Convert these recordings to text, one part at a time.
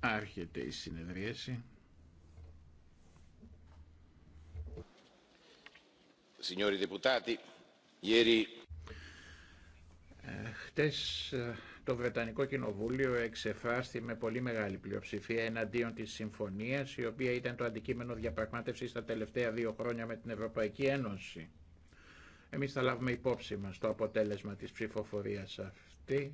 Άρχεται η συνεδρίαση. Signori ε, Χτες ε, το Βρετανικό Κοινοβούλιο εξεφράστη με πολύ μεγάλη πλειοψηφία εναντίον της συμφωνίας η οποία ήταν το αντικείμενο διαπραγμάτευσης τα τελευταία δύο χρόνια με την Ευρωπαϊκή Ένωση. Εμείς θα λάβουμε υπόψη μας το αποτέλεσμα της ψηφοφορίας αυτής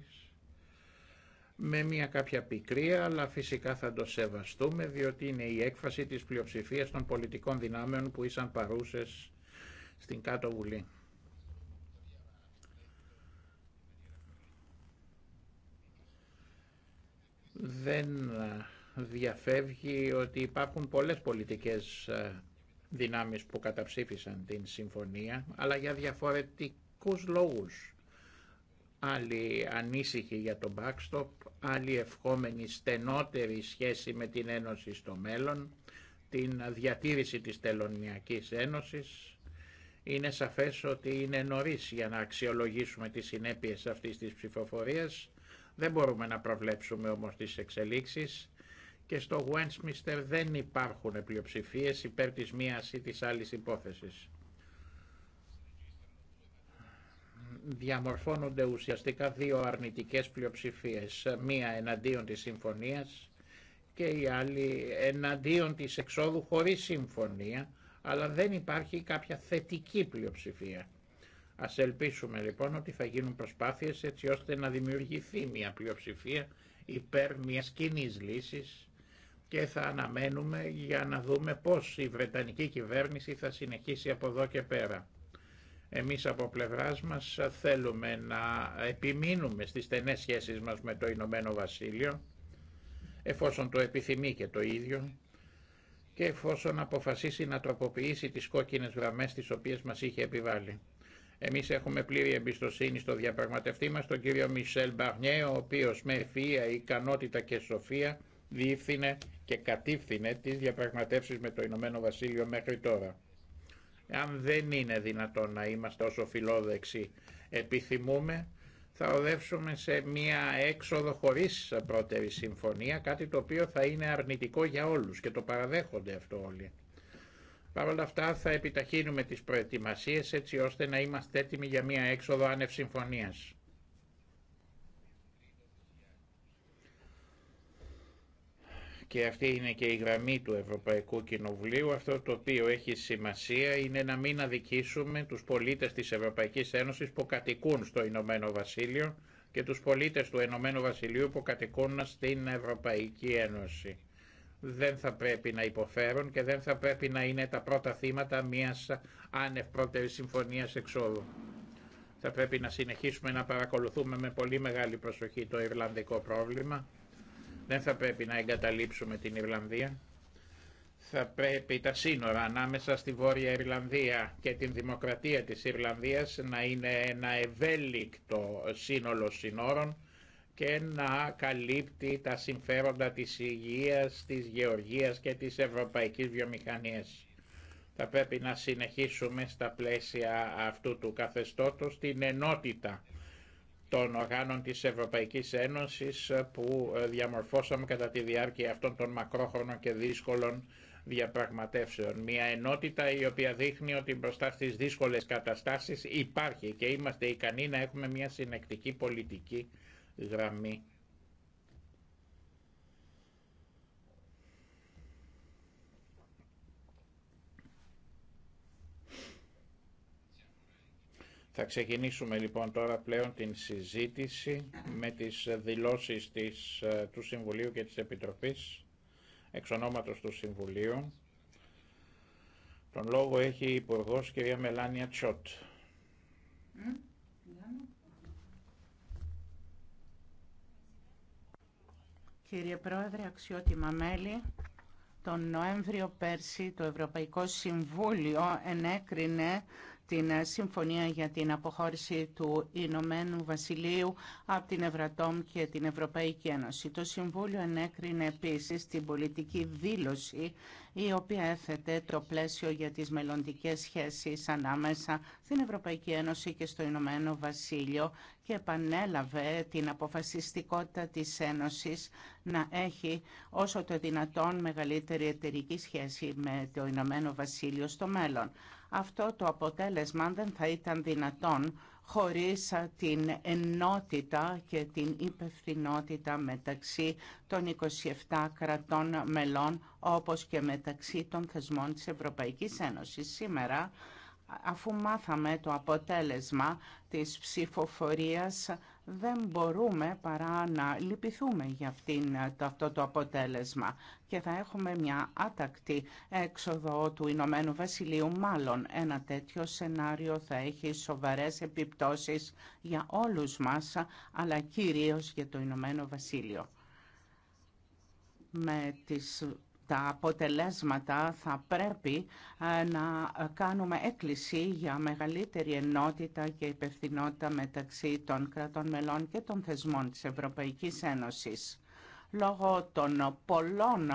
με μια κάποια πικρία, αλλά φυσικά θα το σεβαστούμε, διότι είναι η έκφραση της πλειοψηφίας των πολιτικών δυνάμεων που ήσαν παρούσες στην Κάτω Βουλή. Δεν ε, διαφεύγει ότι υπάρχουν πολλές πολιτικές ε, δυνάμεις που καταψήφισαν την συμφωνία, αλλά για διαφορετικούς λόγους άλλοι ανήσυχοι για το backstop, άλλοι ευχόμενοι στενότερη σχέση με την Ένωση στο μέλλον, την διατήρηση της Τελωνιακής Ένωσης. Είναι σαφές ότι είναι νωρίς για να αξιολογήσουμε τις συνέπειες αυτής της ψηφοφορίας. Δεν μπορούμε να προβλέψουμε όμως τις εξελίξεις και στο Westminster δεν υπάρχουν πλειοψηφίες υπέρ της μίας ή της άλλης υπόθεσης. διαμορφώνονται ουσιαστικά δύο αρνητικές πλειοψηφίες, μία εναντίον της συμφωνίας και η άλλη εναντίον της εξόδου χωρίς συμφωνία, αλλά δεν υπάρχει κάποια θετική πλειοψηφία. Ας ελπίσουμε λοιπόν ότι θα γίνουν προσπάθειες έτσι ώστε να δημιουργηθεί μια πλειοψηφία υπέρ μιας κοινή λύσης και θα αναμένουμε για να δούμε πώς η Βρετανική κυβέρνηση θα συνεχίσει από εδώ και πέρα. Εμείς από πλευράς μας θέλουμε να επιμείνουμε στις στενές σχέσεις μας με το Ηνωμένο Βασίλειο, εφόσον το επιθυμεί και το ίδιο, και εφόσον αποφασίσει να τροποποιήσει τις κόκκινες γραμμές τις οποίες μας είχε επιβάλει. Εμείς έχουμε πλήρη εμπιστοσύνη στο διαπραγματευτή μας, τον κύριο Μισελ Μπαρνιέ, ο οποίος με ευφυΐα, ικανότητα και σοφία διεύθυνε και κατήφθηνε τις διαπραγματεύσεις με το Ηνωμένο Βασίλειο μέχρι τώρα αν δεν είναι δυνατόν να είμαστε όσο φιλόδεξοι επιθυμούμε, θα οδεύσουμε σε μία έξοδο χωρίς πρώτερη συμφωνία, κάτι το οποίο θα είναι αρνητικό για όλους και το παραδέχονται αυτό όλοι. Παρ' όλα αυτά θα επιταχύνουμε τις προετοιμασίες έτσι ώστε να είμαστε έτοιμοι για μία έξοδο άνευ συμφωνίας. και αυτή είναι και η γραμμή του Ευρωπαϊκού Κοινοβουλίου. Αυτό το οποίο έχει σημασία είναι να μην αδικήσουμε τους πολίτες της Ευρωπαϊκής Ένωσης που κατοικούν στο Ηνωμένο Βασίλειο και τους πολίτες του Ηνωμένου Βασιλείου που κατοικούν στην Ευρωπαϊκή Ένωση. Δεν θα πρέπει να υποφέρουν και δεν θα πρέπει να είναι τα πρώτα θύματα μιας άνευ πρώτερης συμφωνίας εξόδου. Θα πρέπει να συνεχίσουμε να παρακολουθούμε με πολύ μεγάλη προσοχή το Ιρλανδικό πρόβλημα. Δεν θα πρέπει να εγκαταλείψουμε την Ιρλανδία. Θα πρέπει τα σύνορα ανάμεσα στη Βόρεια Ιρλανδία και την Δημοκρατία της Ιρλανδίας να είναι ένα ευέλικτο σύνολο σύνορων και να καλύπτει τα συμφέροντα της υγείας, της γεωργίας και της ευρωπαϊκής βιομηχανίας. Θα πρέπει να συνεχίσουμε στα πλαίσια αυτού του καθεστώτος την ενότητα των οργάνων της Ευρωπαϊκής Ένωσης ε, που ε, διαμορφώσαμε κατά τη διάρκεια αυτών των μακρόχρονων και δύσκολων διαπραγματεύσεων. Μια ενότητα η οποία δείχνει ότι μπροστά στις δύσκολες καταστάσεις υπάρχει και είμαστε ικανοί να έχουμε μια συνεκτική πολιτική γραμμή. Θα ξεκινήσουμε λοιπόν τώρα πλέον την συζήτηση με τις δηλώσεις της, ε, του Συμβουλίου και της Επιτροπής εξ του Συμβουλίου. Τον λόγο έχει η Υπουργός κυρία Μελάνια Τσότ. Κύριε Πρόεδρε, αξιότιμα μέλη, τον Νοέμβριο πέρσι το Ευρωπαϊκό Συμβούλιο ενέκρινε την Συμφωνία για την αποχώρηση του Ηνωμένου Βασιλείου από την Ευρατόμ και την Ευρωπαϊκή Ένωση. Το Συμβούλιο ενέκρινε επίσης την πολιτική δήλωση η οποία έθετε το πλαίσιο για τις μελλοντικές σχέσεις ανάμεσα στην Ευρωπαϊκή Ένωση και στο Ηνωμένο Βασίλειο και επανέλαβε την αποφασιστικότητα της Ένωσης να έχει όσο το δυνατόν μεγαλύτερη εταιρική σχέση με το Ηνωμένο Βασίλειο στο μέλλον. Αυτό το αποτέλεσμα δεν θα ήταν δυνατόν χωρίς ε, την ενότητα και την υπευθυνότητα μεταξύ των 27 κρατών μελών, όπως και μεταξύ των θεσμών της Ευρωπαϊκής Ένωσης. Σήμερα, αφού μάθαμε το αποτέλεσμα της ψηφοφορίας, δεν μπορούμε παρά να λυπηθούμε για ε, το, αυτό το αποτέλεσμα και θα έχουμε μια άτακτη έξοδο του Ηνωμένου Βασιλείου. Μάλλον ένα τέτοιο σενάριο θα έχει σοβαρές επιπτώσεις για όλους μας, αλλά κυρίως για το Ηνωμένο Βασίλειο. Με τις τα αποτελέσματα θα πρέπει ε, να κάνουμε έκκληση για μεγαλύτερη ενότητα και υπευθυνότητα μεταξύ των κρατών μελών και των θεσμών της Ευρωπαϊκής Ένωσης. Λόγω των πολλών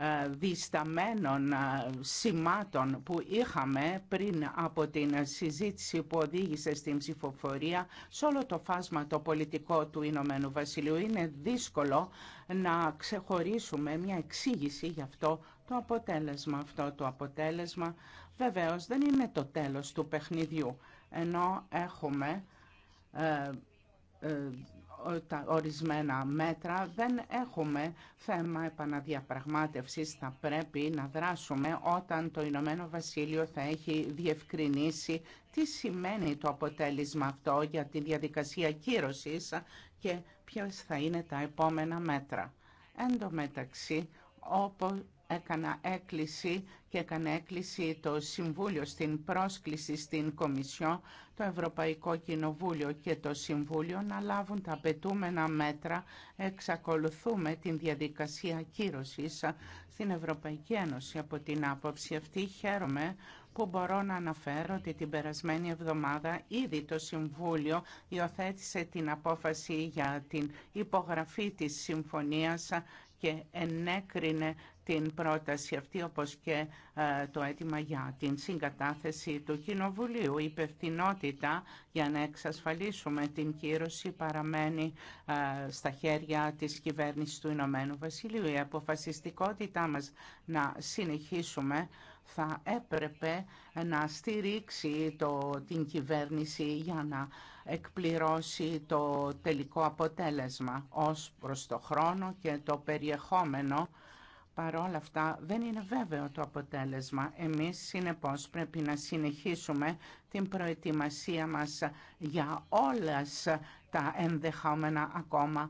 ε, δισταμένων ε, σημάτων που είχαμε πριν από την συζήτηση που οδήγησε στην ψηφοφορία σε όλο το φάσμα το πολιτικό του Ηνωμένου Βασιλείου. Είναι δύσκολο να ξεχωρίσουμε μια εξήγηση γι' αυτό το αποτέλεσμα. Αυτό το αποτέλεσμα βεβαίως δεν είναι το τέλος του παιχνιδιού, ενώ έχουμε ε, τα ορισμένα μέτρα. Δεν έχουμε θέμα επαναδιαπραγμάτευσης. Θα πρέπει να δράσουμε όταν το Ηνωμένο Βασίλειο θα έχει διευκρινίσει τι σημαίνει το αποτέλεσμα αυτό για τη διαδικασία κύρωσης και ποιες θα είναι τα επόμενα μέτρα. Εν τω μεταξύ, όπως έκανα έκκληση και έκανε έκκληση το Συμβούλιο στην πρόσκληση στην Κομισιό, το Ευρωπαϊκό Κοινοβούλιο και το Συμβούλιο να λάβουν τα απαιτούμενα μέτρα. Εξακολουθούμε την διαδικασία κύρωσης στην Ευρωπαϊκή Ένωση. Από την άποψη αυτή χαίρομαι που μπορώ να αναφέρω ότι την περασμένη εβδομάδα ήδη το Συμβούλιο υιοθέτησε την απόφαση για την υπογραφή της συμφωνίας και ενέκρινε την πρόταση αυτή όπως και ε, το αίτημα για την συγκατάθεση του Κοινοβουλίου. Η υπευθυνότητα για να εξασφαλίσουμε την κύρωση παραμένει ε, στα χέρια της κυβέρνησης του Ηνωμένου Βασιλείου. Η αποφασιστικότητά μας να συνεχίσουμε θα έπρεπε να στηρίξει το, την κυβέρνηση για να εκπληρώσει το τελικό αποτέλεσμα ως προς το χρόνο και το περιεχόμενο Παρόλα αυτά δεν είναι βέβαιο το αποτέλεσμα. Εμείς συνεπώς πρέπει να συνεχίσουμε την προετοιμασία μας για όλες τα ενδεχόμενα ακόμα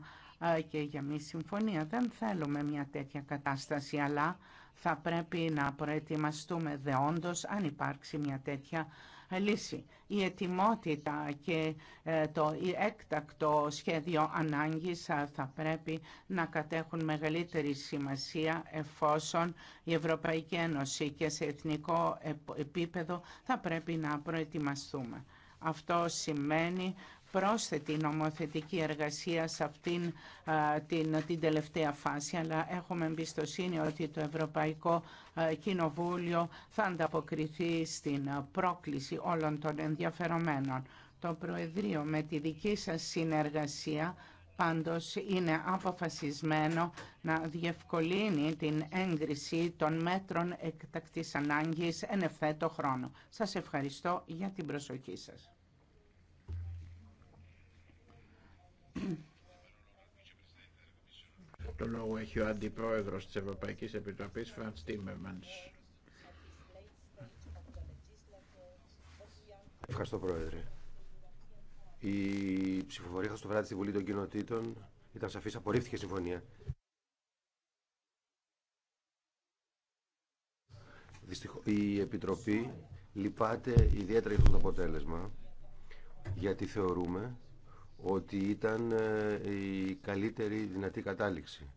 ε, και για μη συμφωνία. Δεν θέλουμε μια τέτοια κατάσταση, αλλά θα πρέπει να προετοιμαστούμε δεόντως αν υπάρξει μια τέτοια λύση. Η ετοιμότητα και ε, το έκτακτο σχέδιο ανάγκης ε, θα πρέπει να κατέχουν μεγαλύτερη σημασία εφόσον η Ευρωπαϊκή Ένωση και σε εθνικό επίπεδο θα πρέπει να προετοιμαστούμε. Αυτό σημαίνει πρόσθετη νομοθετική εργασία σε αυτήν ε, την, την τελευταία φάση, αλλά έχουμε εμπιστοσύνη ότι το Ευρωπαϊκό ε, κοινοβούλιο θα ανταποκριθεί στην ε, πρόκληση όλων των ενδιαφερομένων. Το Προεδρείο με τη δική σας συνεργασία πάντως είναι αποφασισμένο να διευκολύνει την έγκριση των μέτρων εκτακτής ανάγκης εν ευθέτω χρόνο. Σας ευχαριστώ για την προσοχή σας. Το λόγο έχει ο Αντιπρόεδρος της Ευρωπαϊκής Επιτροπής, Φραντς Τίμερμανς. Ευχαριστώ, Πρόεδρε. Η ψηφοφορία στο βράδυ στη Βουλή των Κοινοτήτων ήταν σαφής, απορρίφθηκε η συμφωνία. η Επιτροπή λυπάται ιδιαίτερα για αυτό το αποτέλεσμα, γιατί θεωρούμε ότι ήταν ε, η καλύτερη δυνατή κατάληξη.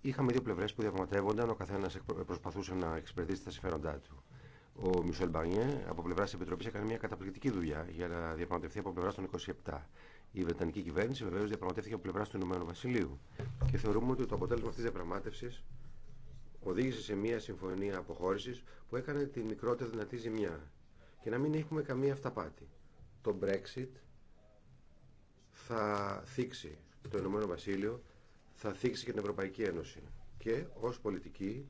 Είχαμε δύο πλευρές που διαπραγματεύονταν, ο καθένας προσπαθούσε να εξυπηρετήσει τα συμφέροντά του. Ο Μισελ Μπαρνιέ από πλευρά τη Επιτροπή έκανε μια καταπληκτική δουλειά για να διαπραγματευτεί από πλευρά των 27. Η Βρετανική κυβέρνηση βεβαίω διαπραγματεύτηκε από πλευρά του Ηνωμένου Βασιλείου. Και θεωρούμε ότι το αποτέλεσμα αυτή τη διαπραγμάτευση οδήγησε σε μια συμφωνία αποχώρηση που έκανε τη μικρότερη δυνατή ζημιά. Και να μην έχουμε καμία αυταπάτη το Brexit θα θίξει το Ηνωμένο Βασίλειο, θα θίξει και την Ευρωπαϊκή Ένωση. Και ως πολιτική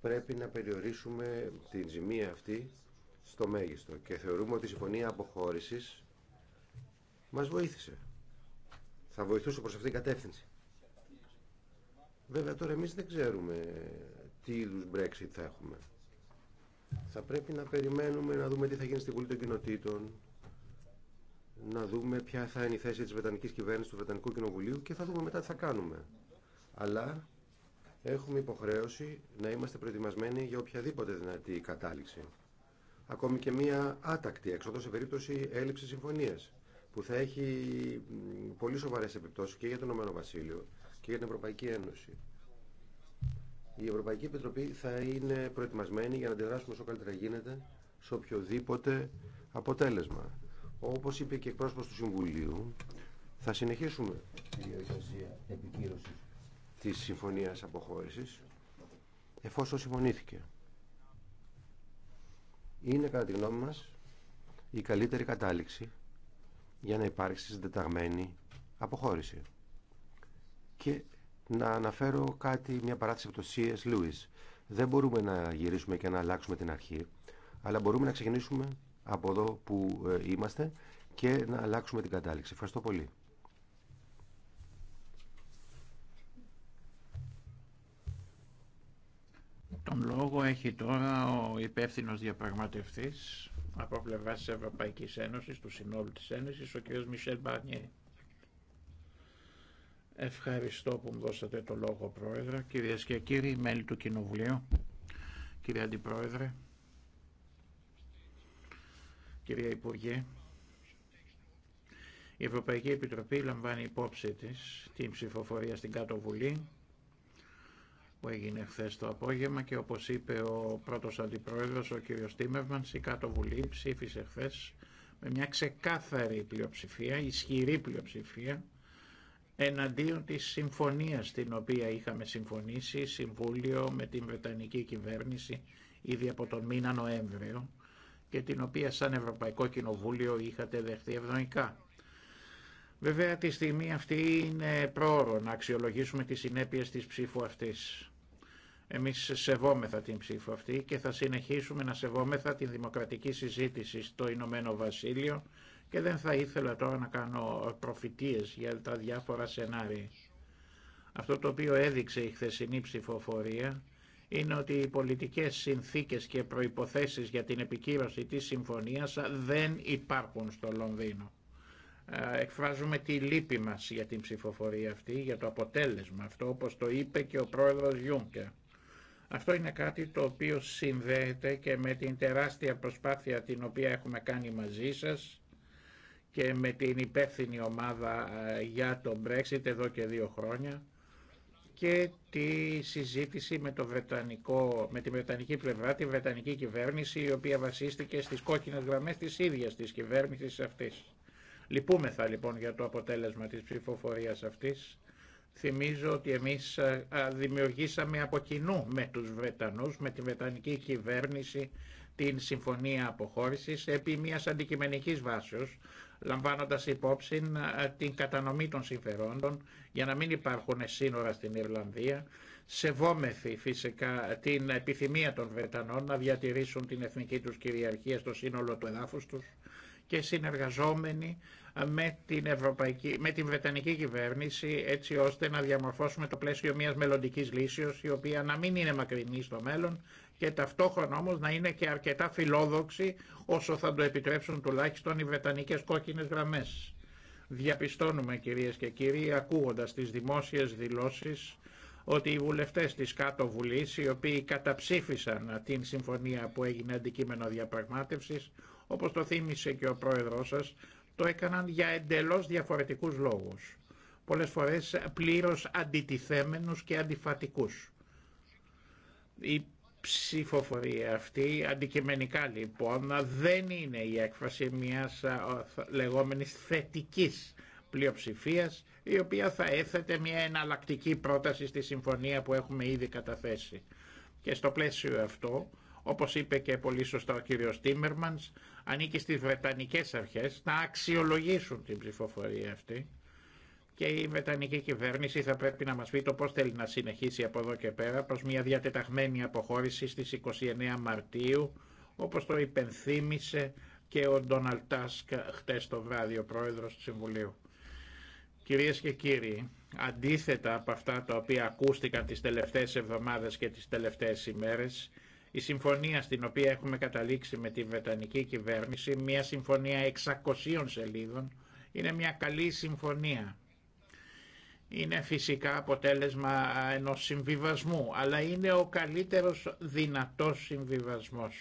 πρέπει να περιορίσουμε την ζημία αυτή στο μέγιστο. Και θεωρούμε ότι η συμφωνία αποχώρησης μας βοήθησε. Θα βοηθούσε προς αυτήν την κατεύθυνση. Βέβαια τώρα εμείς δεν ξέρουμε τι είδου Brexit θα έχουμε. Θα πρέπει να περιμένουμε να δούμε τι θα γίνει στην Βουλή των Κοινοτήτων, να δούμε ποια θα είναι η θέση της Βρετανικής κυβέρνησης του Βρετανικού Κοινοβουλίου και θα δούμε μετά τι θα κάνουμε. Αλλά έχουμε υποχρέωση να είμαστε προετοιμασμένοι για οποιαδήποτε δυνατή κατάληξη. Ακόμη και μία άτακτη έξοδο σε περίπτωση έλλειψη συμφωνία που θα έχει πολύ σοβαρές επιπτώσεις και για τον Ομένο Βασίλειο και για την Ευρωπαϊκή Ένωση. Η Ευρωπαϊκή Επιτροπή θα είναι προετοιμασμένη για να αντιδράσουμε όσο καλύτερα γίνεται σε οποιοδήποτε αποτέλεσμα. Όπως είπε και εκπρόσωπος του Συμβουλίου, θα συνεχίσουμε τη διαδικασία επικύρωσης της συμφωνίας αποχώρησης εφόσον συμφωνήθηκε. Είναι κατά τη γνώμη μας η καλύτερη κατάληξη για να υπάρξει συντεταγμένη αποχώρηση. Και να αναφέρω κάτι, μια παράθεση από το C.S. Lewis. Δεν μπορούμε να γυρίσουμε και να αλλάξουμε την αρχή, αλλά μπορούμε να ξεκινήσουμε από εδώ που ε, είμαστε και να αλλάξουμε την κατάληξη. Ευχαριστώ πολύ. Τον λόγο έχει τώρα ο υπεύθυνο διαπραγματευτή από πλευρά τη Ευρωπαϊκή Ένωση, του συνόλου τη Ένωση, ο κ. Μισελ Μπαρνιέ. Ευχαριστώ που μου δώσατε το λόγο, Πρόεδρε. Κυρίε και κύριοι, μέλη του Κοινοβουλίου, κύριε Αντιπρόεδρε, κυρία Υπουργέ. Η Ευρωπαϊκή Επιτροπή λαμβάνει υπόψη της την ψηφοφορία στην Κάτω Βουλή που έγινε χθε το απόγευμα και όπως είπε ο πρώτος αντιπρόεδρος ο κύριος Τίμερμανς η Κάτω Βουλή ψήφισε χθε με μια ξεκάθαρη πλειοψηφία, ισχυρή πλειοψηφία εναντίον της συμφωνίας την οποία είχαμε συμφωνήσει Συμβούλιο με την Βρετανική Κυβέρνηση ήδη από τον μήνα Νοέμβριο και την οποία σαν Ευρωπαϊκό Κοινοβούλιο είχατε δεχθεί ευνοϊκά. Βέβαια τη στιγμή αυτή είναι πρόωρο να αξιολογήσουμε τις συνέπειες της ψήφου αυτής. Εμείς σεβόμεθα την ψήφο αυτή και θα συνεχίσουμε να σεβόμεθα την δημοκρατική συζήτηση στο Ηνωμένο Βασίλειο και δεν θα ήθελα τώρα να κάνω προφητείες για τα διάφορα σενάρια. Αυτό το οποίο έδειξε η χθεσινή ψηφοφορία είναι ότι οι πολιτικές συνθήκες και προϋποθέσεις για την επικύρωση της συμφωνίας δεν υπάρχουν στο Λονδίνο. Ε, εκφράζουμε τη λύπη μας για την ψηφοφορία αυτή, για το αποτέλεσμα αυτό, όπως το είπε και ο πρόεδρος Γιούνκερ. Αυτό είναι κάτι το οποίο συνδέεται και με την τεράστια προσπάθεια την οποία έχουμε κάνει μαζί σας και με την υπεύθυνη ομάδα ε, για το Brexit εδώ και δύο χρόνια και τη συζήτηση με, το Βρετανικό, με τη Βρετανική πλευρά, τη Βρετανική κυβέρνηση, η οποία βασίστηκε στις κόκκινες γραμμές της ίδιας της κυβέρνησης αυτής. Λυπούμεθα λοιπόν για το αποτέλεσμα της ψηφοφορίας αυτής. Θυμίζω ότι εμείς δημιουργήσαμε από κοινού με τους Βρετανούς, με τη Βρετανική κυβέρνηση, την Συμφωνία Αποχώρησης επί μιας αντικειμενικής βάσεως λαμβάνοντας υπόψη ε, την κατανομή των συμφερόντων για να μην υπάρχουν σύνορα στην Ιρλανδία, σεβόμεθη φυσικά την επιθυμία των Βρετανών να διατηρήσουν την εθνική τους κυριαρχία στο σύνολο του εδάφους τους και συνεργαζόμενοι ε, με την, Ευρωπαϊκή, με την Βρετανική κυβέρνηση έτσι ώστε να διαμορφώσουμε το πλαίσιο μιας μελλοντική λύσεως η οποία να μην είναι μακρινή στο μέλλον και ταυτόχρονα όμως να είναι και αρκετά φιλόδοξοι όσο θα το επιτρέψουν τουλάχιστον οι βρετανικέ κόκκινες γραμμές. Διαπιστώνουμε κυρίες και κύριοι ακούγοντα τις δημόσιες δηλώσεις ότι οι βουλευτές της Κάτω Βουλής οι οποίοι καταψήφισαν την συμφωνία που έγινε αντικείμενο διαπραγμάτευσης όπως το θύμισε και ο πρόεδρός σας το έκαναν για εντελώς διαφορετικούς λόγους. Πολλές φορές πλήρως αντιτιθέμενους και αντιφατικούς ψηφοφορία αυτή, αντικειμενικά λοιπόν, δεν είναι η έκφραση μιας λεγόμενης θετικής πλειοψηφίας, η οποία θα έθετε μια εναλλακτική πρόταση στη συμφωνία που έχουμε ήδη καταθέσει. Και στο πλαίσιο αυτό, όπως είπε και πολύ σωστά ο κύριος Τίμερμανς, ανήκει στις Βρετανικές αρχές να αξιολογήσουν την ψηφοφορία αυτή και η Βετανική κυβέρνηση θα πρέπει να μας πει το πώς θέλει να συνεχίσει από εδώ και πέρα προς μια διατεταγμένη αποχώρηση στις 29 Μαρτίου όπως το υπενθύμησε και ο Ντόναλτ Τάσκ χτες το βράδυ, ο πρόεδρος του Συμβουλίου. Κυρίες και κύριοι, αντίθετα από αυτά τα οποία ακούστηκαν τις τελευταίες εβδομάδες και τις τελευταίες ημέρες, η συμφωνία στην οποία έχουμε καταλήξει με τη Βρετανική κυβέρνηση, μια συμφωνία 600 σελίδων, είναι μια καλή συμφωνία είναι φυσικά αποτέλεσμα ενός συμβιβασμού, αλλά είναι ο καλύτερος δυνατός συμβιβασμός.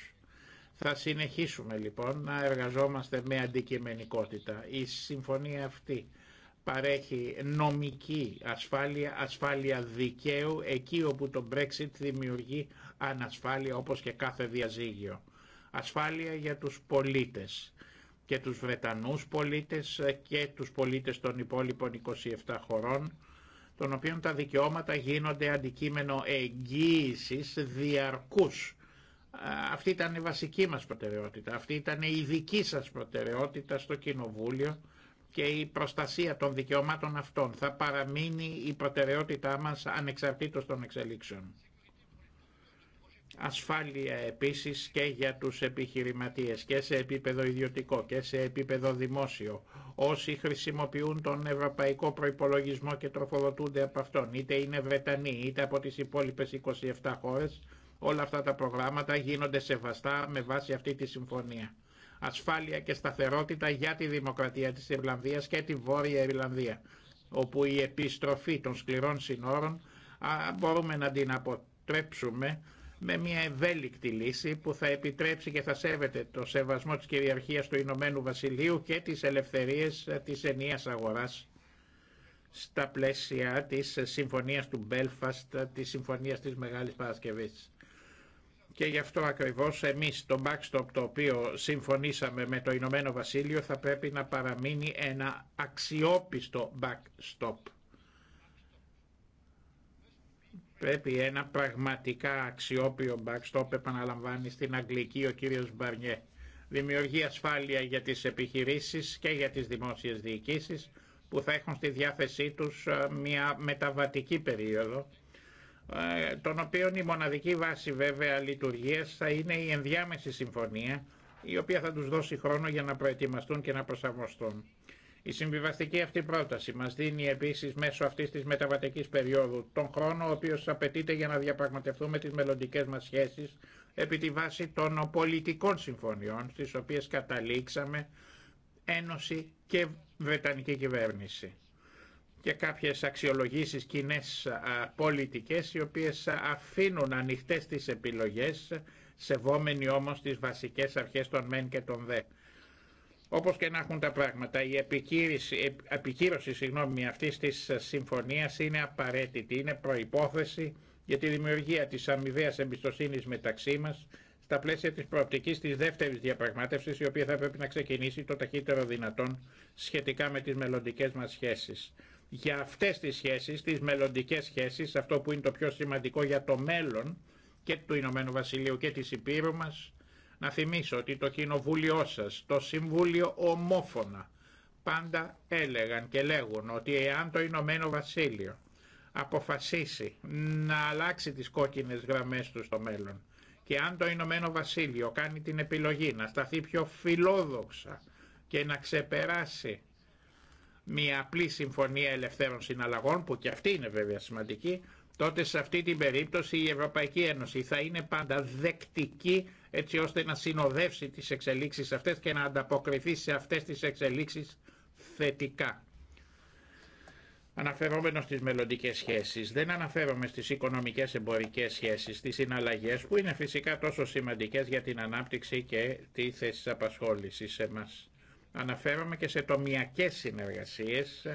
Θα συνεχίσουμε λοιπόν να εργαζόμαστε με αντικειμενικότητα. Η συμφωνία αυτή παρέχει νομική ασφάλεια, ασφάλεια δικαίου, εκεί όπου το Brexit δημιουργεί ανασφάλεια όπως και κάθε διαζύγιο. Ασφάλεια για τους πολίτες και τους Βρετανούς πολίτες ε, και τους πολίτες των υπόλοιπων 27 χωρών, των οποίων τα δικαιώματα γίνονται αντικείμενο εγγύησης διαρκούς. Αυτή ήταν η βασική μας προτεραιότητα, αυτή ήταν η δική σας προτεραιότητα στο Κοινοβούλιο και η προστασία των δικαιωμάτων αυτών θα παραμείνει η προτεραιότητά μας ανεξαρτήτως των εξελίξεων ασφάλεια επίσης και για τους επιχειρηματίες και σε επίπεδο ιδιωτικό και σε επίπεδο δημόσιο όσοι χρησιμοποιούν τον ευρωπαϊκό προϋπολογισμό και τροφοδοτούνται από αυτόν είτε είναι Βρετανοί είτε από τις υπόλοιπες 27 χώρες όλα αυτά τα προγράμματα γίνονται σεβαστά με βάση αυτή τη συμφωνία. Ασφάλεια και σταθερότητα για τη δημοκρατία της Ιρλανδίας και τη Βόρεια Ιρλανδία όπου η επιστροφή των σκληρών συνόρων μπορούμε να την αποτρέψουμε με μια ευέλικτη λύση που θα επιτρέψει και θα σέβεται το σεβασμό της κυριαρχίας του Ηνωμένου Βασιλείου και τις ελευθερίες της ενίας αγοράς στα πλαίσια της συμφωνίας του Μπέλφαστ, της συμφωνίας της Μεγάλης Παρασκευής. Και γι' αυτό ακριβώς εμείς το backstop το οποίο συμφωνήσαμε με το Ηνωμένο Βασίλειο θα πρέπει να παραμείνει ένα αξιόπιστο backstop Πρέπει ένα πραγματικά αξιόπιο backstop, επαναλαμβάνει στην Αγγλική ο κύριος Μπαρνιέ. Δημιουργεί ασφάλεια για τις επιχειρήσεις και για τις δημόσιες διοικήσεις που θα έχουν στη διάθεσή τους ε, μια μεταβατική περίοδο ε, τον οποίο η μοναδική βάση βέβαια λειτουργίας θα είναι η ενδιάμεση συμφωνία η οποία θα τους δώσει χρόνο για να προετοιμαστούν και να προσαρμοστούν. Η συμβιβαστική αυτή πρόταση μας δίνει επίσης μέσω αυτής της μεταβατικής περίοδου τον χρόνο ο οποίος απαιτείται για να διαπραγματευτούμε τις μελλοντικέ μας σχέσεις επί τη βάση των πολιτικών συμφωνιών στις οποίες καταλήξαμε Ένωση και Βρετανική κυβέρνηση και κάποιες αξιολογήσεις κοινέ πολιτικές οι οποίες αφήνουν ανοιχτές τις επιλογές σεβόμενοι όμως τις βασικές αρχές των ΜΕΝ και των ΔΕΚ. Όπως και να έχουν τα πράγματα, η επικύρωση συγγνώμη, αυτής της συμφωνίας είναι απαραίτητη, είναι προϋπόθεση για τη δημιουργία της αμοιβαίας εμπιστοσύνης μεταξύ μας στα πλαίσια της προοπτικής της δεύτερης διαπραγμάτευσης η οποία θα πρέπει να ξεκινήσει το ταχύτερο δυνατόν σχετικά με τις μελλοντικές μας σχέσεις. Για αυτές τις σχέσεις, τις μελλοντικέ σχέσεις, αυτό που είναι το πιο σημαντικό για το μέλλον και του Ηνωμένου Βασιλείου και της Υπήρου μας, να θυμίσω ότι το κοινοβούλιο σας, το Συμβούλιο ομόφωνα, πάντα έλεγαν και λέγουν ότι εάν το Ηνωμένο Βασίλειο αποφασίσει να αλλάξει τις κόκκινες γραμμές του στο μέλλον και αν το Ηνωμένο Βασίλειο κάνει την επιλογή να σταθεί πιο φιλόδοξα και να ξεπεράσει μια απλή συμφωνία ελευθέρων συναλλαγών που και αυτή είναι βέβαια σημαντική τότε σε αυτή την περίπτωση η Ευρωπαϊκή Ένωση θα είναι πάντα δεκτική έτσι ώστε να συνοδεύσει τις εξελίξεις αυτές και να ανταποκριθεί σε αυτές τις εξελίξεις θετικά. Αναφερόμενο στις μελλοντικέ σχέσεις, δεν αναφέρομαι στις οικονομικές εμπορικές σχέσεις, στις συναλλαγές που είναι φυσικά τόσο σημαντικές για την ανάπτυξη και τη θέση απασχόλησης σε μας. Αναφέρομαι και σε τομιακές συνεργασίες,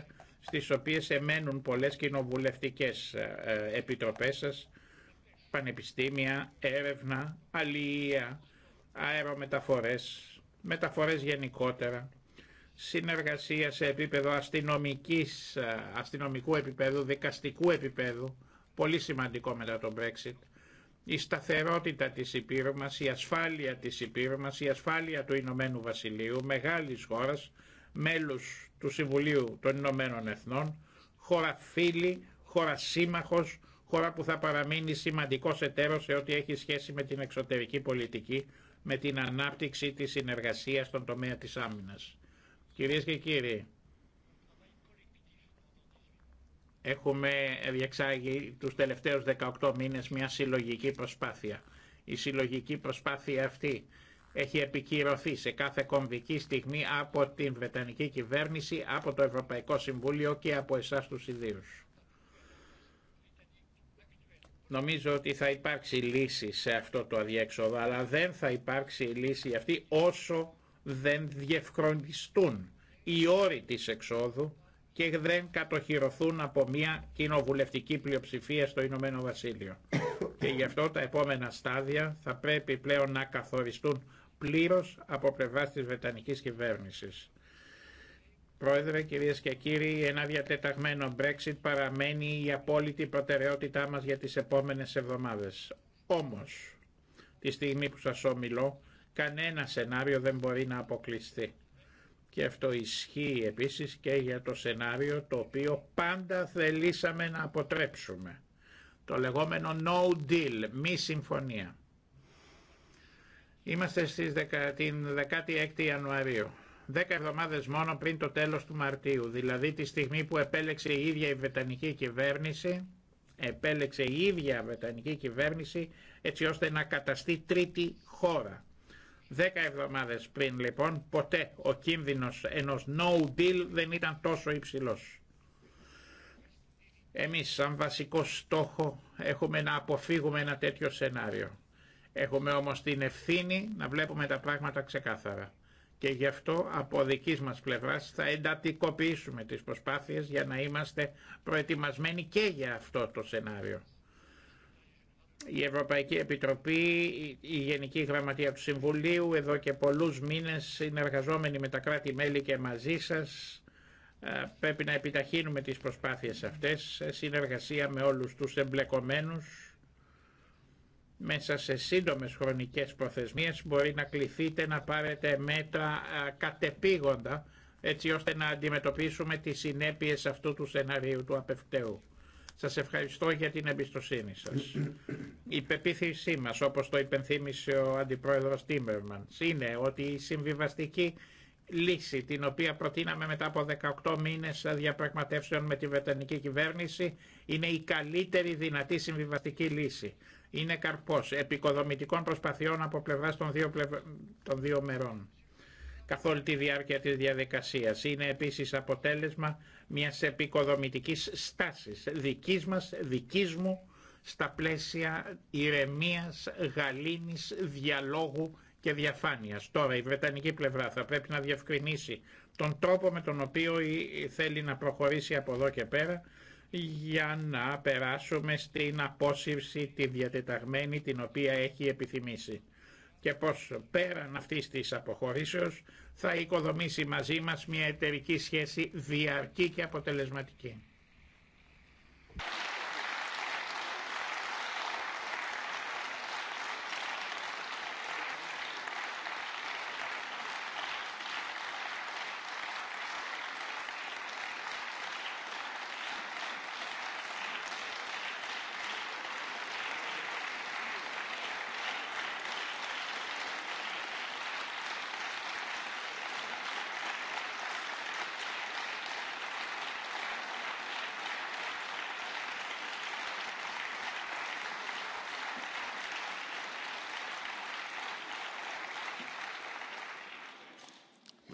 στις οποίες εμένουν πολλές κοινοβουλευτικές ε, επιτροπές σας, πανεπιστήμια, έρευνα, αλληλεία, αερομεταφορές, μεταφορές γενικότερα, συνεργασία σε επίπεδο αστυνομικής, ε, αστυνομικού επίπεδου, δικαστικού επίπεδου, πολύ σημαντικό μετά τον Brexit, η σταθερότητα της Υπήρου μας, η ασφάλεια της Υπήρου μας, η ασφάλεια του Ηνωμένου Βασιλείου, μεγάλης χώρας, μέλους του Συμβουλίου των Ηνωμένων Εθνών, χώρα φίλη, χώρα σύμμαχος, χώρα που θα παραμείνει σημαντικό εταίρο σε ό,τι έχει σχέση με την εξωτερική πολιτική, με την ανάπτυξη της συνεργασίας στον τομέα της άμυνας. Κυρίε και κύριοι, έχουμε διεξάγει τους τελευταίους 18 μήνες μια συλλογική προσπάθεια. Η συλλογική προσπάθεια αυτή έχει επικυρωθεί σε κάθε κομβική στιγμή από την Βρετανική κυβέρνηση, από το Ευρωπαϊκό Συμβούλιο και από εσάς τους ιδίους. Νομίζω ότι θα υπάρξει λύση σε αυτό το αδιέξοδο, αλλά δεν θα υπάρξει λύση αυτή όσο δεν διευκρονιστούν οι όροι της εξόδου και δεν κατοχυρωθούν από μια κοινοβουλευτική πλειοψηφία στο Ηνωμένο Βασίλειο. και γι' αυτό τα επόμενα στάδια θα πρέπει πλέον να καθοριστούν πλήρως από πλευρά της Βρετανικής κυβέρνησης. Πρόεδρε, κυρίες και κύριοι, ένα διατεταγμένο Brexit παραμένει η απόλυτη προτεραιότητά μας για τις επόμενες εβδομάδες. Όμω, τη στιγμή που σας ομιλώ, κανένα σενάριο δεν μπορεί να αποκλειστεί. Και αυτό ισχύει επίσης και για το σενάριο το οποίο πάντα θελήσαμε να αποτρέψουμε. Το λεγόμενο no deal, μη συμφωνία. Είμαστε στις 16 Ιανουαρίου 10 εβδομάδε μόνο πριν το τέλο του Μαρτίου, δηλαδή τη στιγμή που επέλεξε η ίδια η Βρετανική κυβέρνηση, επέλεξε η ίδια Βρετανική κυβέρνηση έτσι ώστε να καταστεί τρίτη χώρα. 10 εβδομάδε πριν λοιπόν ποτέ ο κίνδυνο ενό no deal δεν ήταν τόσο υψηλό. Εμείς σαν βασικό στόχο έχουμε να αποφύγουμε ένα τέτοιο σενάριο. Έχουμε όμως την ευθύνη να βλέπουμε τα πράγματα ξεκάθαρα και γι' αυτό από δική μας πλευράς θα εντατικοποιήσουμε τις προσπάθειες για να είμαστε προετοιμασμένοι και για αυτό το σενάριο. Η Ευρωπαϊκή Επιτροπή, η Γενική Γραμματεία του Συμβουλίου, εδώ και πολλούς μήνες συνεργαζόμενοι με τα κράτη-μέλη και μαζί σας, ε, πρέπει να επιταχύνουμε τις προσπάθειες αυτές, συνεργασία με όλους τους εμπλεκομένους, μέσα σε σύντομες χρονικές προθεσμίες μπορεί να κληθείτε να πάρετε μέτρα κατεπήγοντα έτσι ώστε να αντιμετωπίσουμε τις συνέπειες αυτού του σενάριου του απευκταίου. Σας ευχαριστώ για την εμπιστοσύνη σας. Η πεποίθησή μας, όπως το υπενθύμησε ο Αντιπρόεδρος Τίμερμαν, είναι ότι η συμβιβαστική λύση την οποία προτείναμε μετά από 18 μήνες διαπραγματεύσεων με τη Βρετανική κυβέρνηση είναι η καλύτερη δυνατή συμβιβαστική λύση. Είναι καρπός επικοδομητικών προσπαθειών από πλευράς των δύο, των δύο μερών καθ' όλη τη διάρκεια της διαδικασίας. Είναι επίσης αποτέλεσμα μιας επικοδομητικής στάσης δική μα δικής μου, στα πλαίσια ηρεμίας, γαλήνης, διαλόγου και διαφάνεια. Τώρα η Βρετανική πλευρά θα πρέπει να διευκρινίσει τον τρόπο με τον οποίο θέλει να προχωρήσει από εδώ και πέρα για να περάσουμε στην απόσυρση τη διατεταγμένη την οποία έχει επιθυμήσει και πως πέραν αυτής της αποχωρήσεως θα οικοδομήσει μαζί μας μια εταιρική σχέση διαρκή και αποτελεσματική.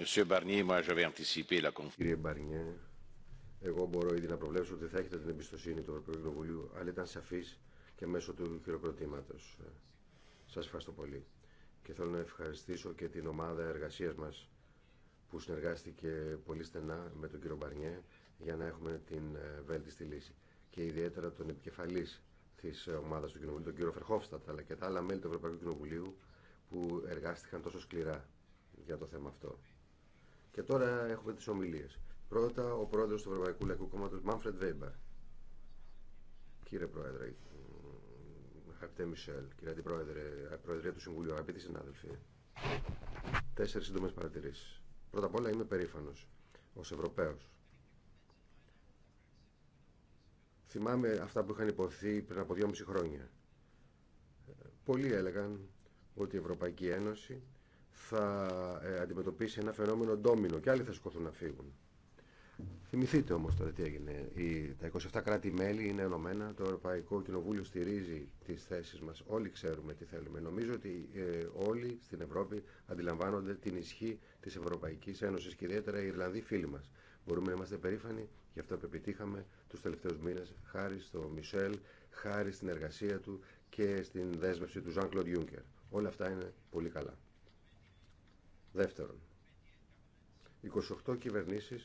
Κύριε Μπαρνιέ, εγώ μπορώ ήδη να προβλέψω ότι θα έχετε την εμπιστοσύνη του Ευρωπαϊκού Κοινοβουλίου, αλλά ήταν σαφή και μέσω του χειροκροτήματο. Σα ευχαριστώ πολύ. Και θέλω να ευχαριστήσω και την ομάδα εργασία μα που συνεργάστηκε πολύ στενά με τον κύριο Μπαρνιέ για να έχουμε την ε, βέλτιστη λύση. Και ιδιαίτερα τον επικεφαλή τη ε, ομάδα του Κοινοβουλίου, τον κύριο Φερχόφστατ, αλλά και τα άλλα μέλη του Ευρωπαϊκού Κοινοβουλίου που εργάστηκαν τόσο σκληρά για το θέμα αυτό. Και τώρα έχουμε τις ομιλίες. Πρώτα ο πρόεδρος του Ευρωπαϊκού Λαϊκού Κόμματος, Μάνφρεντ Βέμπερ. Κύριε Πρόεδρε, αγαπητέ Μισελ, κύριε Αντιπρόεδρε, Προεδρία του Συμβουλίου, αγαπητοί συνάδελφοι. Τέσσερι σύντομε παρατηρήσει. Πρώτα απ' όλα είμαι περήφανο ω Ευρωπαίο. Θυμάμαι αυτά που είχαν υποθεί πριν από δυόμιση χρόνια. Πολλοί έλεγαν ότι η Ευρωπαϊκή Ένωση θα ε, αντιμετωπίσει ένα φαινόμενο ντόμινο και άλλοι θα σηκωθούν να φύγουν. Θυμηθείτε όμω τώρα τι έγινε. τα 27 κράτη-μέλη είναι ενωμένα, το Ευρωπαϊκό Κοινοβούλιο στηρίζει τι θέσει μα, Όλοι ξέρουμε τι θέλουμε. Νομίζω ότι ε, όλοι στην Ευρώπη αντιλαμβάνονται την ισχύ τη Ευρωπαϊκή Ένωση, και ιδιαίτερα οι Ιρλανδοί φίλοι μα. Μπορούμε να είμαστε περήφανοι για αυτό που επιτύχαμε του τελευταίου μήνε, χάρη στο Μισελ, χάρη στην εργασία του και στην δέσμευση του Ζαν Κλοντ Όλα αυτά είναι πολύ καλά. Δεύτερον, 28 κυβερνήσει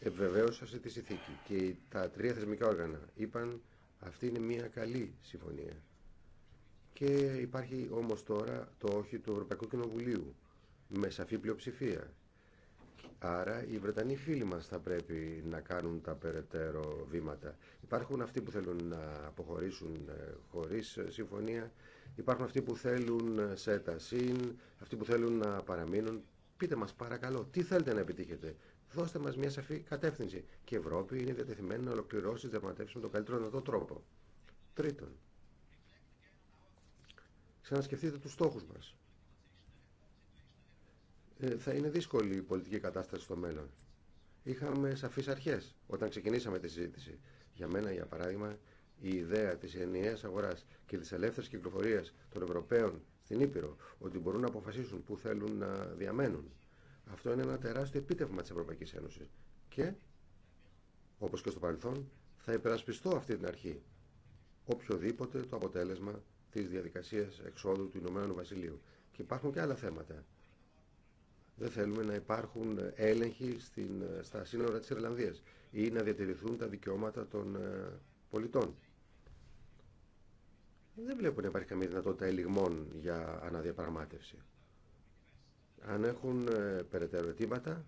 επιβεβαίωσαν σε τη συνθήκη και τα τρία θεσμικά όργανα είπαν αυτή είναι μια καλή συμφωνία. Και υπάρχει όμως τώρα το όχι του Ευρωπαϊκού Κοινοβουλίου με σαφή πλειοψηφία Άρα οι Βρετανοί φίλοι μας θα πρέπει να κάνουν τα περαιτέρω βήματα. Υπάρχουν αυτοί που θέλουν να αποχωρήσουν ε, χωρίς συμφωνία, υπάρχουν αυτοί που θέλουν σε τα συν, αυτοί που θέλουν να παραμείνουν. Πείτε μας παρακαλώ, τι θέλετε να επιτύχετε. Δώστε μας μια σαφή κατεύθυνση. Και η Ευρώπη είναι διατεθειμένη να ολοκληρώσει τις με τον καλύτερο δυνατό τρόπο. Τρίτον, ξανασκεφτείτε τους στόχους μας. Ε, θα είναι δύσκολη η πολιτική κατάσταση στο μέλλον. Είχαμε σαφείς αρχέ, όταν ξεκινήσαμε τη συζήτηση. Για μένα, για παράδειγμα, η ιδέα τη ενιαία αγορά και τη ελεύθερη κυκλοφορία των Ευρωπαίων στην Ήπειρο, ότι μπορούν να αποφασίσουν πού θέλουν να διαμένουν. Αυτό είναι ένα τεράστιο επίτευγμα τη Ευρωπαϊκή Ένωση. Και, όπω και στο παρελθόν, θα υπερασπιστώ αυτή την αρχή. Οποιοδήποτε το αποτέλεσμα τη διαδικασία εξόδου του Ηνωμένου Βασιλείου. Και υπάρχουν και άλλα θέματα δεν θέλουμε να υπάρχουν έλεγχοι στην, στα σύνορα της Ιρλανδίας ή να διατηρηθούν τα δικαιώματα των ε, πολιτών. Δεν βλέπω να υπάρχει καμία δυνατότητα ελιγμών για αναδιαπραγμάτευση. Αν έχουν ε, περαιτέρω αιτήματα,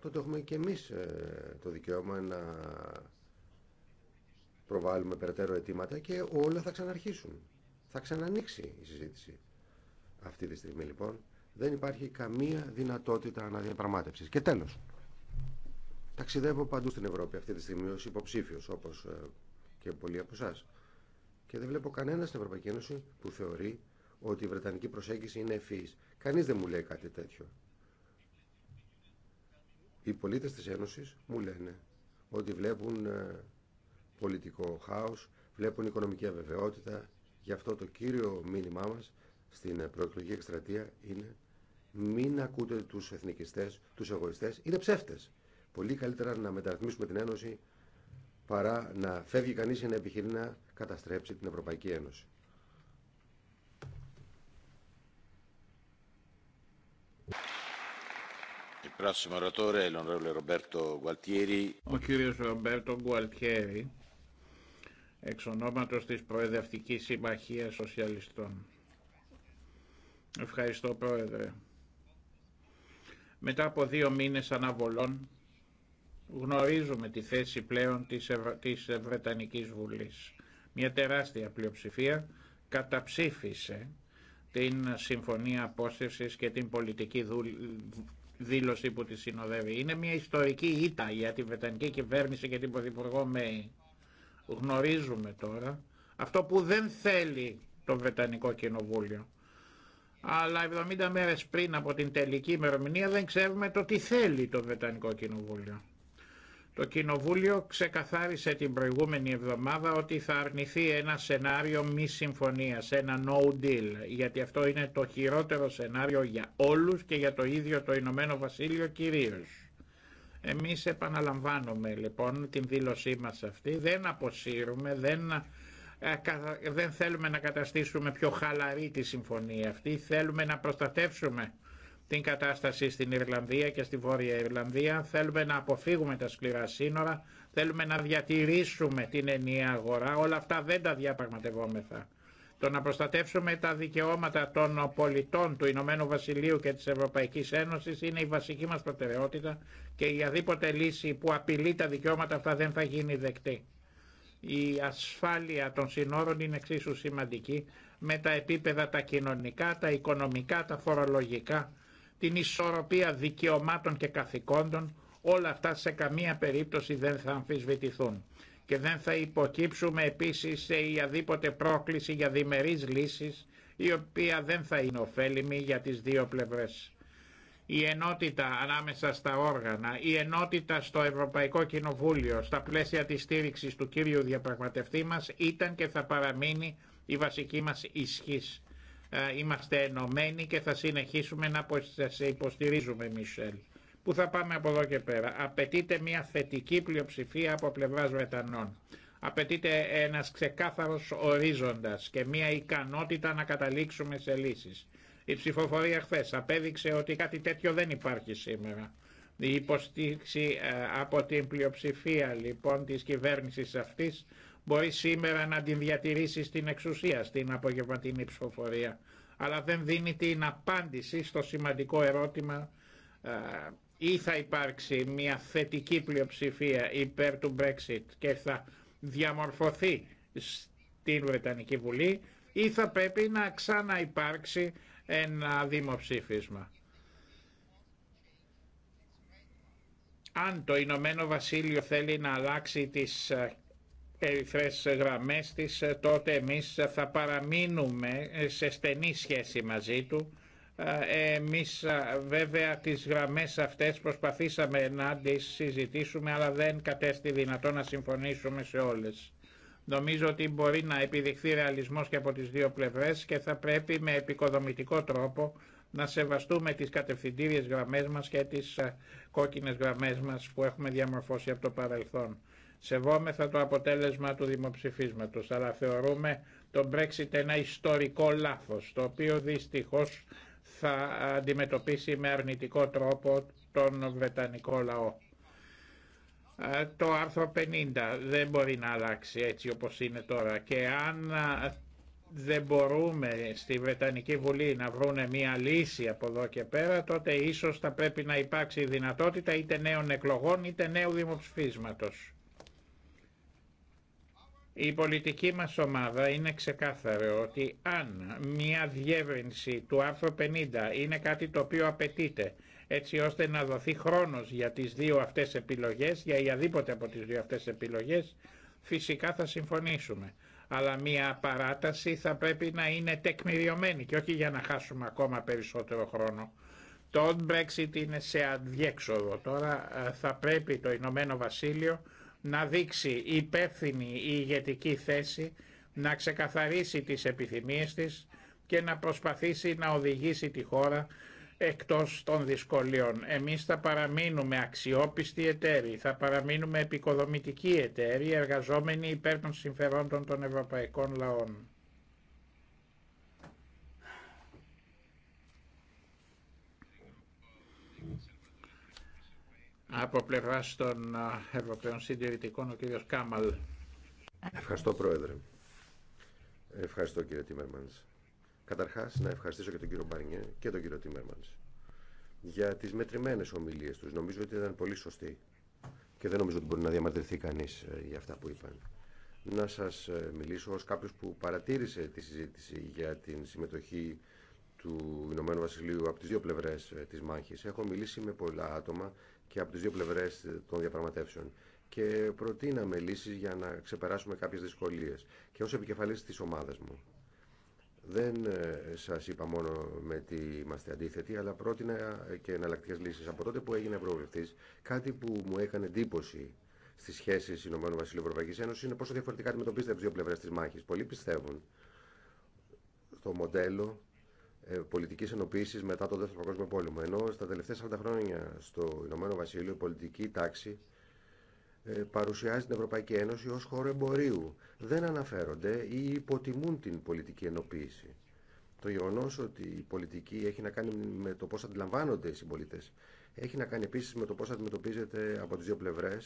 τότε έχουμε και εμείς ε, το δικαίωμα να προβάλλουμε περαιτέρω αιτήματα και όλα θα ξαναρχίσουν. Θα ξανανοίξει η συζήτηση. Αυτή τη στιγμή λοιπόν δεν υπάρχει καμία δυνατότητα αναδιαπραγμάτευσης. Και τέλος, ταξιδεύω παντού στην Ευρώπη αυτή τη στιγμή ως υποψήφιος, όπως ε, και πολλοί από εσά. Και δεν βλέπω κανένα στην Ευρωπαϊκή Ένωση που θεωρεί ότι η Βρετανική προσέγγιση είναι ευφύη. Κανείς δεν μου λέει κάτι τέτοιο. Οι πολίτες της Ένωσης μου λένε ότι βλέπουν ε, πολιτικό χάο, βλέπουν οικονομική αβεβαιότητα. Γι' αυτό το κύριο μήνυμά μα στην προεκλογική εκστρατεία είναι μην ακούτε τους εθνικιστές, τους εγωιστές, είναι ψεύτες. Πολύ καλύτερα να μεταρρυθμίσουμε την Ένωση παρά να φεύγει κανείς για να επιχειρεί να καταστρέψει την Ευρωπαϊκή Ένωση. Ο κύριος Ρομπέρτο Γκουαλτιέρη, εξ ονόματος της Προεδρευτικής Συμμαχίας Σοσιαλιστών. Ευχαριστώ Πρόεδρε. Μετά από δύο μήνες αναβολών γνωρίζουμε τη θέση πλέον της, της Βρετανικής Βουλής. Μια τεράστια πλειοψηφία καταψήφισε την Συμφωνία Απόσυρσης και την πολιτική δήλωση που τη συνοδεύει. Είναι μια ιστορική ήττα για τη Βρετανική κυβέρνηση και την Πρωθυπουργό Μέη. Γνωρίζουμε τώρα αυτό που δεν θέλει το Βρετανικό Κοινοβούλιο αλλά 70 μέρες πριν από την τελική ημερομηνία δεν ξέρουμε το τι θέλει το Βρετανικό Κοινοβούλιο. Το Κοινοβούλιο ξεκαθάρισε την προηγούμενη εβδομάδα ότι θα αρνηθεί ένα σενάριο μη συμφωνία, ένα no deal, γιατί αυτό είναι το χειρότερο σενάριο για όλους και για το ίδιο το Ηνωμένο Βασίλειο κυρίω. Εμείς επαναλαμβάνουμε λοιπόν την δήλωσή μας αυτή, δεν αποσύρουμε, δεν ε, δεν θέλουμε να καταστήσουμε πιο χαλαρή τη συμφωνία αυτή, θέλουμε να προστατεύσουμε την κατάσταση στην Ιρλανδία και στη Βόρεια Ιρλανδία, θέλουμε να αποφύγουμε τα σκληρά σύνορα, θέλουμε να διατηρήσουμε την ενιαία αγορά, όλα αυτά δεν τα διαπραγματευόμεθα. Το να προστατεύσουμε τα δικαιώματα των πολιτών του Ηνωμένου Βασιλείου και της Ευρωπαϊκής Ένωσης είναι η βασική μας προτεραιότητα και η αδίποτε λύση που απειλεί τα δικαιώματα αυτά δεν θα γίνει δεκτή. Η ασφάλεια των συνόρων είναι εξίσου σημαντική με τα επίπεδα τα κοινωνικά, τα οικονομικά, τα φορολογικά, την ισορροπία δικαιωμάτων και καθηκόντων, όλα αυτά σε καμία περίπτωση δεν θα αμφισβητηθούν. Και δεν θα υποκύψουμε επίσης σε οποιαδήποτε πρόκληση για διμερείς λύσεις, η οποία δεν θα είναι ωφέλιμη για τις δύο πλευρές η ενότητα ανάμεσα στα όργανα, η ενότητα στο Ευρωπαϊκό Κοινοβούλιο, στα πλαίσια της στήριξης του κύριου διαπραγματευτή μας, ήταν και θα παραμείνει η βασική μας ισχύς. Ε, είμαστε ενωμένοι και θα συνεχίσουμε να σε υποστηρίζουμε, Μισελ. Πού θα πάμε από εδώ και πέρα. Απαιτείται μια θετική πλειοψηφία από πλευρά Βρετανών. Απαιτείται ένας ξεκάθαρος ορίζοντας και μια ικανότητα να καταλήξουμε σε λύσεις. Η ψηφοφορία χθε απέδειξε ότι κάτι τέτοιο δεν υπάρχει σήμερα. Η υποστήριξη ε, από την πλειοψηφία λοιπόν της κυβέρνησης αυτής μπορεί σήμερα να την διατηρήσει στην εξουσία στην απογευματινή ψηφοφορία. Αλλά δεν δίνει την απάντηση στο σημαντικό ερώτημα ε, ή θα υπάρξει μια θετική πλειοψηφία υπέρ του Brexit και θα διαμορφωθεί στην Βρετανική Βουλή ή θα πρέπει να ξαναυπάρξει ένα δημοψήφισμα. Αν το Ηνωμένο Βασίλειο θέλει να αλλάξει τις ε, ερυθρές γραμμές της, ε, τότε εμείς θα παραμείνουμε ε, σε στενή σχέση μαζί του. Εμείς βέβαια τις γραμμές αυτές προσπαθήσαμε να τις συζητήσουμε, αλλά δεν κατέστη δυνατό να συμφωνήσουμε σε όλες. Νομίζω ότι μπορεί να επιδειχθεί ρεαλισμός και από τις δύο πλευρές και θα πρέπει με επικοδομητικό τρόπο να σεβαστούμε τις κατευθυντήριες γραμμές μας και τις ε, κόκκινες γραμμές μας που έχουμε διαμορφώσει από το παρελθόν. Σεβόμεθα το αποτέλεσμα του δημοψηφίσματος, αλλά θεωρούμε τον Brexit ένα ιστορικό λάθος, το οποίο δυστυχώς θα αντιμετωπίσει με αρνητικό τρόπο τον Βρετανικό λαό. Ε, το άρθρο 50 δεν μπορεί να αλλάξει έτσι όπως είναι τώρα και αν ε, δεν μπορούμε στη Βρετανική Βουλή να βρούνε μια λύση από εδώ και πέρα τότε ίσως θα πρέπει να υπάρξει δυνατότητα είτε νέων εκλογών είτε νέου δημοψηφίσματος. Η πολιτική μας ομάδα είναι ξεκάθαρη ότι αν μια διεύρυνση του άρθρου 50 είναι κάτι το οποίο απαιτείται έτσι ώστε να δοθεί χρόνος για τις δύο αυτές επιλογές, για οποιαδήποτε από τις δύο αυτές επιλογές, φυσικά θα συμφωνήσουμε. Αλλά μια παράταση θα πρέπει να είναι τεκμηριωμένη και όχι για να χάσουμε ακόμα περισσότερο χρόνο. Το Brexit είναι σε αδιέξοδο. Τώρα ε, θα πρέπει το Ηνωμένο Βασίλειο να δείξει υπεύθυνη η ηγετική θέση, να ξεκαθαρίσει τις επιθυμίες της και να προσπαθήσει να οδηγήσει τη χώρα εκτός των δυσκολίων. Εμείς θα παραμείνουμε αξιόπιστοι εταίροι, θα παραμείνουμε επικοδομητικοί εταίροι, εργαζόμενοι υπέρ των συμφερόντων των ευρωπαϊκών λαών. Από πλευρά των Ευρωπαίων Συντηρητικών, ο κύριος Κάμαλ. Ευχαριστώ, Πρόεδρε. Ευχαριστώ, κύριε Τίμερμανς. Καταρχά να ευχαριστήσω και τον κύριο Μπαρνιέ και τον κύριο Τίμερμανς για τι μετρημένε ομιλίε του. Νομίζω ότι ήταν πολύ σωστοί και δεν νομίζω ότι μπορεί να διαμαρτυρηθεί κανεί ε, για αυτά που είπαν. Να σα ε, μιλήσω ω κάποιο που παρατήρησε τη συζήτηση για την συμμετοχή του Ηνωμένου Βασιλείου από τι δύο πλευρέ ε, τη μάχη, Έχω μιλήσει με πολλά άτομα και από τι δύο πλευρέ των διαπραγματεύσεων και προτείναμε λύσει για να ξεπεράσουμε κάποιε δυσκολίε Και ω επικεφαλή τη ομάδα μου δεν ε, σας είπα μόνο με τι είμαστε αντίθετοι, αλλά πρότεινα και εναλλακτικέ λύσεις. Από τότε που έγινε ευρωβουλευτής, κάτι που μου έκανε εντύπωση στις σχέσεις Ηνωμένου Βασιλείου Ευρωπαϊκής Ένωσης είναι πόσο διαφορετικά αντιμετωπίζεται από τις δύο πλευρές της μάχης. Πολλοί πιστεύουν στο μοντέλο ε, πολιτικής ενοποίηση μετά τον Δεύτερο Παγκόσμιο Πόλεμο. Ενώ στα τελευταία 40 χρόνια στο Ηνωμένο Βασίλειο η πολιτική τάξη ε, παρουσιάζει την Ευρωπαϊκή Ένωση ως χώρο εμπορίου. Δεν αναφέρονται ή υποτιμούν την πολιτική ενοποίηση. Το γεγονό ότι η πολιτική έχει να κάνει με το πώ αντιλαμβάνονται οι συμπολίτε, έχει να κάνει επίση με το πώ αντιμετωπίζεται από τι δύο πλευρέ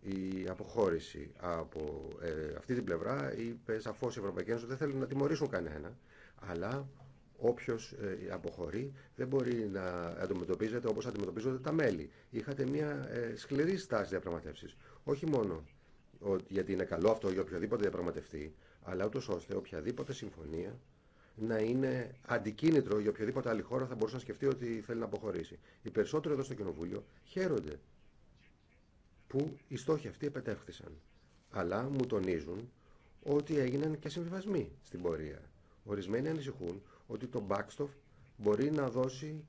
η αποχώρηση. Από ε, αυτή την πλευρά είπε σαφώ η Ευρωπαϊκή Ένωση δεν θέλουν να τιμωρήσουν κανένα, αλλά όποιο ε, αποχωρεί δεν μπορεί να αντιμετωπίζεται όπω αντιμετωπίζονται τα μέλη. Είχατε μια ε, σκληρή στάση διαπραγματεύσει. Όχι μόνο γιατί είναι καλό αυτό για οποιοδήποτε διαπραγματευτεί, αλλά ούτω ώστε οποιαδήποτε συμφωνία να είναι αντικίνητρο για οποιαδήποτε άλλη χώρα θα μπορούσε να σκεφτεί ότι θέλει να αποχωρήσει. Οι περισσότεροι εδώ στο Κοινοβούλιο χαίρονται που οι στόχοι αυτοί επετεύχθησαν. Αλλά μου τονίζουν ότι έγιναν και συμβιβασμοί στην πορεία. Ορισμένοι ανησυχούν ότι το Μπάκστοφ μπορεί να δώσει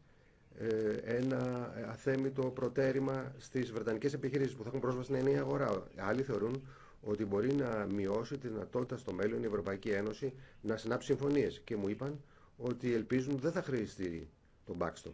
ε, ένα αθέμητο προτέρημα στις βρετανικές επιχειρήσεις που θα έχουν πρόσβαση στην ενιαία αγορά. Άλλοι θεωρούν ότι μπορεί να μειώσει τη δυνατότητα στο μέλλον η Ευρωπαϊκή Ένωση να συνάψει συμφωνίε και μου είπαν ότι ελπίζουν δεν θα χρειαστεί το backstop.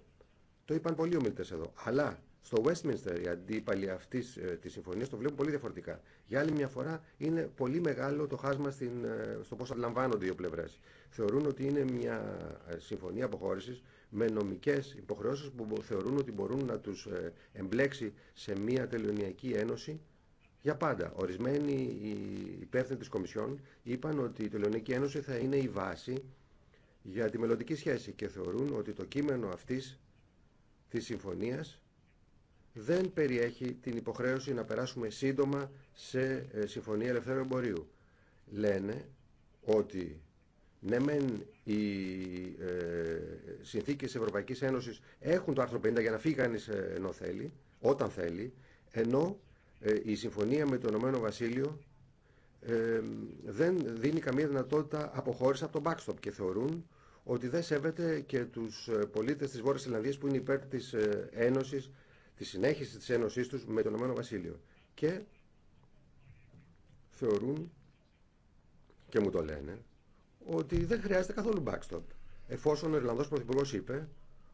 Το είπαν πολλοί ομιλητέ εδώ. Αλλά στο Westminster οι αντίπαλοι αυτή ε, τη συμφωνία το βλέπουν πολύ διαφορετικά. Για άλλη μια φορά είναι πολύ μεγάλο το χάσμα στην, ε, στο πώ αντιλαμβάνονται οι δύο πλευρέ. Θεωρούν ότι είναι μια ε, συμφωνία αποχώρηση με νομικέ υποχρεώσει που θεωρούν ότι μπορούν να του εμπλέξει σε μια τελειωνιακή ένωση για πάντα. Ορισμένοι υπεύθυνοι τη Κομισιόν είπαν ότι η τελειωνιακή ένωση θα είναι η βάση για τη μελλοντική σχέση και θεωρούν ότι το κείμενο αυτή τη συμφωνίας δεν περιέχει την υποχρέωση να περάσουμε σύντομα σε ε, συμφωνία ελευθέρου εμπορίου. Λένε ότι ναι μεν οι ε, συνθήκες Ευρωπαϊκής Ένωσης έχουν το άρθρο 50 για να φύγει κανείς ε, όταν θέλει, ενώ η συμφωνία με το Ηνωμένο Βασίλειο δεν δίνει καμία δυνατότητα αποχώρηση από τον backstop και θεωρούν ότι δεν σέβεται και τους πολίτες της Βόρειας Ιλανδίας που είναι υπέρ της Ένωσης τη συνέχιση της ένωσής τους με το Ηνωμένο Βασίλειο. Και θεωρούν και μου το λένε ότι δεν χρειάζεται καθόλου backstop. Εφόσον ο Ιρλανδός Πρωθυπουργός είπε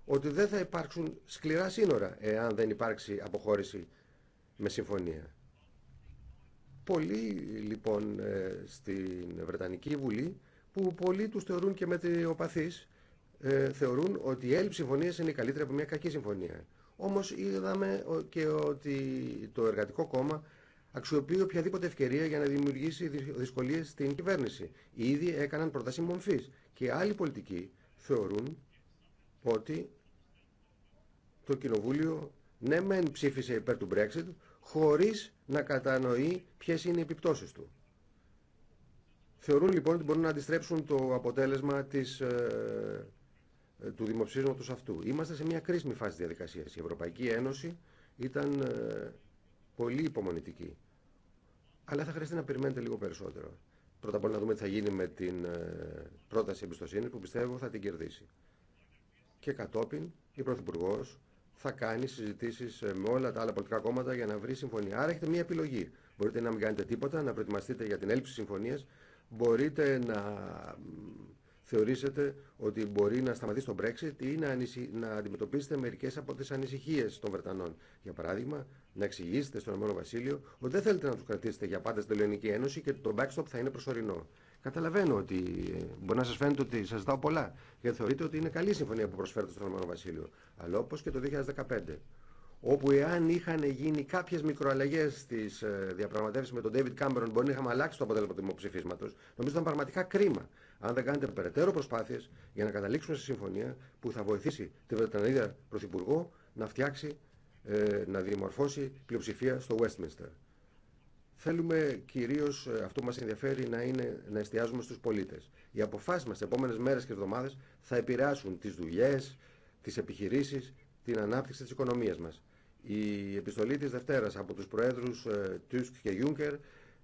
ότι δεν θα υπάρξουν σκληρά σύνορα εάν δεν υπάρξει αποχώρηση με συμφωνία. Πολλοί λοιπόν ε, στην Βρετανική Βουλή που πολλοί τους θεωρούν και οπαθής, ε, θεωρούν ότι η έλλειψη συμφωνίας είναι καλύτερη από μια κακή συμφωνία. Όμως είδαμε και ότι το εργατικό κόμμα αξιοποιεί οποιαδήποτε ευκαιρία για να δημιουργήσει δυσκολίες στην κυβέρνηση. Ήδη έκαναν προτάσεις μομφής και άλλοι πολιτικοί θεωρούν ότι το Κοινοβούλιο ναι μεν ψήφισε υπέρ του Brexit χωρίς να κατανοεί ποιες είναι οι επιπτώσεις του. Θεωρούν λοιπόν ότι μπορούν να αντιστρέψουν το αποτέλεσμα της ε, ε, του δημοψήφισματος αυτού. Είμαστε σε μια κρίσιμη φάση διαδικασίας. Η Ευρωπαϊκή Ένωση ήταν ε, πολύ υπομονητική. Αλλά θα χρειαστεί να περιμένετε λίγο περισσότερο. Πρώτα απ' όλα να δούμε τι θα γίνει με την ε, πρόταση εμπιστοσύνη που πιστεύω θα την κερδίσει. Και κατόπιν η Πρωθυπουργό θα κάνει συζητήσει με όλα τα άλλα πολιτικά κόμματα για να βρει συμφωνία. Άρα έχετε μια επιλογή. Μπορείτε να μην κάνετε τίποτα, να προετοιμαστείτε για την έλλειψη συμφωνία. Μπορείτε να θεωρήσετε ότι μπορεί να σταματήσει το Brexit ή να, να αντιμετωπίσετε μερικέ από τι ανησυχίε των Βρετανών. Για παράδειγμα, να εξηγήσετε στον Ηνωμένο Βασίλειο ότι δεν θέλετε να του κρατήσετε για πάντα στην Ελληνική Ένωση και το backstop θα είναι προσωρινό. Καταλαβαίνω ότι ε, μπορεί να σα φαίνεται ότι σα ζητάω πολλά, γιατί θεωρείτε ότι είναι καλή συμφωνία που προσφέρετε στον Ηνωμένο Βασίλειο. Αλλά όπω και το 2015, όπου εάν είχαν γίνει κάποιε μικροαλλαγέ στι ε, διαπραγματεύσει με τον David Cameron, μπορεί να είχαμε αλλάξει το αποτέλεσμα του δημοψηφίσματο, νομίζω ήταν πραγματικά κρίμα αν δεν κάνετε περαιτέρω προσπάθειε για να καταλήξουμε σε συμφωνία που θα βοηθήσει τη Βρετανίδα Πρωθυπουργό να φτιάξει, ε, να δημορφώσει πλειοψηφία στο Westminster. Θέλουμε κυρίω ε, αυτό που μα ενδιαφέρει να, είναι, να εστιάζουμε στου πολίτε. Οι αποφάσει μα τι επόμενε μέρε και εβδομάδε θα επηρεάσουν τι δουλειέ, τι επιχειρήσει, την ανάπτυξη τη οικονομία μα. Η επιστολή τη Δευτέρα από του Προέδρου Τούσκ ε, και Γιούγκερ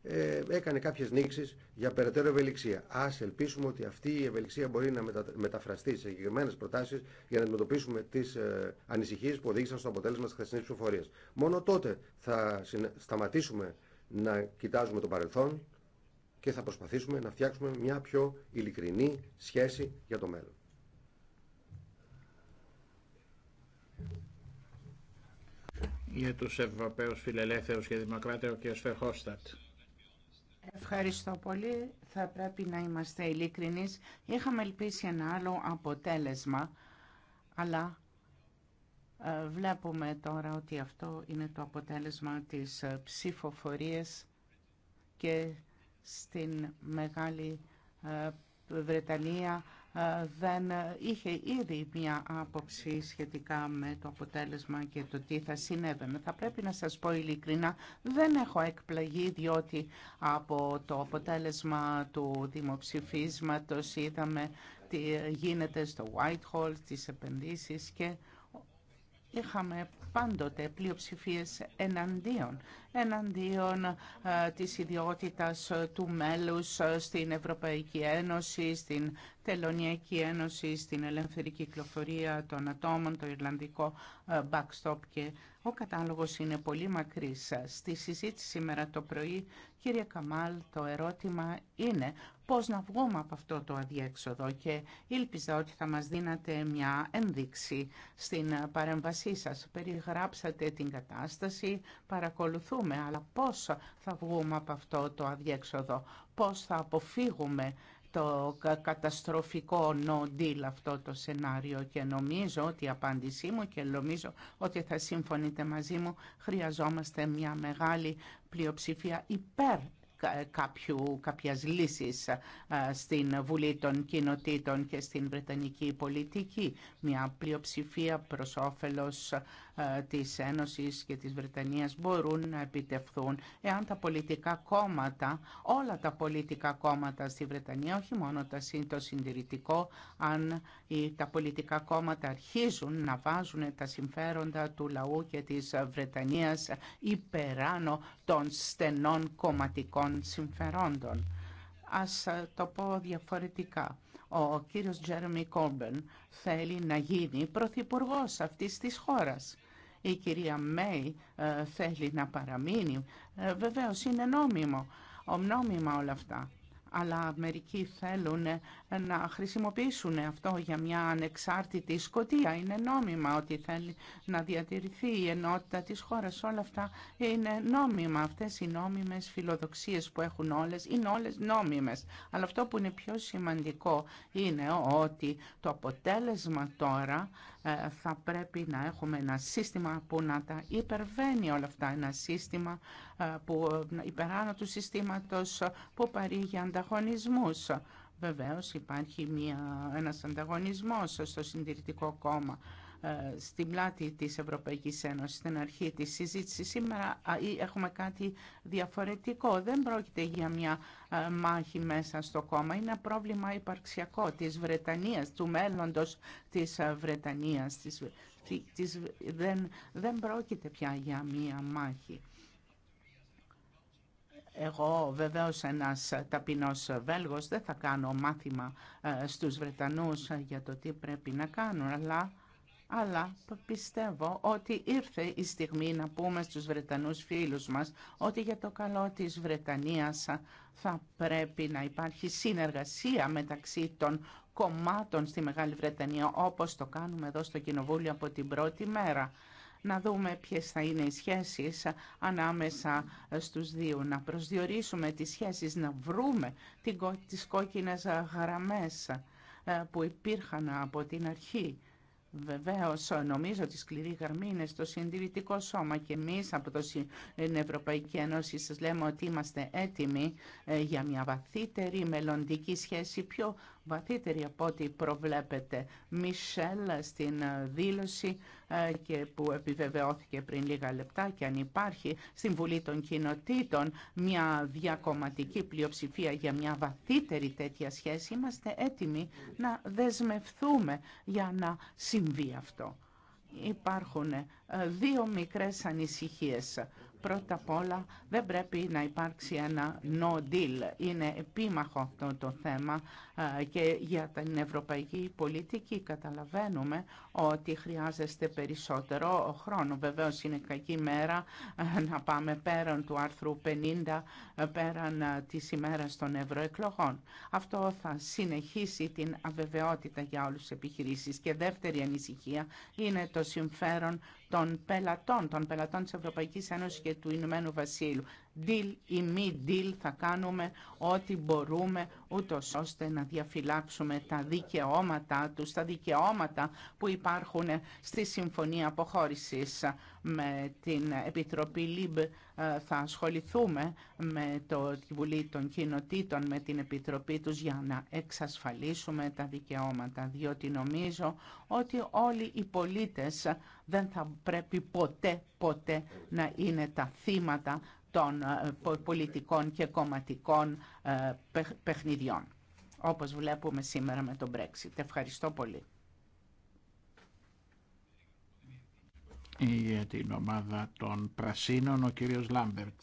ε, έκανε κάποιε νήξει για περαιτέρω ευελιξία. Α ελπίσουμε ότι αυτή η ευελιξία μπορεί να μεταφραστεί σε συγκεκριμένε προτάσει για να αντιμετωπίσουμε τις ε, ανησυχίε που οδήγησαν στο αποτέλεσμα τη χθεσινή ψηφοφορία. Μόνο τότε θα σταματήσουμε να κοιτάζουμε το παρελθόν και θα προσπαθήσουμε να φτιάξουμε μια πιο ειλικρινή σχέση για το μέλλον. για τους Ευρωπαίους Φιλελεύθερους και Δημοκράτες ο κ. Φερχόστατ. Ευχαριστώ πολύ. Θα πρέπει να είμαστε ειλικρινείς. Είχαμε ελπίσει ένα άλλο αποτέλεσμα, αλλά ε, βλέπουμε τώρα ότι αυτό είναι το αποτέλεσμα της ε, ψηφοφορίας και στην Μεγάλη ε, Βρετανία ε, δεν ε, είχε ήδη μια άποψη σχετικά με το αποτέλεσμα και το τι θα συνέβαινε. Θα πρέπει να σας πω ειλικρινά, δεν έχω εκπλαγεί διότι από το αποτέλεσμα του δημοψηφίσματος είδαμε τι ε, γίνεται στο Whitehall, τις επενδύσεις και είχαμε πάντοτε πλειοψηφίες εναντίον, εναντίον ε, της ιδιότητας ε, του μέλους ε, στην Ευρωπαϊκή Ένωση, στην Τελωνιακή Ένωση, στην ελεύθερη κυκλοφορία των ατόμων, το Ιρλανδικό backstop και ο κατάλογος είναι πολύ μακρύς. Στη συζήτηση σήμερα το πρωί, κύριε Καμάλ, το ερώτημα είναι πώς να βγούμε από αυτό το αδιέξοδο και ήλπιζα ότι θα μας δίνατε μια ένδειξη στην παρέμβασή σας. Περιγράψατε την κατάσταση, παρακολουθούμε, αλλά πώς θα βγούμε από αυτό το αδιέξοδο, πώς θα αποφύγουμε το καταστροφικό no αυτό το σενάριο και νομίζω ότι η απάντησή μου και νομίζω ότι θα συμφωνείτε μαζί μου χρειαζόμαστε μια μεγάλη πλειοψηφία υπέρ κάποιου, κάποιας λύσης ε, στην Βουλή των Κοινοτήτων και στην Βρετανική πολιτική. Μια πλειοψηφία προς όφελος ε, της Ένωσης και της Βρετανίας μπορούν να επιτευχθούν εάν τα πολιτικά κόμματα, όλα τα πολιτικά κόμματα στη Βρετανία, όχι μόνο το συντηρητικό, αν τα πολιτικά κόμματα αρχίζουν να βάζουν τα συμφέροντα του λαού και της Βρετανίας υπεράνω των στενών κομματικών συμφερόντων. Ας ε, το πω διαφορετικά. Ο κύριος Τζέρεμι Κόμπεν θέλει να γίνει πρωθυπουργός αυτής της χώρας η κυρία Μέη ε, θέλει να παραμείνει. Ε, βεβαίως είναι νόμιμο, ομνόμιμα όλα αυτά αλλά μερικοί θέλουν ε, να χρησιμοποιήσουν αυτό για μια ανεξάρτητη σκοτία. Είναι νόμιμα ότι θέλει να διατηρηθεί η ενότητα της χώρας. Όλα αυτά είναι νόμιμα. Αυτές οι νόμιμες φιλοδοξίες που έχουν όλες είναι όλες νόμιμες. Αλλά αυτό που είναι πιο σημαντικό είναι ότι το αποτέλεσμα τώρα ε, θα πρέπει να έχουμε ένα σύστημα που να τα υπερβαίνει όλα αυτά. Ένα σύστημα ε, που ε, υπεράνω του συστήματος που παρήγει ανταγωνισμούς. Βεβαίως υπάρχει μια, ένας ανταγωνισμός στο συντηρητικό κόμμα ε, στην πλάτη της Ευρωπαϊκής Ένωσης, στην αρχή της συζήτηση. Σήμερα έχουμε κάτι διαφορετικό. Δεν πρόκειται για μια ε, μάχη μέσα στο κόμμα. Είναι πρόβλημα υπαρξιακό της Βρετανίας, του μέλλοντος της ε, Βρετανίας. Της, δεν, δεν πρόκειται πια για μια μάχη. Εγώ βεβαίως ένας ταπεινός Βέλγος δεν θα κάνω μάθημα στους Βρετανούς για το τι πρέπει να κάνουν, αλλά αλλά πιστεύω ότι ήρθε η στιγμή να πούμε στους Βρετανούς φίλους μας ότι για το καλό της Βρετανίας θα πρέπει να υπάρχει συνεργασία μεταξύ των κομμάτων στη Μεγάλη Βρετανία όπως το κάνουμε εδώ στο Κοινοβούλιο από την πρώτη μέρα. Να δούμε ποιες θα είναι οι σχέσεις ανάμεσα στους δύο. Να προσδιορίσουμε τις σχέσεις, να βρούμε τις κόκκινες γραμμές ε, που υπήρχαν από την αρχή Βεβαίω, νομίζω ότι σκληρή γραμμή είναι στο συντηρητικό σώμα και εμεί από την Ευρωπαϊκή Ένωση σα λέμε ότι είμαστε έτοιμοι ε, για μια βαθύτερη μελλοντική σχέση πιο βαθύτερη από ό,τι προβλέπεται. Μισελ στην ε, δήλωση ε, και που επιβεβαιώθηκε πριν λίγα λεπτά και αν υπάρχει στην Βουλή των Κοινοτήτων μια διακομματική πλειοψηφία για μια βαθύτερη τέτοια σχέση, είμαστε έτοιμοι να δεσμευθούμε για να συμβεί αυτό. Υπάρχουν ε, δύο μικρές ανησυχίες Πρώτα απ' όλα δεν πρέπει να υπάρξει ένα no deal. Είναι επίμαχο αυτό το θέμα ε, και για την ευρωπαϊκή πολιτική καταλαβαίνουμε ότι χρειάζεστε περισσότερο χρόνο. Βεβαίως είναι κακή μέρα ε, να πάμε πέραν του άρθρου 50, ε, πέραν της ημέρας των ευρωεκλογών. Αυτό θα συνεχίσει την αβεβαιότητα για όλους τους επιχειρήσεις. Και δεύτερη ανησυχία είναι το συμφέρον των πελατών, των πελατών της Ευρωπαϊκής Ένωσης και του Ηνωμένου Βασίλου deal ή μη deal θα κάνουμε ό,τι μπορούμε ούτω ώστε να διαφυλάξουμε τα δικαιώματα τους, τα δικαιώματα που υπάρχουν στη Συμφωνία Αποχώρησης. Με την Επιτροπή ΛΥΜΠ ε, θα ασχοληθούμε με το Βουλή των Κοινοτήτων, με την Επιτροπή τους για να εξασφαλίσουμε τα δικαιώματα, διότι νομίζω ότι όλοι οι πολίτες δεν θα πρέπει ποτέ, ποτέ να είναι τα θύματα των ε, πολιτικών και κομματικών ε, παιχνιδιών, όπως βλέπουμε σήμερα με τον Brexit. Ευχαριστώ πολύ. Για ε, την ομάδα των Πρασίνων, ο κύριος Λάμπερτ.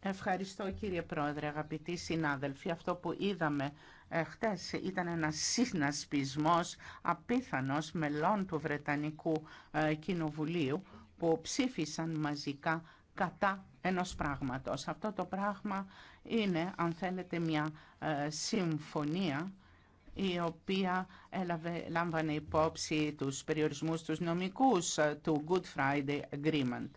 Ευχαριστώ κύριε Πρόεδρε, αγαπητοί συνάδελφοι. Αυτό που είδαμε χτες ήταν ένα συνασπισμός απίθανος μελών του Βρετανικού Κοινοβουλίου που ψήφισαν μαζικά κατά ενός πράγματος. Αυτό το πράγμα είναι, αν θέλετε, μια ε, συμφωνία η οποία έλαβε, λάμβανε υπόψη τους περιορισμούς τους νομικούς ε, του Good Friday Agreement.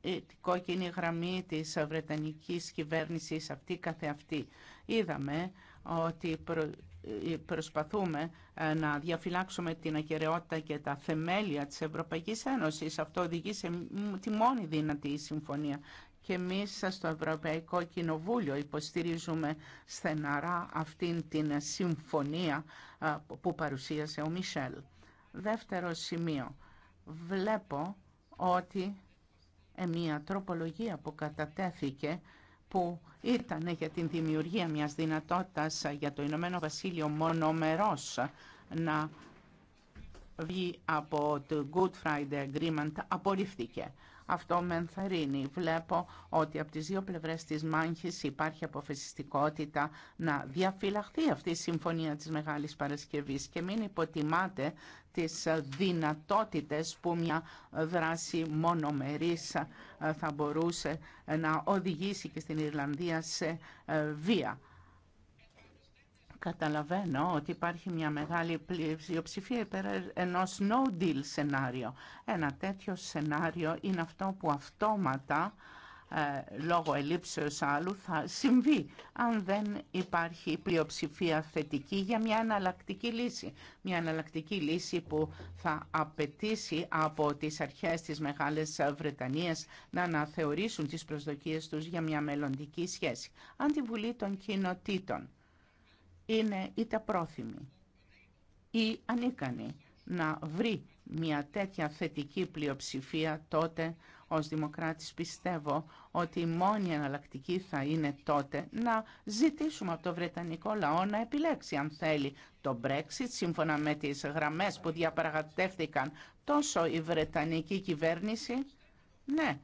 Η κόκκινη γραμμή της Βρετανικής κυβέρνησης αυτή καθεαυτή. Είδαμε ότι ε, προσπαθούμε ε, να διαφυλάξουμε την ακεραιότητα και τα θεμέλια της Ευρωπαϊκής Ένωσης. Αυτό οδηγεί σε τη μόνη δυνατή συμφωνία. Και εμείς στο Ευρωπαϊκό Κοινοβούλιο υποστηρίζουμε στεναρά αυτήν την συμφωνία ε, που παρουσίασε ο Μισελ. Δεύτερο σημείο. Βλέπω ότι μια τροπολογία που κατατέθηκε που ήταν για την δημιουργία μιας δυνατότητας για το Ηνωμένο Βασίλειο μονομερός να βγει από το Good Friday Agreement απορρίφθηκε. Αυτό με ενθαρρύνει. Βλέπω ότι από τις δύο πλευρές της μάχης υπάρχει αποφασιστικότητα να διαφυλαχθεί αυτή η συμφωνία της Μεγάλης Παρασκευής και μην υποτιμάται τις δυνατότητες που μια δράση μονομερής θα μπορούσε να οδηγήσει και στην Ιρλανδία σε ε, βία. Καταλαβαίνω ότι υπάρχει μια μεγάλη πλειοψηφία υπέρ ενός no deal σενάριο. Ένα τέτοιο σενάριο είναι αυτό που αυτόματα ε, λόγω ελήψεως άλλου θα συμβεί αν δεν υπάρχει πλειοψηφία θετική για μια εναλλακτική λύση. Μια εναλλακτική λύση που θα απαιτήσει από τις αρχές της Μεγάλης Βρετανίας να αναθεωρήσουν τις προσδοκίες τους για μια μελλοντική σχέση. Αντιβουλή των Κοινοτήτων είναι είτε πρόθυμη ή ανίκανη να βρει μια τέτοια θετική πλειοψηφία τότε ως δημοκράτης πιστεύω ότι η μόνη εναλλακτική θα είναι τότε να ζητήσουμε από το Βρετανικό λαό να επιλέξει αν θέλει το Brexit σύμφωνα με τις γραμμές που διαπραγματεύτηκαν τόσο η Βρετανική κυβέρνηση ναι,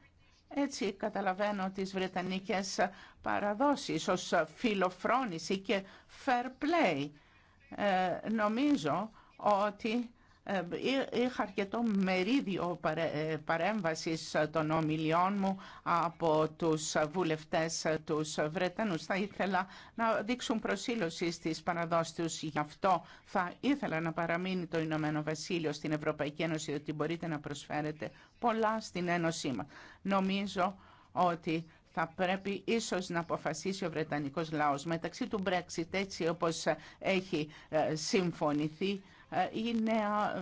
έτσι καταλαβαίνω τις βρετανικές παραδόσεις ως φιλοφρόνηση και fair play. Ε, νομίζω ότι ε, είχα αρκετό μερίδιο ε, παρέμβασης των ομιλιών μου από τους βουλευτές τους Βρετανούς. Θα ήθελα να δείξουν προσήλωση στις παραδόσεις τους. Γι' αυτό θα ήθελα να παραμείνει το Ηνωμένο Βασίλειο στην Ευρωπαϊκή Ένωση, ότι μπορείτε να προσφέρετε πολλά στην Ένωσή μας. Νομίζω ότι θα πρέπει ίσως να αποφασίσει ο Βρετανικός λαός μεταξύ του Brexit έτσι όπως έχει ε, συμφωνηθεί ε, η νέα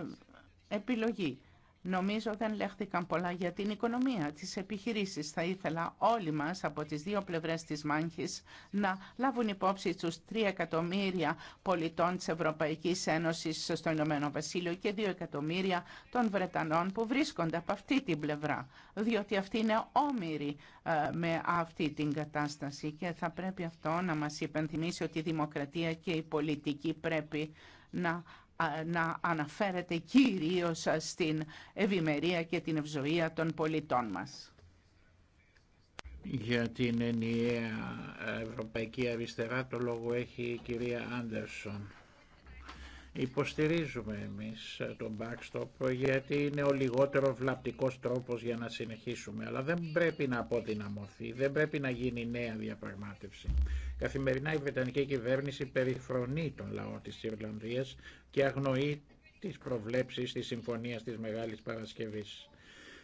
ε, επιλογή. Νομίζω δεν λέχθηκαν πολλά για την οικονομία, της επιχειρήσης. Θα ήθελα όλοι μας από τις δύο πλευρές της μάχης να λάβουν υπόψη τους 3 εκατομμύρια πολιτών της Ευρωπαϊκής Ένωσης στο Ηνωμένο Βασίλειο και 2 εκατομμύρια των Βρετανών που βρίσκονται από αυτή την πλευρά, διότι αυτοί είναι όμοιροι ε, με αυτή την κατάσταση και θα πρέπει αυτό να μας υπενθυμίσει ότι η δημοκρατία και η πολιτική πρέπει να να αναφέρεται κυρίως στην ευημερία και την ευζοία των πολιτών μας. Για την ενιαία Ευρωπαϊκή Αριστερά το λόγο έχει η κυρία Άντερσον. Υποστηρίζουμε εμείς τον backstop γιατί είναι ο λιγότερο βλαπτικός τρόπος για να συνεχίσουμε. Αλλά δεν πρέπει να αποδυναμωθεί, δεν πρέπει να γίνει νέα διαπραγμάτευση. Καθημερινά η Βρετανική κυβέρνηση περιφρονεί τον λαό της Ιρλανδίας και αγνοεί τις προβλέψεις της Συμφωνίας της Μεγάλης Παρασκευής.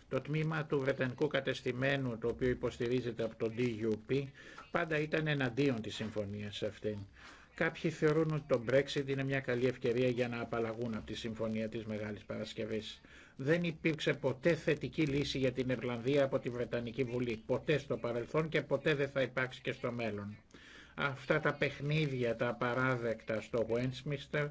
Το τμήμα του Βρετανικού κατεστημένου, το οποίο υποστηρίζεται από τον DUP, πάντα ήταν εναντίον της συμφωνίας αυτήν. Κάποιοι θεωρούν ότι το Brexit είναι μια καλή ευκαιρία για να απαλλαγούν από τη Συμφωνία της Μεγάλης Παρασκευής. Δεν υπήρξε ποτέ θετική λύση για την Ιρλανδία από τη Βρετανική Βουλή. Ποτέ στο παρελθόν και ποτέ δεν θα υπάρξει και στο μέλλον. Αυτά τα παιχνίδια, τα απαράδεκτα στο Westminster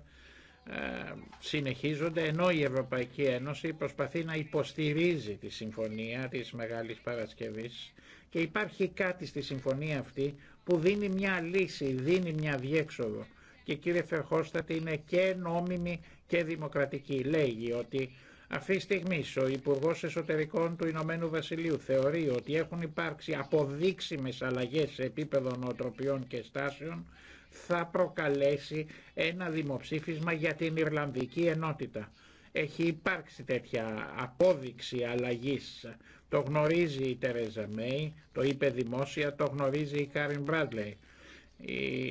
ε, συνεχίζονται ενώ η Ευρωπαϊκή Ένωση προσπαθεί να υποστηρίζει τη Συμφωνία της Μεγάλης Παρασκευής και υπάρχει κάτι στη Συμφωνία αυτή που δίνει μια λύση, δίνει μια διέξοδο. Και κύριε Φερχώστατη είναι και νόμιμη και δημοκρατική. Λέγει ότι αυτή τη στιγμή ο Υπουργό Εσωτερικών του Ηνωμένου Βασιλείου θεωρεί ότι έχουν υπάρξει αποδείξιμες αλλαγές σε επίπεδο νοοτροπιών και στάσεων θα προκαλέσει ένα δημοψήφισμα για την Ιρλανδική ενότητα. Έχει υπάρξει τέτοια απόδειξη αλλαγής το γνωρίζει η Τερέζα Μέη, το είπε δημόσια, το γνωρίζει η Κάριν Μπράντλεϊ. Η,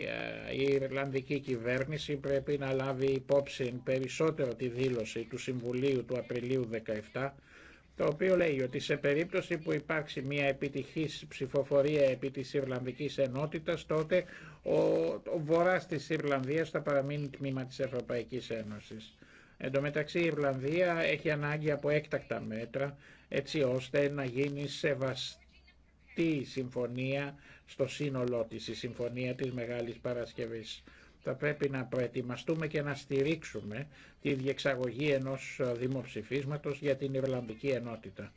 η Ιρλανδική κυβέρνηση πρέπει να λάβει υπόψη περισσότερο τη δήλωση του Συμβουλίου του Απριλίου 17, το οποίο λέει ότι σε περίπτωση που υπάρξει μια επιτυχής ψηφοφορία επί της Ιρλανδικής Ενότητας, τότε ο, ο βορράς της Ιρλανδίας θα παραμείνει τμήμα της Ευρωπαϊκής Ένωσης. Εν τω μεταξύ η Ιρλανδία έχει ανάγκη από έκτακτα μέτρα έτσι ώστε να γίνει σεβαστή συμφωνία στο σύνολό της, η συμφωνία της Μεγάλης Παρασκευής. Θα πρέπει να προετοιμαστούμε και να στηρίξουμε τη διεξαγωγή ενός δημοψηφίσματος για την Ιρλανδική Ενότητα.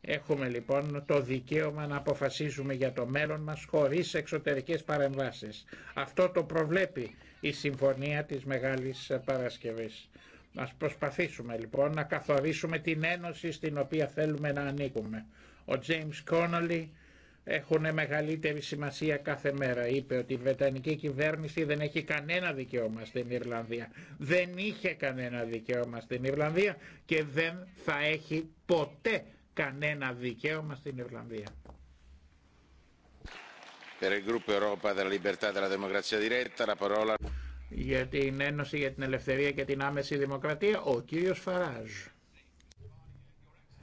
Έχουμε λοιπόν το δικαίωμα να αποφασίζουμε για το μέλλον μας χωρίς εξωτερικές παρεμβάσεις. Αυτό το προβλέπει η Συμφωνία της Μεγάλης Παρασκευής. Να προσπαθήσουμε λοιπόν να καθορίσουμε την ένωση στην οποία θέλουμε να ανήκουμε. Ο James Κόνολι έχουν μεγαλύτερη σημασία κάθε μέρα. Είπε ότι η Βρετανική κυβέρνηση δεν έχει κανένα δικαίωμα στην Ιρλανδία. Δεν είχε κανένα δικαίωμα στην Ιρλανδία και δεν θα έχει ποτέ κανένα δικαίωμα στην Ιρλανδία. Per il gruppo e για την Ένωση για την Ελευθερία και την Άμεση Δημοκρατία, ο κύριος Φαράζ.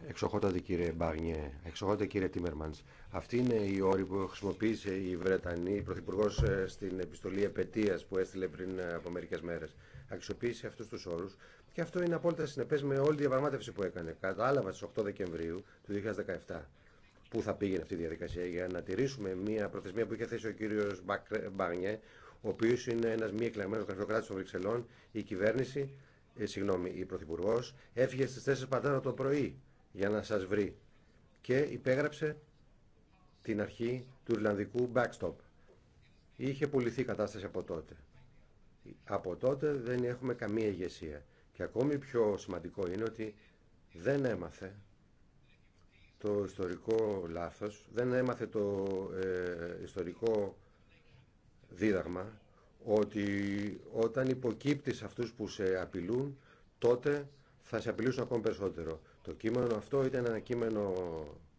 Εξοχότατε κύριε Μπάγνιε, εξοχότατε κύριε Τίμερμαντς. Αυτή είναι η όρη που χρησιμοποίησε η Βρετανή η Πρωθυπουργό ε, στην επιστολή επαιτίας που έστειλε πριν ε, από μερικές μέρες. Αξιοποίησε αυτούς τους όρους και αυτό είναι απόλυτα συνεπές με όλη τη διαπραγμάτευση που έκανε. Κατάλαβα στις 8 Δεκεμβρίου του 2017 που θα πήγαινε αυτή η διαδικασία για να τηρήσουμε μια προθεσμία που είχε θέσει ο κύριος Μπαγνιέ ο οποίο είναι ένας μη εκλεγμένο καρδιοκράτη των Βρυξελών, η κυβέρνηση, ε, συγγνώμη, η Πρωθυπουργό, έφυγε στις 4 πατέρα το πρωί για να σας βρει και υπέγραψε την αρχή του Ιρλανδικού backstop. Είχε πουληθεί η κατάσταση από τότε. Από τότε δεν έχουμε καμία ηγεσία. Και ακόμη πιο σημαντικό είναι ότι δεν έμαθε το ιστορικό λάθος, δεν έμαθε το ε, ιστορικό δίδαγμα ότι όταν υποκύπτεις αυτούς που σε απειλούν, τότε θα σε απειλήσουν ακόμη περισσότερο. Το κείμενο αυτό ήταν ένα κείμενο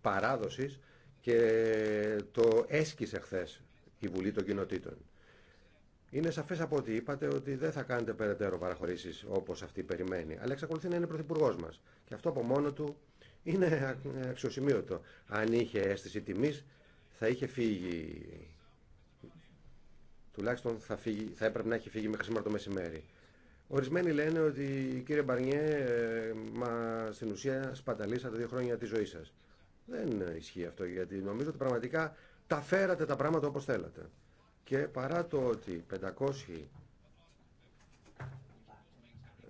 παράδοσης και το έσκησε χθε η Βουλή των Κοινοτήτων. Είναι σαφέ από ό,τι είπατε ότι δεν θα κάνετε περαιτέρω παραχωρήσει όπω αυτή περιμένει. Αλλά εξακολουθεί να είναι πρωθυπουργό μα. Και αυτό από μόνο του είναι αξιοσημείωτο. Αν είχε αίσθηση τιμή, θα είχε φύγει τουλάχιστον θα, θα έπρεπε να έχει φύγει μέχρι σήμερα το μεσημέρι. Ορισμένοι λένε ότι κύριε Μπαρνιέ, ε, μα στην ουσία σπαταλήσατε δύο χρόνια τη ζωή σα. Δεν ισχύει αυτό γιατί νομίζω ότι πραγματικά τα φέρατε τα πράγματα όπως θέλατε. Και παρά το ότι 500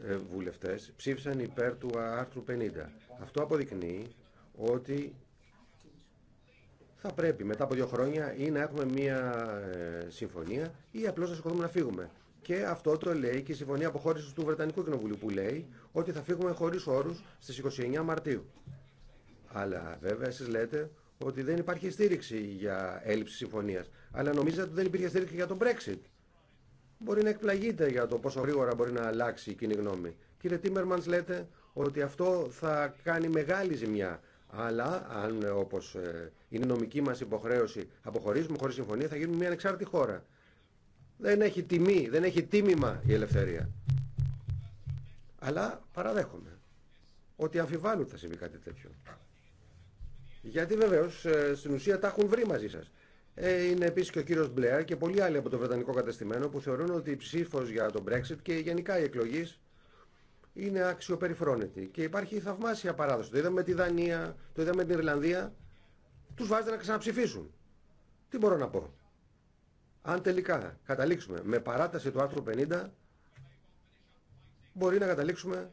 ε, βουλευτές ψήφισαν υπέρ του άρθρου 50. Αυτό αποδεικνύει ότι θα πρέπει μετά από δύο χρόνια ή να έχουμε μία ε, συμφωνία ή απλώ να σηκωθούμε να φύγουμε. Και αυτό το λέει και η συμφωνία αποχώρηση του Βρετανικού Κοινοβουλίου που λέει ότι θα φύγουμε χωρί όρου στι 29 Μαρτίου. Αλλά βέβαια εσεί λέτε ότι δεν υπάρχει στήριξη για έλλειψη συμφωνία. Αλλά νομίζετε ότι δεν υπήρχε στήριξη για τον Brexit. Μπορεί να εκπλαγείτε για το πόσο γρήγορα μπορεί να αλλάξει η κοινή γνώμη. Κύριε Τίμερμαντ, λέτε ότι αυτό θα κάνει μεγάλη ζημιά αλλά αν ε, όπω ε, είναι νομική μα υποχρέωση αποχωρήσουμε χωρί συμφωνία, θα γίνουμε μια ανεξάρτητη χώρα. Δεν έχει τιμή, δεν έχει τίμημα η ελευθερία. Αλλά παραδέχομαι ότι αμφιβάλλουν θα συμβεί κάτι τέτοιο. Γιατί βεβαίω ε, στην ουσία τα έχουν βρει μαζί σα. Είναι επίση και ο κύριο Μπλεαρ και πολλοί άλλοι από το Βρετανικό κατεστημένο που θεωρούν ότι η ψήφο για τον Brexit και γενικά η εκλογή είναι αξιοπεριφρόνητη. Και υπάρχει θαυμάσια παράδοση. Το είδαμε με τη Δανία, το είδαμε με την Ιρλανδία. Του βάζετε να ξαναψηφίσουν. Τι μπορώ να πω. Αν τελικά καταλήξουμε με παράταση του άρθρου 50, μπορεί να καταλήξουμε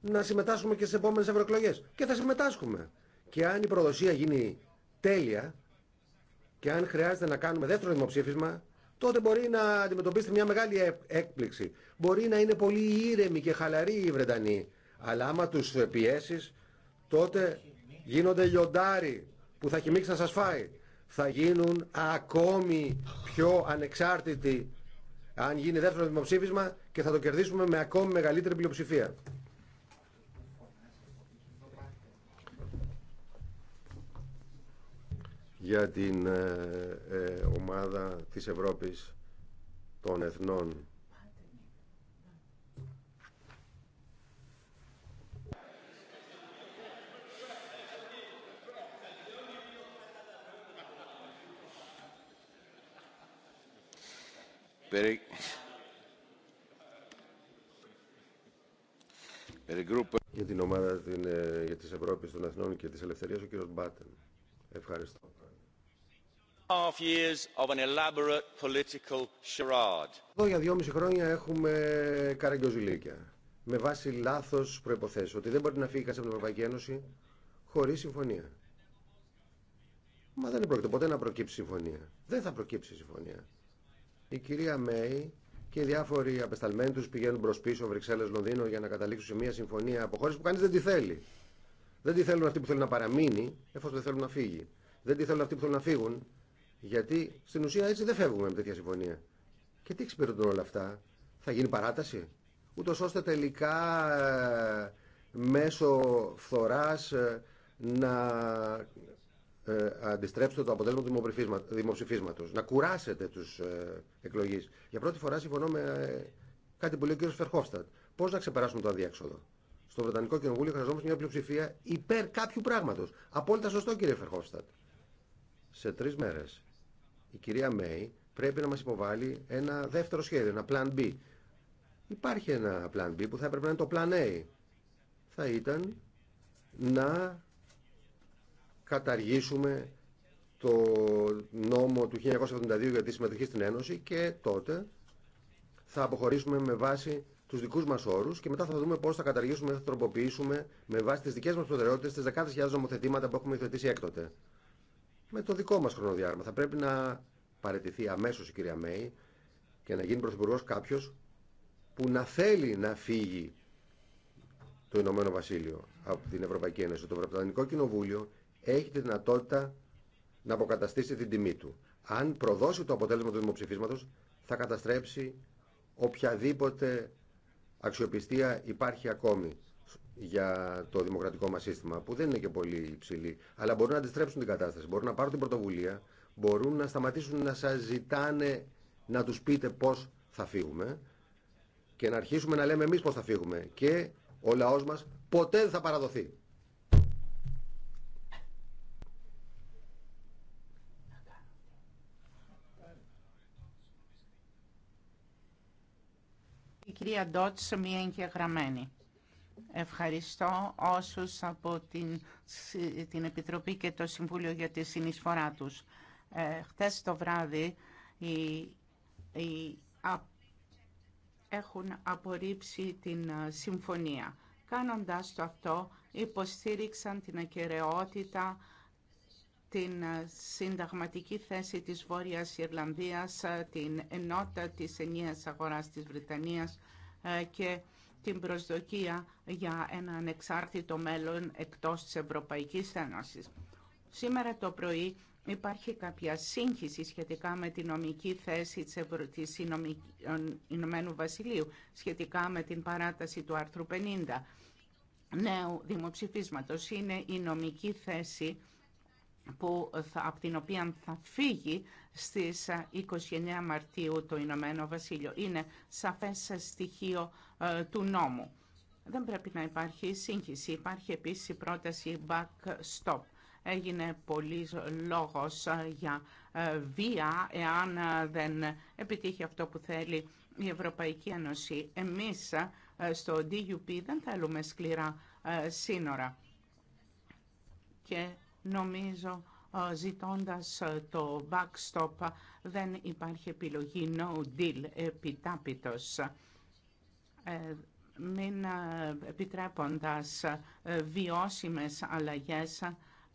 να συμμετάσχουμε και στι επόμενε ευρωεκλογέ. Και θα συμμετάσχουμε. Και αν η προδοσία γίνει τέλεια και αν χρειάζεται να κάνουμε δεύτερο δημοψήφισμα, τότε μπορεί να αντιμετωπίσετε μια μεγάλη έκπληξη. Μπορεί να είναι πολύ ήρεμοι και χαλαροί οι Βρετανοί, αλλά άμα τους πιέσει, τότε γίνονται λιοντάροι που θα χυμίξει να σας φάει. Θα γίνουν ακόμη πιο ανεξάρτητοι αν γίνει δεύτερο δημοψήφισμα και θα το κερδίσουμε με ακόμη μεγαλύτερη πλειοψηφία. για την ε, ε, ομάδα της Ευρώπης των Εθνών. Για την ομάδα της ε, Ευρώπης των Εθνών και της Ελευθερίας, ο κύριος Μπάτεν. Ευχαριστώ. Half years of an elaborate political charade. Εδώ για δυόμιση χρόνια έχουμε καραγκιοζουλίκια. Με βάση λάθο προποθέσει. Ότι δεν μπορεί να φύγει κανεί από την Ευρωπαϊκή Ένωση χωρί συμφωνία. Μα δεν πρόκειται ποτέ να προκύψει συμφωνία. Δεν θα προκύψει συμφωνία. Η κυρία Μέη και οι διάφοροι απεσταλμένοι του πηγαίνουν προ πίσω, Βρυξέλλε, Λονδίνο, για να καταλήξουν σε μια συμφωνία από χώρε που κανεί δεν τη θέλει. Δεν τη θέλουν αυτοί που θέλουν να παραμείνει, εφόσον δεν θέλουν να φύγει. Δεν τη θέλουν αυτοί που θέλουν να φύγουν, γιατί στην ουσία έτσι δεν φεύγουμε με τέτοια συμφωνία. Και τι εξυπηρετούν όλα αυτά. Θα γίνει παράταση. Ούτω ώστε τελικά ε, μέσω φθορά ε, να ε, αντιστρέψετε το αποτέλεσμα του δημοψηφίσματο. Να κουράσετε του εκλογεί. εκλογείς. Για πρώτη φορά συμφωνώ με κάτι που λέει ο κ. Φερχόφστατ. Πώ να ξεπεράσουμε το αδιέξοδο. Στο Βρετανικό Κοινοβούλιο χρειαζόμαστε μια πλειοψηφία υπέρ κάποιου πράγματο. Απόλυτα σωστό κύριε Φερχόφστατ. Σε τρει μέρε η κυρία Μέη πρέπει να μας υποβάλει ένα δεύτερο σχέδιο, ένα plan B. Υπάρχει ένα plan B που θα έπρεπε να είναι το plan A. Θα ήταν να καταργήσουμε το νόμο του 1972 για τη συμμετοχή στην Ένωση και τότε θα αποχωρήσουμε με βάση τους δικούς μας όρους και μετά θα δούμε πώς θα καταργήσουμε, θα τροποποιήσουμε με βάση τις δικές μας προτεραιότητες τις δεκάδες χιλιάδες νομοθετήματα που έχουμε υιοθετήσει έκτοτε με το δικό μας χρονοδιάγραμμα. Θα πρέπει να παραιτηθεί αμέσως η κυρία Μέη και να γίνει πρωθυπουργός κάποιος που να θέλει να φύγει το Ηνωμένο Βασίλειο από την Ευρωπαϊκή Ένωση. Το Βρετανικό Κοινοβούλιο έχει τη δυνατότητα να αποκαταστήσει την τιμή του. Αν προδώσει το αποτέλεσμα του δημοψηφίσματος, θα καταστρέψει οποιαδήποτε αξιοπιστία υπάρχει ακόμη για το δημοκρατικό μα σύστημα, που δεν είναι και πολύ υψηλή, αλλά μπορούν να αντιστρέψουν την κατάσταση, μπορούν να πάρουν την πρωτοβουλία, μπορούν να σταματήσουν να σα ζητάνε να του πείτε πώ θα φύγουμε και να αρχίσουμε να λέμε εμεί πώ θα φύγουμε. Και ο λαό μα ποτέ δεν θα παραδοθεί. Η κυρία Ντότς, μία εγγεγραμμένη. Ευχαριστώ όσους από την, την Επιτροπή και το Συμβούλιο για τη συνεισφορά τους. Ε, το βράδυ έχουν απορρίψει την ε, συμφωνία. Κάνοντας το αυτό, υποστήριξαν την ακαιρεότητα, την ε, συνταγματική θέση της Βόρειας Ιρλανδίας, ε, την ενότητα της ενιαίας αγοράς της Βρετανίας και την προσδοκία για ένα ανεξάρτητο μέλλον εκτός της Ευρωπαϊκής Ένωσης. Σήμερα το πρωί υπάρχει κάποια σύγχυση σχετικά με την νομική θέση της, της Ηνωμένου Βασιλείου, σχετικά με την παράταση του άρθρου 50 νέου δημοψηφίσματος. Είναι η νομική θέση που θα, από την οποία θα φύγει στις 29 ε, Μαρτίου το Ηνωμένο Βασίλειο. Είναι σαφές στοιχείο ε, του νόμου. Δεν πρέπει να υπάρχει σύγχυση. Υπάρχει επίσης η πρόταση backstop. Έγινε πολύ λόγος ε, για ε, βία εάν δεν επιτύχει αυτό που θέλει η Ευρωπαϊκή Ένωση. Εμείς στο DUP δεν θέλουμε σκληρά σύνορα. Και νομίζω ζητώντας το backstop δεν υπάρχει επιλογή no deal επιτάπητος μην ε, επιτρέποντας ε, βιώσιμες αλλαγές,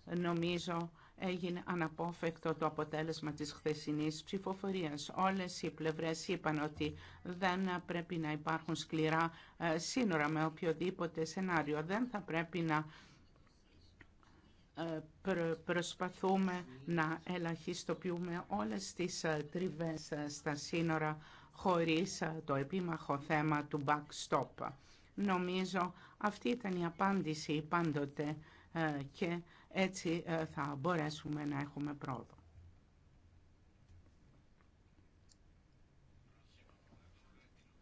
νομίζω έγινε αναπόφευκτο το αποτέλεσμα της χθεσινής ψηφοφορίας. Όλες οι πλευρές είπαν ότι δεν πρέπει να υπάρχουν σκληρά ε, σύνορα με οποιοδήποτε σενάριο. Δεν θα πρέπει να προσπαθούμε να ελαχιστοποιούμε όλες τις τριβές στα σύνορα χωρίς ε, το επίμαχο θέμα του backstop. Νομίζω αυτή ήταν η απάντηση πάντοτε ε, και έτσι ε, θα μπορέσουμε να έχουμε πρόοδο.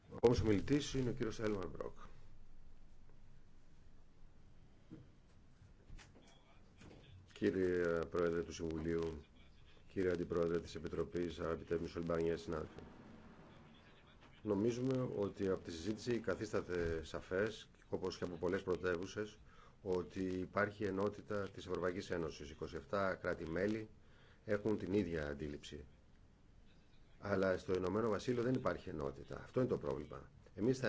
Ο επόμενος ομιλητής είναι ο κύριος Έλμαρ Μπρόκ. Κύριε Πρόεδρε του Συμβουλίου, κύριε Αντιπρόεδρε της Επιτροπής, αγαπητέ Μισολμπάνια, συνάδελφοι. Νομίζουμε ότι από τη συζήτηση καθίσταται σαφές, όπως και από πολλές πρωτεύουσε, ότι υπάρχει ενότητα της Ευρωπαϊκής Ένωσης. 27 κράτη-μέλη έχουν την ίδια αντίληψη. Αλλά στο Ηνωμένο Βασίλειο δεν υπάρχει ενότητα. Αυτό είναι το πρόβλημα. Εμείς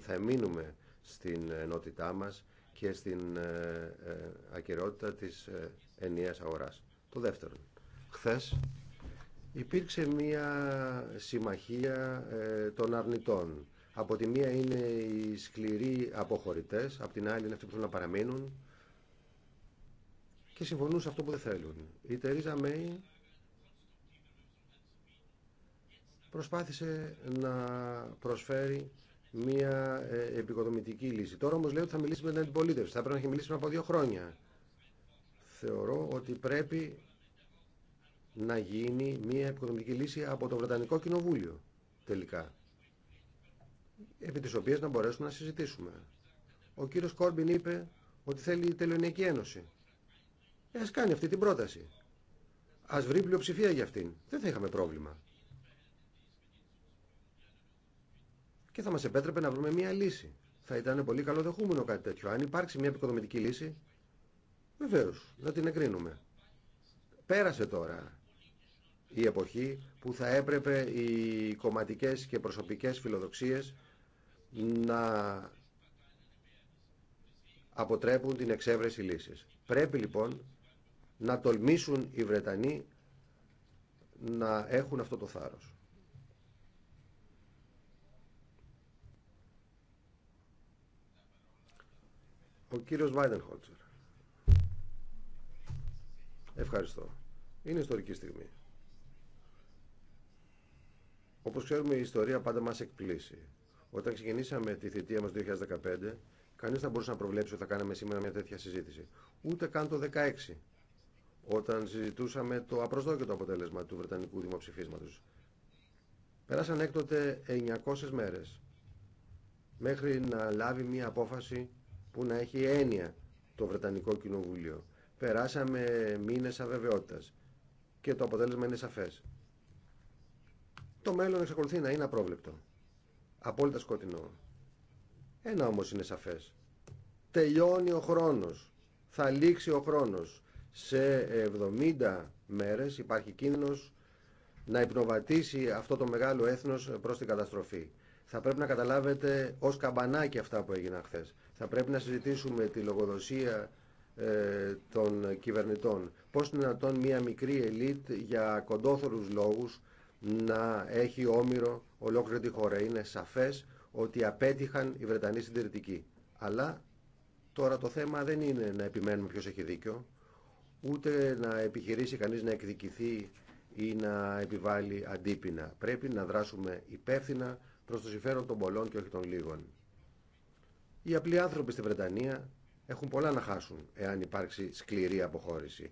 θα εμείνουμε στην ενότητά μας και στην ε, ε, ακαιρεότητα της ε, ενιαίας αγοράς. Το δεύτερο. Χθες Υπήρξε μια συμμαχία ε, των αρνητών. Από τη μία είναι οι σκληροί αποχωρητές, από την άλλη είναι αυτοί που θέλουν να παραμείνουν και συμφωνούν σε αυτό που δεν θέλουν. Η Τερίζα Μέη προσπάθησε να προσφέρει μια ε, επικοδομητική λύση. Τώρα όμως λέει ότι θα μιλήσει με την αντιπολίτευση. Θα πρέπει να έχει μιλήσει από δύο χρόνια. Θεωρώ ότι πρέπει να γίνει μια οικονομική λύση από το Βρετανικό Κοινοβούλιο τελικά επί της οποίας να μπορέσουμε να συζητήσουμε. Ο κύριος Κόρμπιν είπε ότι θέλει η Τελωνιακή Ένωση. Ε, κάνει αυτή την πρόταση. Ας βρει πλειοψηφία για αυτήν. Δεν θα είχαμε πρόβλημα. Και θα μας επέτρεπε να βρούμε μια λύση. Θα ήταν πολύ καλοδεχούμενο κάτι τέτοιο. Αν υπάρξει μια επικοδομητική λύση, βεβαίω να την εγκρίνουμε. Πέρασε τώρα η εποχή που θα έπρεπε οι κομματικές και προσωπικές φιλοδοξίες να αποτρέπουν την εξέβρεση λύσης. Πρέπει λοιπόν να τολμήσουν οι Βρετανοί να έχουν αυτό το θάρρος. Ο κύριος Βάιντενχολτσερ. Ευχαριστώ. Είναι ιστορική στιγμή. Όπως ξέρουμε η ιστορία πάντα μας εκπλήσει. Όταν ξεκινήσαμε τη θητεία μας το 2015, κανείς δεν μπορούσε να προβλέψει ότι θα κάναμε σήμερα μια τέτοια συζήτηση. Ούτε καν το 2016, όταν συζητούσαμε το απροσδόκητο αποτέλεσμα του Βρετανικού Δημοψηφίσματος. Πέρασαν έκτοτε 900 μέρες μέχρι να λάβει μια απόφαση που να έχει έννοια το Βρετανικό Κοινοβούλιο. Περάσαμε μήνες αβεβαιότητας και το αποτέλεσμα είναι σαφέ το μέλλον εξακολουθεί να είναι απρόβλεπτο. Απόλυτα σκοτεινό. Ένα όμως είναι σαφές. Τελειώνει ο χρόνος. Θα λήξει ο χρόνος. Σε 70 μέρες υπάρχει κίνδυνος να υπνοβατήσει αυτό το μεγάλο έθνος προς την καταστροφή. Θα πρέπει να καταλάβετε ως καμπανάκι αυτά που έγιναν χθε. Θα πρέπει να συζητήσουμε τη λογοδοσία ε, των κυβερνητών. Πώς είναι δυνατόν μια μικρή ελίτ για κοντόθωρους λόγους να έχει όμοιρο ολόκληρη τη χώρα. Είναι σαφές ότι απέτυχαν οι Βρετανοί συντηρητικοί. Αλλά τώρα το θέμα δεν είναι να επιμένουμε ποιος έχει δίκιο, ούτε να επιχειρήσει κανείς να εκδικηθεί ή να επιβάλλει αντίπεινα. Πρέπει να δράσουμε υπεύθυνα προς το συμφέρον των πολλών και όχι των λίγων. Οι απλοί άνθρωποι στη Βρετανία έχουν πολλά να χάσουν εάν υπάρξει σκληρή αποχώρηση.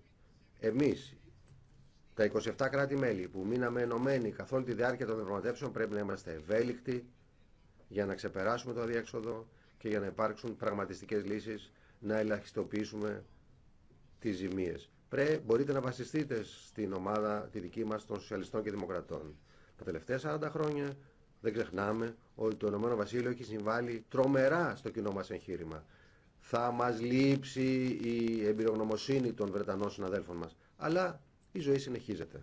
Εμείς, τα 27 κράτη-μέλη που μείναμε ενωμένοι καθ' όλη τη διάρκεια των διαπραγματεύσεων πρέπει να είμαστε ευέλικτοι για να ξεπεράσουμε το αδιέξοδο και για να υπάρξουν πραγματιστικέ λύσει να ελαχιστοποιήσουμε τι ζημίες. μπορείτε να βασιστείτε στην ομάδα τη δική μα των Σοσιαλιστών και Δημοκρατών. Τα τελευταία 40 χρόνια δεν ξεχνάμε ότι το Ηνωμένο Βασίλειο έχει συμβάλει τρομερά στο κοινό μα εγχείρημα. Θα μα λείψει η εμπειρογνωμοσύνη των Βρετανών συναδέλφων μα, Αλλά η ζωή συνεχίζεται.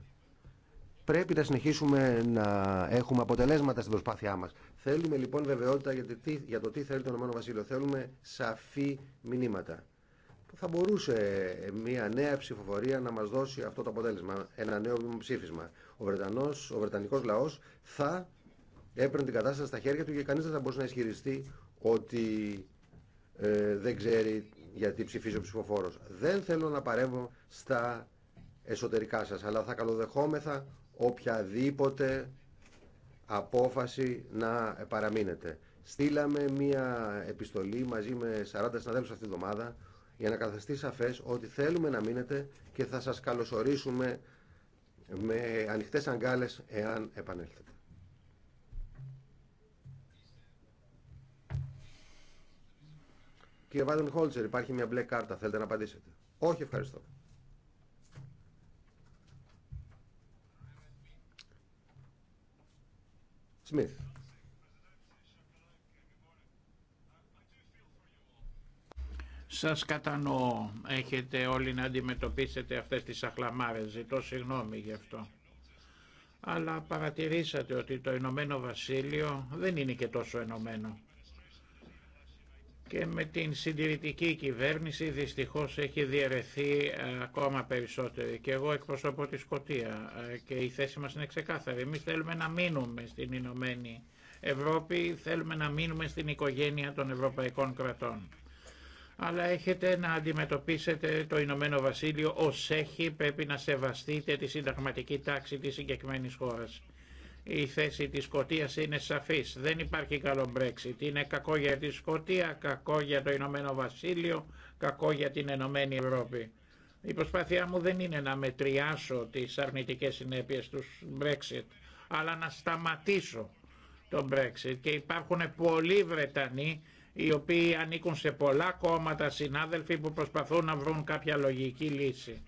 Πρέπει να συνεχίσουμε να έχουμε αποτελέσματα στην προσπάθειά μα. Θέλουμε λοιπόν βεβαιότητα για το τι θέλει το Ηνωμένο Βασίλειο. Θέλουμε σαφή μηνύματα. Θα μπορούσε μια νέα ψηφοφορία να μα δώσει αυτό το αποτέλεσμα, ένα νέο ψήφισμα. Ο, ο Βρετανικό λαό θα έπαιρνε την κατάσταση στα χέρια του και κανεί δεν θα μπορούσε να ισχυριστεί ότι ε, δεν ξέρει γιατί ψηφίζει ο ψηφοφόρο. Δεν θέλω να παρέμβω στα εσωτερικά σας, αλλά θα καλοδεχόμεθα οποιαδήποτε απόφαση να παραμείνετε. Στείλαμε μία επιστολή μαζί με 40 συναδέλφους αυτή την εβδομάδα για να καταστεί σαφές ότι θέλουμε να μείνετε και θα σας καλωσορίσουμε με ανοιχτές αγκάλες εάν επανέλθετε. Κύριε Βάδεν Χόλτσερ, υπάρχει μια μπλε κάρτα. Θέλετε να απαντήσετε. Όχι, ευχαριστώ. Σας κατανοώ. Έχετε όλοι να αντιμετωπίσετε αυτές τις αχλαμάρες. Ζητώ συγγνώμη γι' αυτό. Αλλά παρατηρήσατε ότι το Ηνωμένο Βασίλειο δεν είναι και τόσο ενωμένο και με την συντηρητική κυβέρνηση δυστυχώς έχει διαιρεθεί ε, ακόμα περισσότερο. Και εγώ εκπροσωπώ τη σκοτία ε, και η θέση μας είναι ξεκάθαρη. Εμείς θέλουμε να μείνουμε στην Ηνωμένη Ευρώπη, θέλουμε να μείνουμε στην οικογένεια των ευρωπαϊκών κρατών. Αλλά έχετε να αντιμετωπίσετε το Ηνωμένο Βασίλειο ως έχει πρέπει να σεβαστείτε τη συνταγματική τάξη της συγκεκριμένη χώρας. Η θέση της Σκοτίας είναι σαφής. Δεν υπάρχει καλό Brexit. Είναι κακό για τη Σκοτία, κακό για το Ηνωμένο Βασίλειο, κακό για την Ενωμένη Ευρώπη. Η προσπάθειά μου δεν είναι να μετριάσω τις αρνητικές συνέπειες του Brexit, αλλά να σταματήσω τον Brexit. Και υπάρχουν πολλοί Βρετανοί οι οποίοι ανήκουν σε πολλά κόμματα συνάδελφοι που προσπαθούν να βρουν κάποια λογική λύση.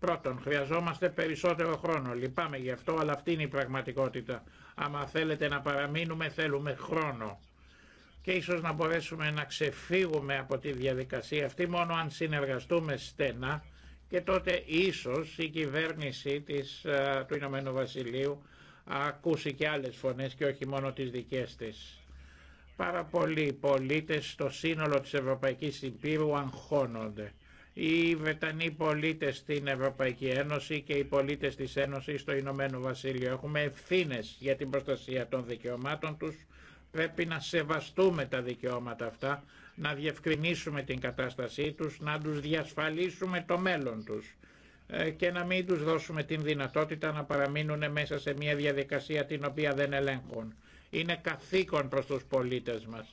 Πρώτον, χρειαζόμαστε περισσότερο χρόνο. Λυπάμαι γι' αυτό, αλλά αυτή είναι η πραγματικότητα. Άμα θέλετε να παραμείνουμε, θέλουμε χρόνο. Και ίσως να μπορέσουμε να ξεφύγουμε από τη διαδικασία αυτή μόνο αν συνεργαστούμε στενά και τότε ίσως η κυβέρνηση της, ε, του Ηνωμένου Βασιλείου ακούσει και άλλες φωνές και όχι μόνο τις δικές της. Πάρα πολλοί πολίτες στο σύνολο της Ευρωπαϊκής Υπήρου αγχώνονται οι Βρετανοί πολίτες στην Ευρωπαϊκή Ένωση και οι πολίτες της Ένωσης στο Ηνωμένο Βασίλειο. Έχουμε ευθύνε για την προστασία των δικαιωμάτων τους. Πρέπει να σεβαστούμε τα δικαιώματα αυτά, να διευκρινίσουμε την κατάστασή τους, να τους διασφαλίσουμε το μέλλον τους ε, και να μην τους δώσουμε την δυνατότητα να παραμείνουν μέσα σε μια διαδικασία την οποία δεν ελέγχουν. Είναι καθήκον προς τους πολίτες μας.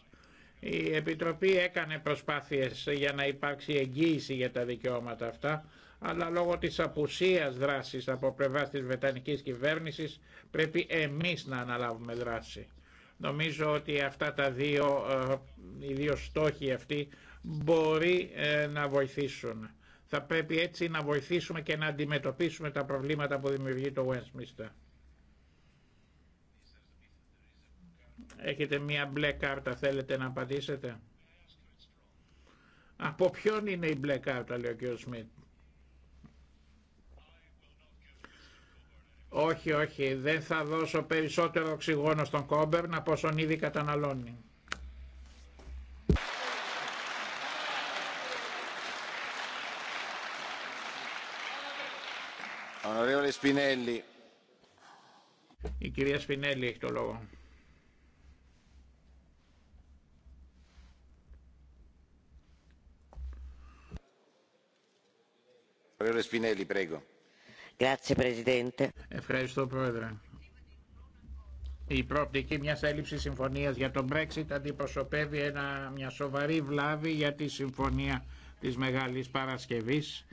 Η Επιτροπή έκανε προσπάθειες για να υπάρξει εγγύηση για τα δικαιώματα αυτά, αλλά λόγω της απουσίας δράσης από πλευρά της Βετανικής κυβέρνησης πρέπει εμείς να αναλάβουμε δράση. Νομίζω ότι αυτά τα δύο, ε, οι δύο στόχοι αυτοί μπορεί ε, να βοηθήσουν. Θα πρέπει έτσι να βοηθήσουμε και να αντιμετωπίσουμε τα προβλήματα που δημιουργεί το Westminster. Έχετε μία μπλε κάρτα, θέλετε να απαντήσετε. Από ποιον είναι η μπλε κάρτα, λέει ο κ. Σμιτ. Όχι, όχι, δεν θα δώσω περισσότερο οξυγόνο στον Κόμπερν από όσον ήδη καταναλώνει. Η κυρία Σπινέλη έχει το λόγο. Ευχαριστώ, Πρόεδρε. Η προοπτική μιας έλλειψης συμφωνία για τον Brexit αντιπροσωπεύει ένα, μια σοβαρή βλάβη για τη συμφωνία της Μεγάλης Παρασκευής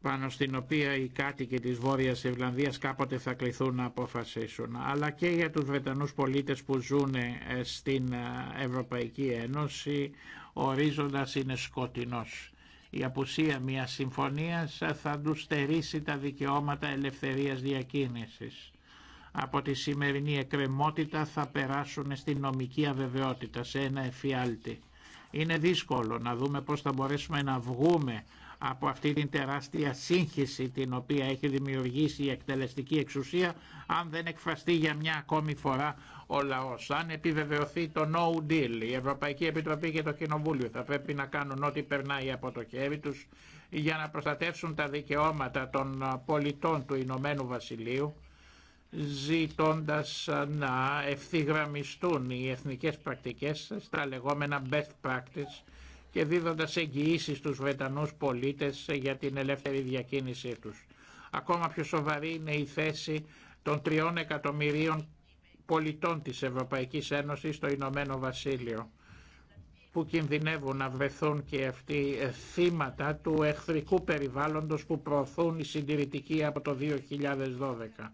πάνω στην οποία οι κάτοικοι της Βόρειας Ιρλανδίας κάποτε θα κληθούν να αποφασίσουν, αλλά και για τους Βρετανούς πολίτες που ζουν ε, στην ε, Ευρωπαϊκή Ένωση, ο ορίζοντας είναι σκοτεινός. Η απουσία μιας συμφωνίας θα του στερήσει τα δικαιώματα ελευθερίας διακίνησης. Από τη σημερινή εκκρεμότητα θα περάσουν στη νομική αβεβαιότητα, σε ένα εφιάλτη. Είναι δύσκολο να δούμε πώς θα μπορέσουμε να βγούμε από αυτή την τεράστια σύγχυση την οποία έχει δημιουργήσει η εκτελεστική εξουσία αν δεν εκφραστεί για μια ακόμη φορά ο λαός. Αν επιβεβαιωθεί το no deal, η Ευρωπαϊκή Επιτροπή και το Κοινοβούλιο θα πρέπει να κάνουν ό,τι περνάει από το χέρι τους για να προστατεύσουν τα δικαιώματα των πολιτών του Ηνωμένου Βασιλείου ζητώντας να ευθυγραμμιστούν οι εθνικές πρακτικές στα λεγόμενα best practice και δίδοντας εγγυήσει στους Βρετανούς πολίτες για την ελεύθερη διακίνησή τους. Ακόμα πιο σοβαρή είναι η θέση των τριών εκατομμυρίων πολιτών της Ευρωπαϊκής Ένωσης στο Ηνωμένο Βασίλειο που κινδυνεύουν να βρεθούν και αυτοί θύματα του εχθρικού περιβάλλοντος που προωθούν οι συντηρητικοί από το 2012.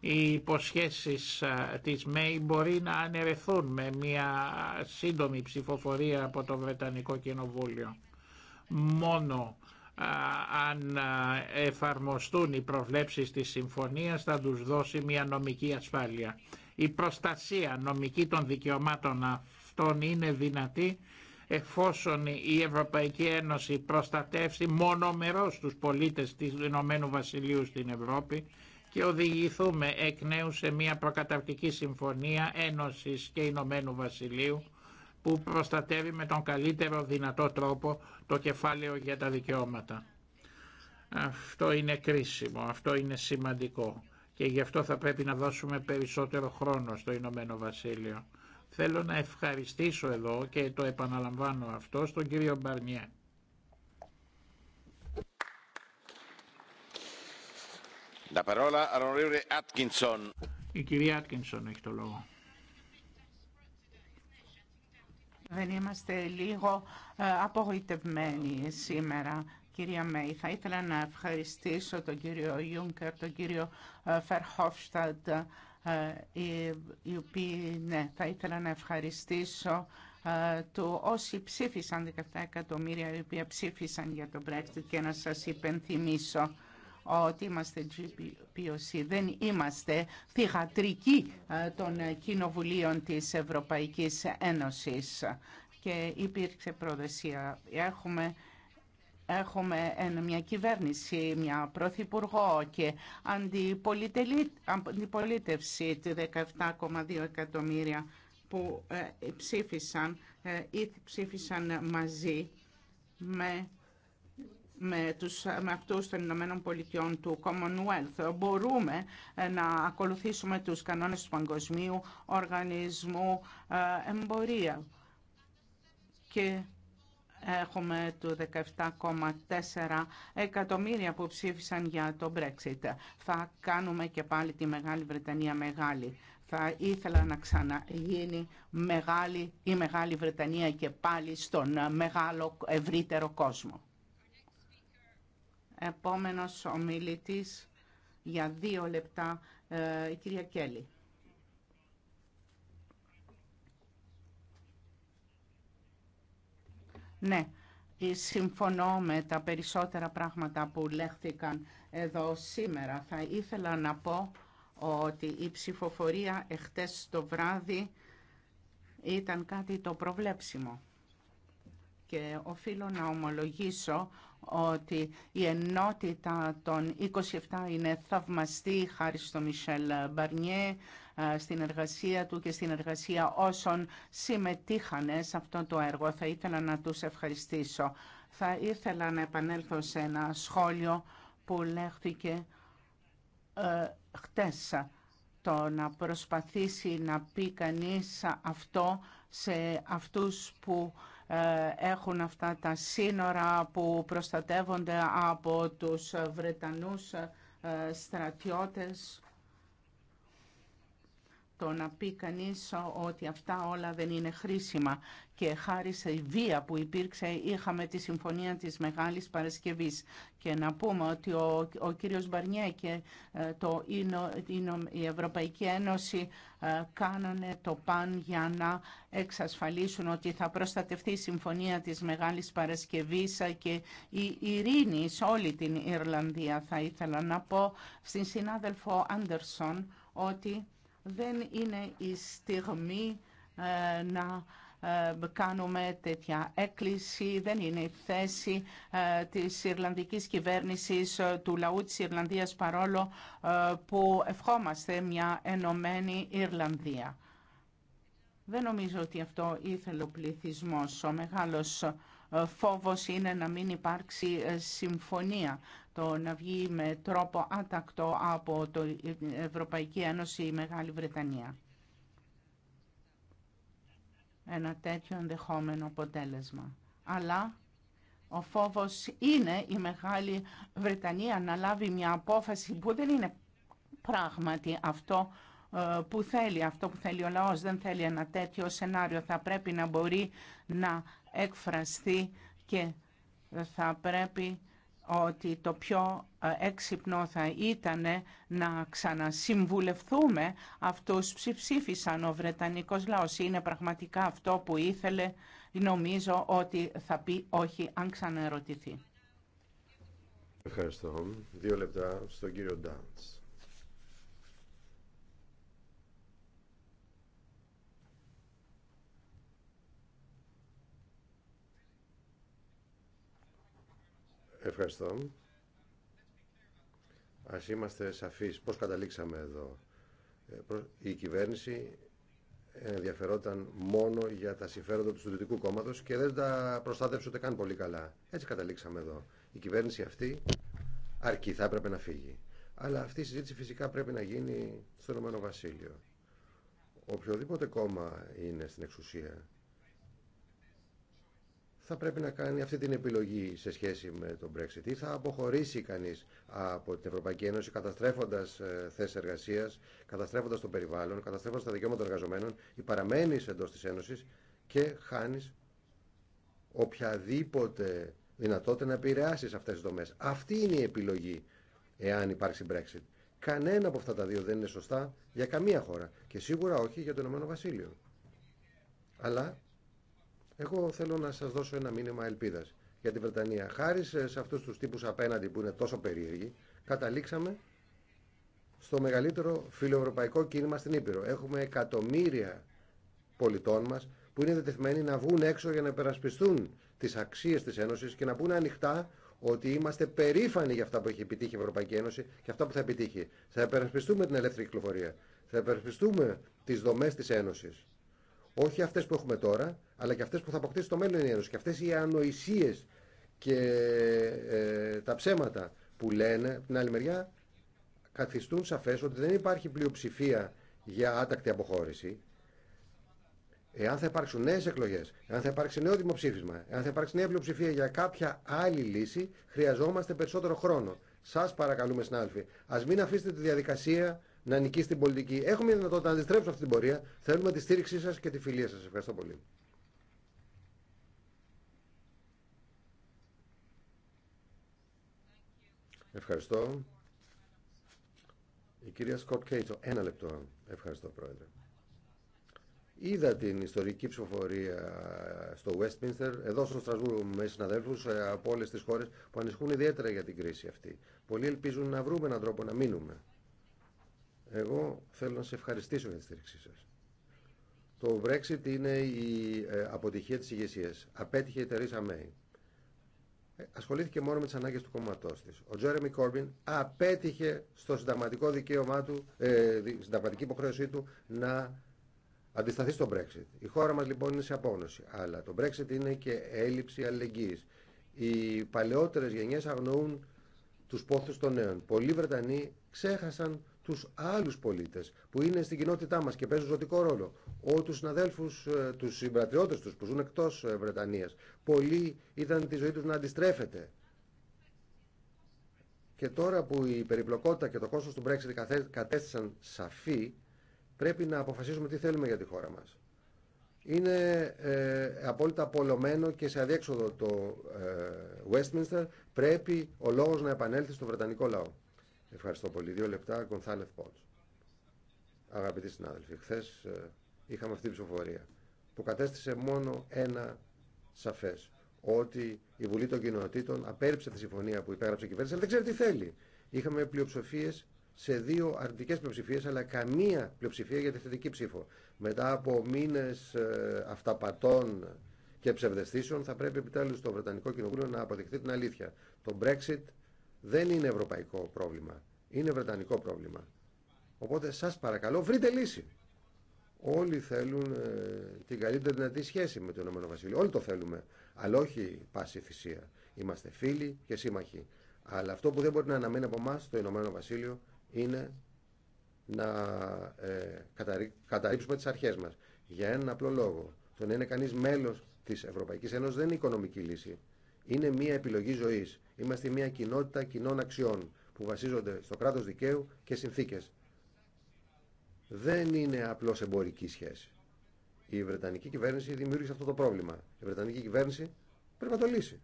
Οι υποσχέσεις της ΜΕΙ μπορεί να αναιρεθούν με μια σύντομη ψηφοφορία από το Βρετανικό Κοινοβούλιο. Μόνο αν εφαρμοστούν οι προβλέψεις της συμφωνίας θα τους δώσει μια νομική ασφάλεια. Η προστασία νομική των δικαιωμάτων αυτών είναι δυνατή εφόσον η Ευρωπαϊκή Ένωση προστατεύσει μονομερός τους πολίτες της Ηνωμένου Βασιλείου στην Ευρώπη και οδηγηθούμε εκ νέου σε μια προκαταρκτική συμφωνία Ένωσης και Ηνωμένου Βασιλείου που προστατεύει με τον καλύτερο δυνατό τρόπο το κεφάλαιο για τα δικαιώματα. Αυτό είναι κρίσιμο, αυτό είναι σημαντικό και γι' αυτό θα πρέπει να δώσουμε περισσότερο χρόνο στο Ηνωμένο Βασίλειο. Θέλω να ευχαριστήσω εδώ και το επαναλαμβάνω αυτό στον κύριο Μπαρνιέ. Η κυρία Άτκινσον έχει το λόγο. Δεν είμαστε λίγο ε, απογοητευμένοι σήμερα. Κυρία Μέη, θα ήθελα να ευχαριστήσω τον κύριο Ιούνκερ, τον κύριο ε, Φερχόφσταντ, ε, οι οποίοι ναι, θα ήθελα να ευχαριστήσω ε, του όσοι ψήφισαν 17 εκατομμύρια οι οποίοι ψήφισαν για το Brexit και να σας υπενθυμίσω ότι είμαστε GPOC, δεν είμαστε θηγατρικοί των κοινοβουλίων της Ευρωπαϊκής Ένωσης και υπήρξε προδοσία. Έχουμε έχουμε μια κυβέρνηση, μια πρωθυπουργό και αντιπολίτευση 17,2 εκατομμύρια που ε, ψήφισαν ε, ή ψήφισαν μαζί με με, τους, αυτούς των Ηνωμένων Πολιτειών του Commonwealth. Μπορούμε ε, να ακολουθήσουμε τους κανόνες του Παγκοσμίου Οργανισμού Εμπορία έχουμε του 17,4 εκατομμύρια που ψήφισαν για το Brexit. Θα κάνουμε και πάλι τη Μεγάλη Βρετανία μεγάλη. Θα ήθελα να ξαναγίνει μεγάλη η Μεγάλη Βρετανία και πάλι στον μεγάλο ευρύτερο κόσμο. Επόμενος ομιλητής για δύο λεπτά, ε, η κυρία Κέλλη. Ναι, ε, συμφωνώ με τα περισσότερα πράγματα που λέχθηκαν εδώ σήμερα. Θα ήθελα να πω ότι η ψηφοφορία εχθές το βράδυ ήταν κάτι το προβλέψιμο. Και οφείλω να ομολογήσω ότι η ενότητα των 27 είναι θαυμαστή χάρη στο Μισελ Μπαρνιέ, ε, στην εργασία του και στην εργασία όσων συμμετείχαν σε αυτό το έργο. Θα ήθελα να τους ευχαριστήσω. Θα ήθελα να επανέλθω σε ένα σχόλιο που λέχθηκε ε, χτες. Το να προσπαθήσει να πει κανείς αυτό σε αυτούς που ε, έχουν αυτά τα σύνορα που προστατεύονται από τους Βρετανούς ε, στρατιώτες το να πει κανείς ότι αυτά όλα δεν είναι χρήσιμα και χάρη σε βία που υπήρξε είχαμε τη συμφωνία της Μεγάλης Παρασκευής και να πούμε ότι ο, ο κύριος Μπαρνιέ και ε, το, η Ευρωπαϊκή Ένωση ε, κάνανε το παν για να εξασφαλίσουν ότι θα προστατευτεί η συμφωνία της Μεγάλης Παρασκευής και η ειρήνη σε όλη την Ιρλανδία θα ήθελα να πω στην συνάδελφο Άντερσον ότι δεν είναι η στιγμή ε, να ε, κάνουμε τέτοια έκκληση. Δεν είναι η θέση ε, της Ιρλανδικής κυβέρνησης του λαού της Ιρλανδίας παρόλο που ευχόμαστε μια ενωμένη Ιρλανδία. Δεν νομίζω ότι αυτό ήθελε ο πληθυσμός. Ο μεγάλος φόβος είναι να μην υπάρξει συμφωνία το να βγει με τρόπο άτακτο από το Ευρωπαϊκή Ένωση η Μεγάλη Βρετανία. Ένα τέτοιο ενδεχόμενο αποτέλεσμα. Αλλά ο φόβος είναι η Μεγάλη Βρετανία να λάβει μια απόφαση που δεν είναι πράγματι αυτό ε, που θέλει, αυτό που θέλει ο λαός. Δεν θέλει ένα τέτοιο σενάριο. Θα πρέπει να μπορεί να εκφραστεί και θα πρέπει ότι το πιο ε, έξυπνο θα ήταν να ξανασυμβουλευτούμε αυτούς που ψηφίσαν ο Βρετανικός λαός. Είναι πραγματικά αυτό που ήθελε, νομίζω ότι θα πει όχι αν ξαναερωτηθεί. Ευχαριστώ. Δύο λεπτά στον κύριο Ντάντς. Ευχαριστώ. Ας είμαστε σαφείς. Πώς καταλήξαμε εδώ. Ε, η κυβέρνηση ενδιαφερόταν μόνο για τα συμφέροντα του Συντηρητικού Κόμματο και δεν τα προστάτευσε ούτε καν πολύ καλά. Έτσι καταλήξαμε εδώ. Η κυβέρνηση αυτή αρκεί, θα έπρεπε να φύγει. Αλλά αυτή η συζήτηση φυσικά πρέπει να γίνει στο Ηνωμένο Βασίλειο. Οποιοδήποτε κόμμα είναι στην εξουσία θα πρέπει να κάνει αυτή την επιλογή σε σχέση με τον Brexit. Ή θα αποχωρήσει κανείς από την Ευρωπαϊκή Ένωση καταστρέφοντας ε, θέσεις εργασίας, καταστρέφοντας το περιβάλλον, καταστρέφοντας τα δικαιώματα των εργαζομένων ή παραμένεις εντός της Ένωσης και χάνεις οποιαδήποτε δυνατότητα να επηρεάσει αυτές τις δομές. Αυτή είναι η επιλογή εάν υπάρξει Brexit. Κανένα από αυτά τα δύο δεν είναι σωστά για καμία χώρα και σίγουρα όχι για το Ηνωμένο Βασίλειο. Αλλά εγώ θέλω να σα δώσω ένα μήνυμα ελπίδα για την Βρετανία. Χάρη σε αυτού του τύπου απέναντι που είναι τόσο περίεργοι, καταλήξαμε στο μεγαλύτερο φιλοευρωπαϊκό κίνημα στην Ήπειρο. Έχουμε εκατομμύρια πολιτών μα που είναι δεδεθμένοι να βγουν έξω για να υπερασπιστούν τι αξίε τη Ένωση και να πούνε ανοιχτά ότι είμαστε περήφανοι για αυτά που έχει επιτύχει η Ευρωπαϊκή Ένωση και αυτά που θα επιτύχει. Θα υπερασπιστούμε την ελεύθερη κυκλοφορία. Θα υπερασπιστούμε τι δομέ τη Ένωση, Όχι αυτέ που έχουμε τώρα, αλλά και αυτές που θα αποκτήσει το μέλλον η Ένωση. Και αυτές οι ανοησίες και ε, τα ψέματα που λένε, την άλλη μεριά, καθιστούν σαφές ότι δεν υπάρχει πλειοψηφία για άτακτη αποχώρηση. Εάν θα υπάρξουν νέε εκλογέ, εάν θα υπάρξει νέο δημοψήφισμα, εάν θα υπάρξει νέα πλειοψηφία για κάποια άλλη λύση, χρειαζόμαστε περισσότερο χρόνο. Σα παρακαλούμε, συνάδελφοι, α μην αφήσετε τη διαδικασία να νικήσει την πολιτική. Έχουμε δυνατότητα να αντιστρέψουμε αυτή την πορεία. Θέλουμε τη στήριξή σα και τη φιλία σα. Ευχαριστώ πολύ. Ευχαριστώ. Η κυρία Σκοτ Κέιτσο, ένα λεπτό. Ευχαριστώ, Πρόεδρε. Είδα την ιστορική ψηφοφορία στο Westminster, εδώ στο Στρασβούργο με συναδέλφου ε, από όλε τι χώρε που ανησυχούν ιδιαίτερα για την κρίση αυτή. Πολλοί ελπίζουν να βρούμε έναν τρόπο να μείνουμε. Εγώ θέλω να σε ευχαριστήσω για τη στήριξή σα. Το Brexit είναι η ε, αποτυχία τη ηγεσία. Απέτυχε η Τερίσα Μέη ασχολήθηκε μόνο με τις ανάγκες του κόμματός της. Ο Τζέρεμι Κόρμπιν απέτυχε στο συνταγματικό δικαίωμά του, ε, συνταγματική υποχρέωσή του να αντισταθεί στο Brexit. Η χώρα μας λοιπόν είναι σε απόγνωση, αλλά το Brexit είναι και έλλειψη αλληλεγγύης. Οι παλαιότερες γενιές αγνοούν τους πόθους των νέων. Πολλοί Βρετανοί ξέχασαν τους άλλους πολίτες που είναι στην κοινότητά μας και παίζουν ζωτικό ρόλο, ό, τους συναδέλφους, ε, τους συμπρατριώτες τους που ζουν εκτός ε, Βρετανίας. Πολλοί είδαν τη ζωή τους να αντιστρέφεται. Και τώρα που η περιπλοκότητα και το κόστος του Brexit κατέστησαν σαφή, πρέπει να αποφασίσουμε τι θέλουμε για τη χώρα μας. Είναι ε, απόλυτα απολωμένο και σε αδιέξοδο το Westminster. Πρέπει ο λόγος να επανέλθει στο Βρετανικό λαό. Ευχαριστώ πολύ. Δύο λεπτά, Γκονθάλεφ Πόντς. Αγαπητοί συνάδελφοι, χθε ε, είχαμε αυτή την ψηφοφορία που κατέστησε μόνο ένα σαφέ. ότι η Βουλή των Κοινοτήτων απέρριψε τη συμφωνία που υπέγραψε η κυβέρνηση, αλλά δεν ξέρει τι θέλει. Είχαμε πλειοψηφίε σε δύο αρνητικέ πλειοψηφίε, αλλά καμία πλειοψηφία για τη θετική ψήφο. Μετά από μήνε ε, αυταπατών και ψευδεστήσεων, θα πρέπει επιτέλου το Βρετανικό Κοινοβούλιο να αποδειχθεί την αλήθεια. Το Brexit δεν είναι ευρωπαϊκό πρόβλημα. Είναι βρετανικό πρόβλημα. Οπότε σας παρακαλώ βρείτε λύση. Όλοι θέλουν ε, την καλύτερη δυνατή σχέση με το Ηνωμένο Βασίλειο. Όλοι το θέλουμε. Αλλά όχι πάση θυσία. Είμαστε φίλοι και σύμμαχοι. Αλλά αυτό που δεν μπορεί να αναμένει από εμά το Ηνωμένο Βασίλειο είναι να ε, καταρρύψουμε τις αρχές μας. Για έναν απλό λόγο. Το να είναι κανεί μέλο τη Ευρωπαϊκή Ένωση δεν είναι οικονομική λύση. Είναι μια επιλογή ζωή. Είμαστε μια κοινότητα κοινών αξιών που βασίζονται στο κράτο δικαίου και συνθήκε. Δεν είναι απλώς εμπορική σχέση. Η Βρετανική κυβέρνηση δημιούργησε αυτό το πρόβλημα. Η Βρετανική κυβέρνηση πρέπει να το λύσει.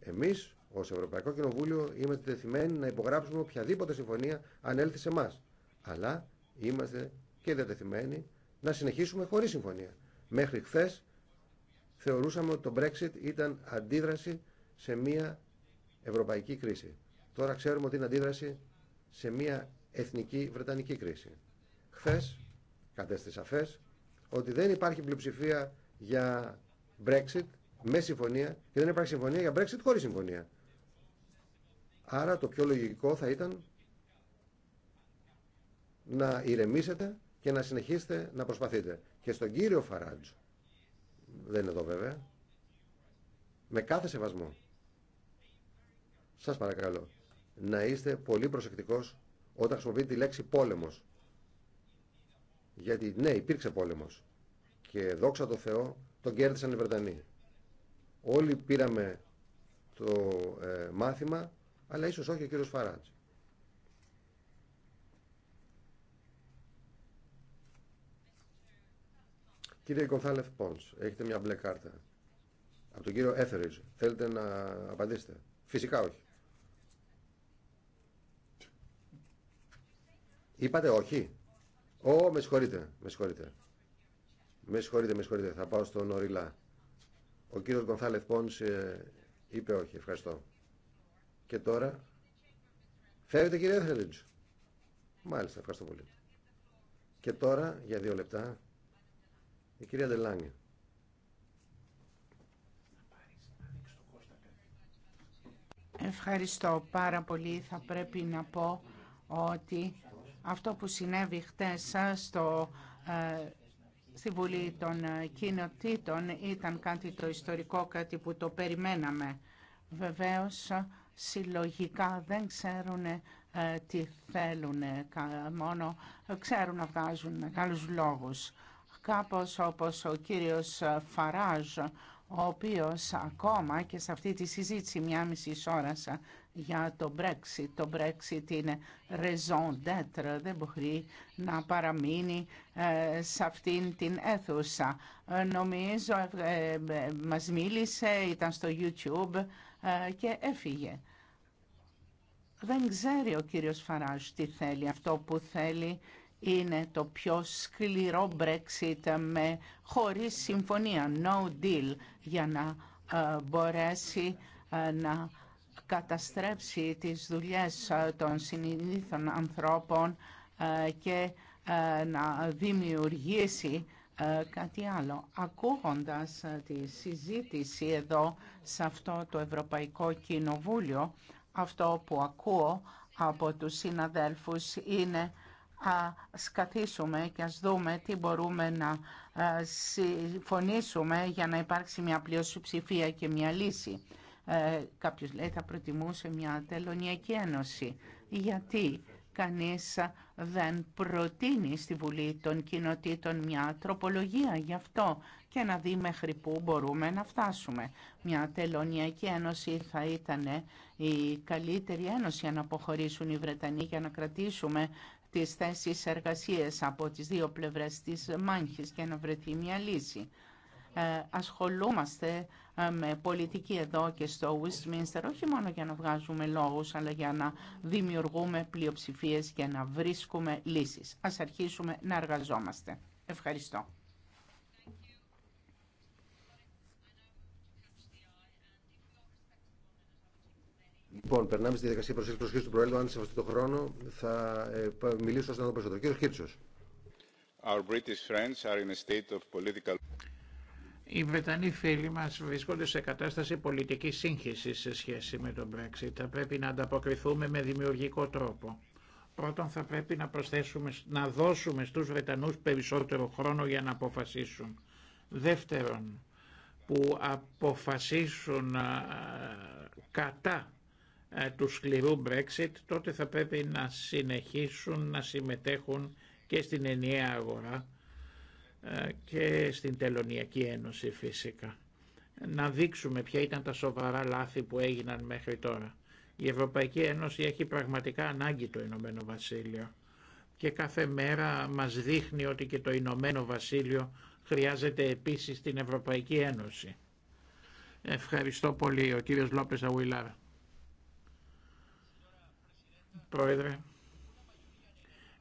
Εμείς ως Ευρωπαϊκό Κοινοβούλιο είμαστε τεθειμένοι να υπογράψουμε οποιαδήποτε συμφωνία αν έλθει σε εμά. Αλλά είμαστε και διατεθειμένοι να συνεχίσουμε χωρί συμφωνία. Μέχρι χθε θεωρούσαμε ότι το Brexit ήταν αντίδραση σε μια ευρωπαϊκή κρίση. Τώρα ξέρουμε ότι είναι αντίδραση σε μια εθνική βρετανική κρίση. Χθε κατέστη Αφές, ότι δεν υπάρχει πλειοψηφία για Brexit με συμφωνία και δεν υπάρχει συμφωνία για Brexit χωρί συμφωνία. Άρα το πιο λογικό θα ήταν να ηρεμήσετε και να συνεχίσετε να προσπαθείτε. Και στον κύριο Φαράτζ, δεν είναι εδώ βέβαια, με κάθε σεβασμό, σας παρακαλώ να είστε πολύ προσεκτικό όταν χρησιμοποιείτε τη λέξη πόλεμος. Γιατί ναι, υπήρξε πόλεμο. Και δόξα τω Θεώ, τον κέρδισαν οι Βρετανοί. Όλοι πήραμε το ε, μάθημα, αλλά ίσως όχι ο κύριος Φαράτζ. Κύριε Κονθάλεφ Πόντς, έχετε μια μπλε κάρτα. Από τον κύριο Έθεριτζ. Θέλετε να απαντήσετε. Φυσικά όχι. Είπατε όχι. Ω, με συγχωρείτε, με συγχωρείτε. Με συγχωρείτε, με συγχωρείτε. Θα πάω στον Οριλά. Ο κύριος Γκονθάλεφ Πόνς ε, είπε όχι. Ευχαριστώ. Και τώρα... Φεύγετε κύριε Έθελιντς. Μάλιστα, ευχαριστώ πολύ. Και τώρα, για δύο λεπτά, η κυρία Ντελάνη. Ευχαριστώ πάρα πολύ. Θα πρέπει να πω ότι αυτό που συνέβη χτες στο, ε, στη Βουλή των ε, Κοινοτήτων ήταν κάτι το ιστορικό, κάτι που το περιμέναμε. Βεβαίως, συλλογικά δεν ξέρουν ε, τι θέλουν, μόνο ξέρουν να βγάζουν μεγάλους λόγους. Κάπως όπως ο κύριος Φαράζ, ο οποίος ακόμα και σε αυτή τη συζήτηση μια μισή ώρα για το Brexit. Το Brexit είναι raison d'être, δεν μπορεί να παραμείνει ε, σε αυτήν την αίθουσα. Ε, νομίζω ε, μας μίλησε, ήταν στο YouTube και έφυγε. Δεν ξέρει ο κύριος Φαράζ τι θέλει. Αυτό που θέλει είναι το πιο σκληρό Brexit με χωρίς συμφωνία, no deal, για να ε, μπορέσει ε, να καταστρέψει τις δουλειές ε, των συνειδητών ανθρώπων και να δημιουργήσει κάτι άλλο. Ακούγοντας τη συζήτηση εδώ σε αυτό το Ευρωπαϊκό Κοινοβούλιο, αυτό που ακούω από τους συναδέλφους είναι Α καθίσουμε και ας δούμε τι μπορούμε να ε, συμφωνήσουμε για να υπάρξει μια πλειοψηφία και μια λύση. Ε, κάποιος λέει θα προτιμούσε μια τελωνιακή ένωση. Γιατί κανείς δεν προτείνει στη Βουλή των Κοινοτήτων μια τροπολογία γι' αυτό και να δει μέχρι πού μπορούμε να φτάσουμε. Μια τελωνιακή ένωση θα ήταν η καλύτερη ένωση να αποχωρήσουν οι Βρετανοί για να κρατήσουμε τις θέσεις εργασίας από τις δύο πλευρές της μάχης και να βρεθεί μια λύση. Ε, ασχολούμαστε ε, με πολιτική εδώ και στο Westminster όχι μόνο για να βγάζουμε λόγους αλλά για να δημιουργούμε πλειοψηφίες και να βρίσκουμε λύσεις. Ας αρχίσουμε να εργαζόμαστε. Ευχαριστώ. Λοιπόν, περνάμε στη διαδικασία προσέγγιση του Προέδρου. Αν αυτό το χρόνο, θα ε, μιλήσω στον περισσότερο. Κύριο of Political... Οι Βρετανοί φίλοι μας βρίσκονται σε κατάσταση πολιτικής σύγχυσης σε σχέση με τον Brexit. Θα πρέπει να ανταποκριθούμε με δημιουργικό τρόπο. Πρώτον θα πρέπει να, προσθέσουμε, να δώσουμε στους Βρετανούς περισσότερο χρόνο για να αποφασίσουν. Δεύτερον, που αποφασίσουν κατά ε, του σκληρού Brexit, τότε θα πρέπει να συνεχίσουν να συμμετέχουν και στην ενιαία αγορά ε, και στην Τελωνιακή Ένωση φυσικά. Να δείξουμε ποια ήταν τα σοβαρά λάθη που έγιναν μέχρι τώρα. Η Ευρωπαϊκή Ένωση έχει πραγματικά ανάγκη το Ηνωμένο Βασίλειο και κάθε μέρα μας δείχνει ότι και το Ηνωμένο Βασίλειο χρειάζεται επίσης την Ευρωπαϊκή Ένωση. Ευχαριστώ πολύ ο κύριος Λόπες Αγουιλάρα. Πρόεδρε,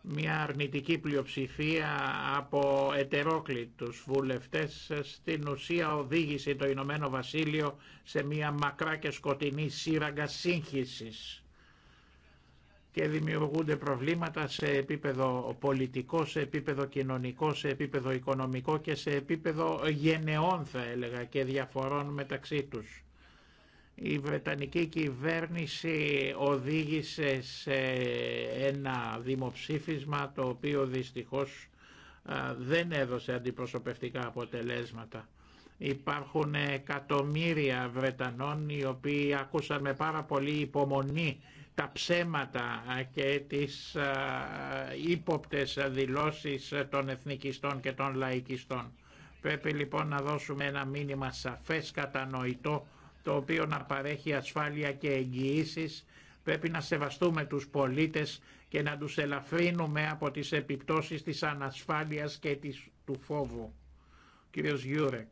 μια αρνητική πλειοψηφία από ετερόκλητους βουλευτές στην ουσία οδήγησε το Ηνωμένο Βασίλειο σε μια μακρά και σκοτεινή σύραγγα σύγχυσης και δημιουργούνται προβλήματα σε επίπεδο πολιτικό, σε επίπεδο κοινωνικό, σε επίπεδο οικονομικό και σε επίπεδο γενεών θα έλεγα και διαφορών μεταξύ τους. Η Βρετανική κυβέρνηση οδήγησε σε ένα δημοψήφισμα το οποίο δυστυχώς δεν έδωσε αντιπροσωπευτικά αποτελέσματα. Υπάρχουν εκατομμύρια Βρετανών οι οποίοι άκουσαν με πάρα πολύ υπομονή τα ψέματα και τις ύποπτες δηλώσεις των εθνικιστών και των λαϊκιστών. Πρέπει λοιπόν να δώσουμε ένα μήνυμα σαφές κατανοητό το οποίο να παρέχει ασφάλεια και εγγυήσεις. Πρέπει να σεβαστούμε τους πολίτες και να τους ελαφρύνουμε από τις επιπτώσεις της ανασφάλειας και της, του φόβου. Κύριος Γιούρεκ.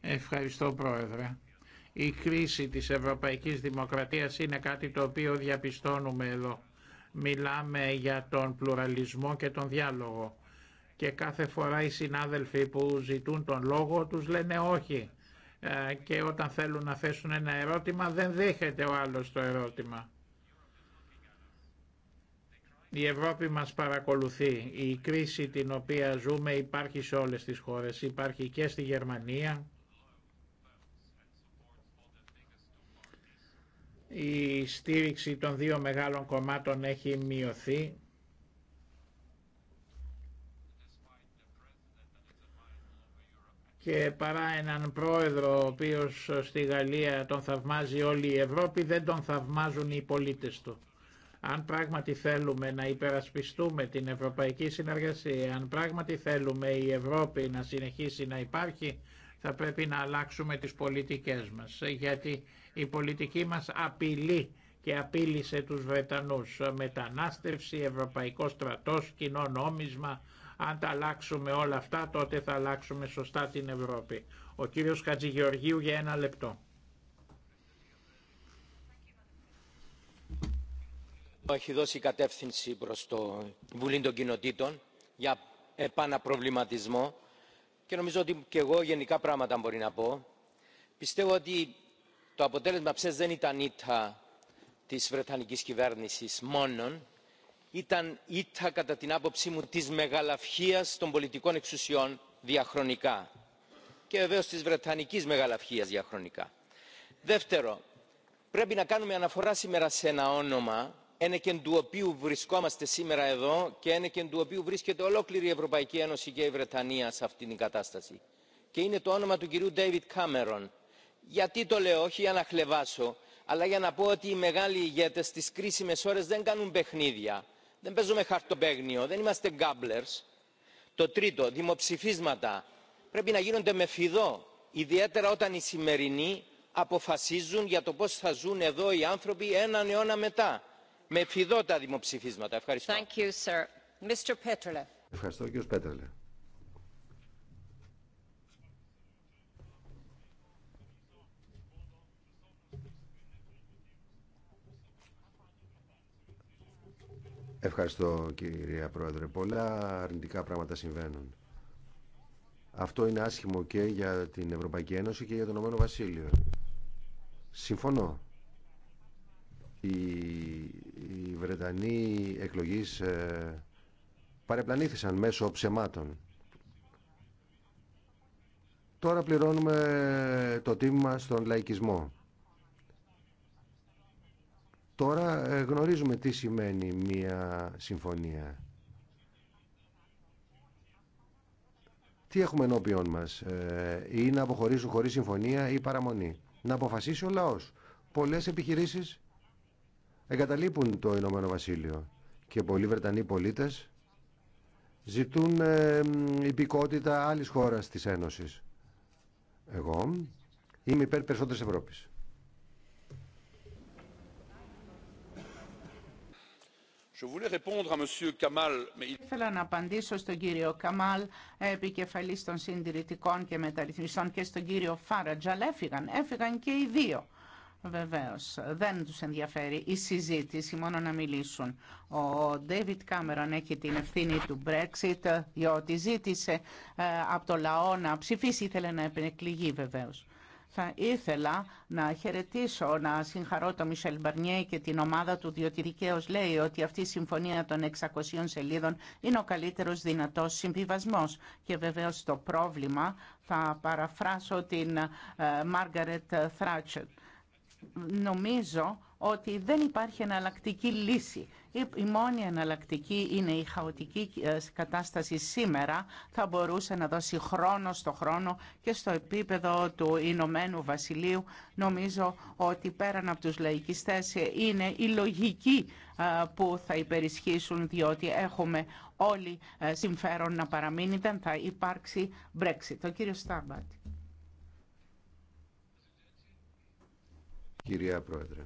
Ευχαριστώ Πρόεδρε. Η κρίση της Ευρωπαϊκής Δημοκρατίας είναι κάτι το οποίο διαπιστώνουμε εδώ. Μιλάμε για τον πλουραλισμό και τον διάλογο και κάθε φορά οι συνάδελφοι που ζητούν τον λόγο τους λένε όχι ε, και όταν θέλουν να θέσουν ένα ερώτημα δεν δέχεται ο άλλος το ερώτημα. Η Ευρώπη μας παρακολουθεί. Η κρίση την οποία ζούμε υπάρχει σε όλες τις χώρες. Υπάρχει και στη Γερμανία. Η στήριξη των δύο μεγάλων κομμάτων έχει μειωθεί και παρά έναν πρόεδρο ο οποίος στη Γαλλία τον θαυμάζει όλη η Ευρώπη δεν τον θαυμάζουν οι πολίτες του. Αν πράγματι θέλουμε να υπερασπιστούμε την ευρωπαϊκή συνεργασία, αν πράγματι θέλουμε η Ευρώπη να συνεχίσει να υπάρχει, θα πρέπει να αλλάξουμε τις πολιτικές μας, γιατί η πολιτική μας απειλεί και απειλήσε τους Βρετανούς. Μετανάστευση, ευρωπαϊκό στρατός, κοινό νόμισμα, αν τα αλλάξουμε όλα αυτά τότε θα αλλάξουμε σωστά την Ευρώπη. Ο κύριος Χατζηγεωργίου για ένα λεπτό. Έχει δώσει κατεύθυνση προς το Βουλή των Κοινοτήτων για επαναπροβληματισμό και νομίζω ότι και εγώ γενικά πράγματα μπορεί να πω. Πιστεύω ότι το αποτέλεσμα ψες δεν ήταν ήττα της Βρετανικής κυβέρνησης μόνον, ήταν ήττα κατά την άποψή μου της μεγαλαυχίας των πολιτικών εξουσιών διαχρονικά και βεβαίως της βρετανικής μεγαλαυχίας διαχρονικά. Δεύτερο, πρέπει να κάνουμε αναφορά σήμερα σε ένα όνομα ένα και του οποίου βρισκόμαστε σήμερα εδώ και ένα και του οποίου βρίσκεται ολόκληρη η Ευρωπαϊκή Ένωση και η Βρετανία σε αυτήν την κατάσταση. Και είναι το όνομα του κυρίου David Cameron. Γιατί το λέω, όχι για να χλεβάσω, αλλά για να πω ότι οι μεγάλοι ηγέτες στις κρίσιμες ώρες δεν κάνουν παιχνίδια δεν παίζουμε χαρτοπέγνιο δεν είμαστε γκάμπλερς. το τρίτο δημοψηφίσματα πρέπει να γίνονται με φιδό ιδιαίτερα όταν οι σημερινοί αποφασίζουν για το πώς θα ζουν εδώ οι άνθρωποι έναν αιώνα μετά. Με φιδό τα δημοψηφίσματα. Ευχαριστώ. Ευχαριστώ κυρία Πρόεδρε. Πολλά αρνητικά πράγματα συμβαίνουν. Αυτό είναι άσχημο και για την Ευρωπαϊκή Ένωση και για τον Ομένο Βασίλειο. Συμφωνώ. Οι, οι Βρετανοί εκλογείς ε, παρεπλανήθησαν μέσω ψεμάτων. Τώρα πληρώνουμε το τίμημα στον λαϊκισμό. Τώρα ε, γνωρίζουμε τι σημαίνει μια συμφωνία. Τι έχουμε ενώπιον μας, ε, ή να αποχωρήσουν χωρίς συμφωνία ή παραμονή. Να αποφασίσει ο λαός. Πολλές επιχειρήσεις εγκαταλείπουν το Ηνωμένο Βασίλειο και πολλοί Βρετανοί πολίτες ζητούν ε, υπηκότητα άλλης χώρας της Ένωσης. Εγώ είμαι υπέρ περισσότερης Ευρώπης. Ήθελα να απαντήσω στον κύριο Καμάλ, επικεφαλής των συντηρητικών και μεταρρυθμιστών και στον κύριο Φάρατζαλ. αλλά έφυγαν, έφυγαν και οι δύο. Βεβαίω. Δεν του ενδιαφέρει η συζήτηση, μόνο να μιλήσουν. Ο Ντέιβιτ Κάμερον έχει την ευθύνη του Brexit, διότι ζήτησε ε, από το λαό να ψηφίσει. Ήθελε να επεκληγεί βεβαίω. Θα ήθελα να χαιρετήσω, να συγχαρώ τον Μισελ Μπαρνιέ και την ομάδα του, διότι δικαίω λέει ότι αυτή η συμφωνία των 600 σελίδων είναι ο καλύτερος δυνατός συμβιβασμός. Και βεβαίω το πρόβλημα θα παραφράσω την Μάργαρετ Θράτσετ νομίζω ότι δεν υπάρχει εναλλακτική λύση. Η μόνη εναλλακτική είναι η χαοτική ε, κατάσταση σήμερα. Θα μπορούσε να δώσει χρόνο στο χρόνο και στο επίπεδο του Ηνωμένου Βασιλείου. Νομίζω ότι πέραν από τους λαϊκιστές ε, είναι η λογική ε, που θα υπερισχύσουν διότι έχουμε όλοι συμφέρον να παραμείνει. Δεν θα υπάρξει Brexit. Το κύριος Στάμπατ. κυρία Πρόεδρε.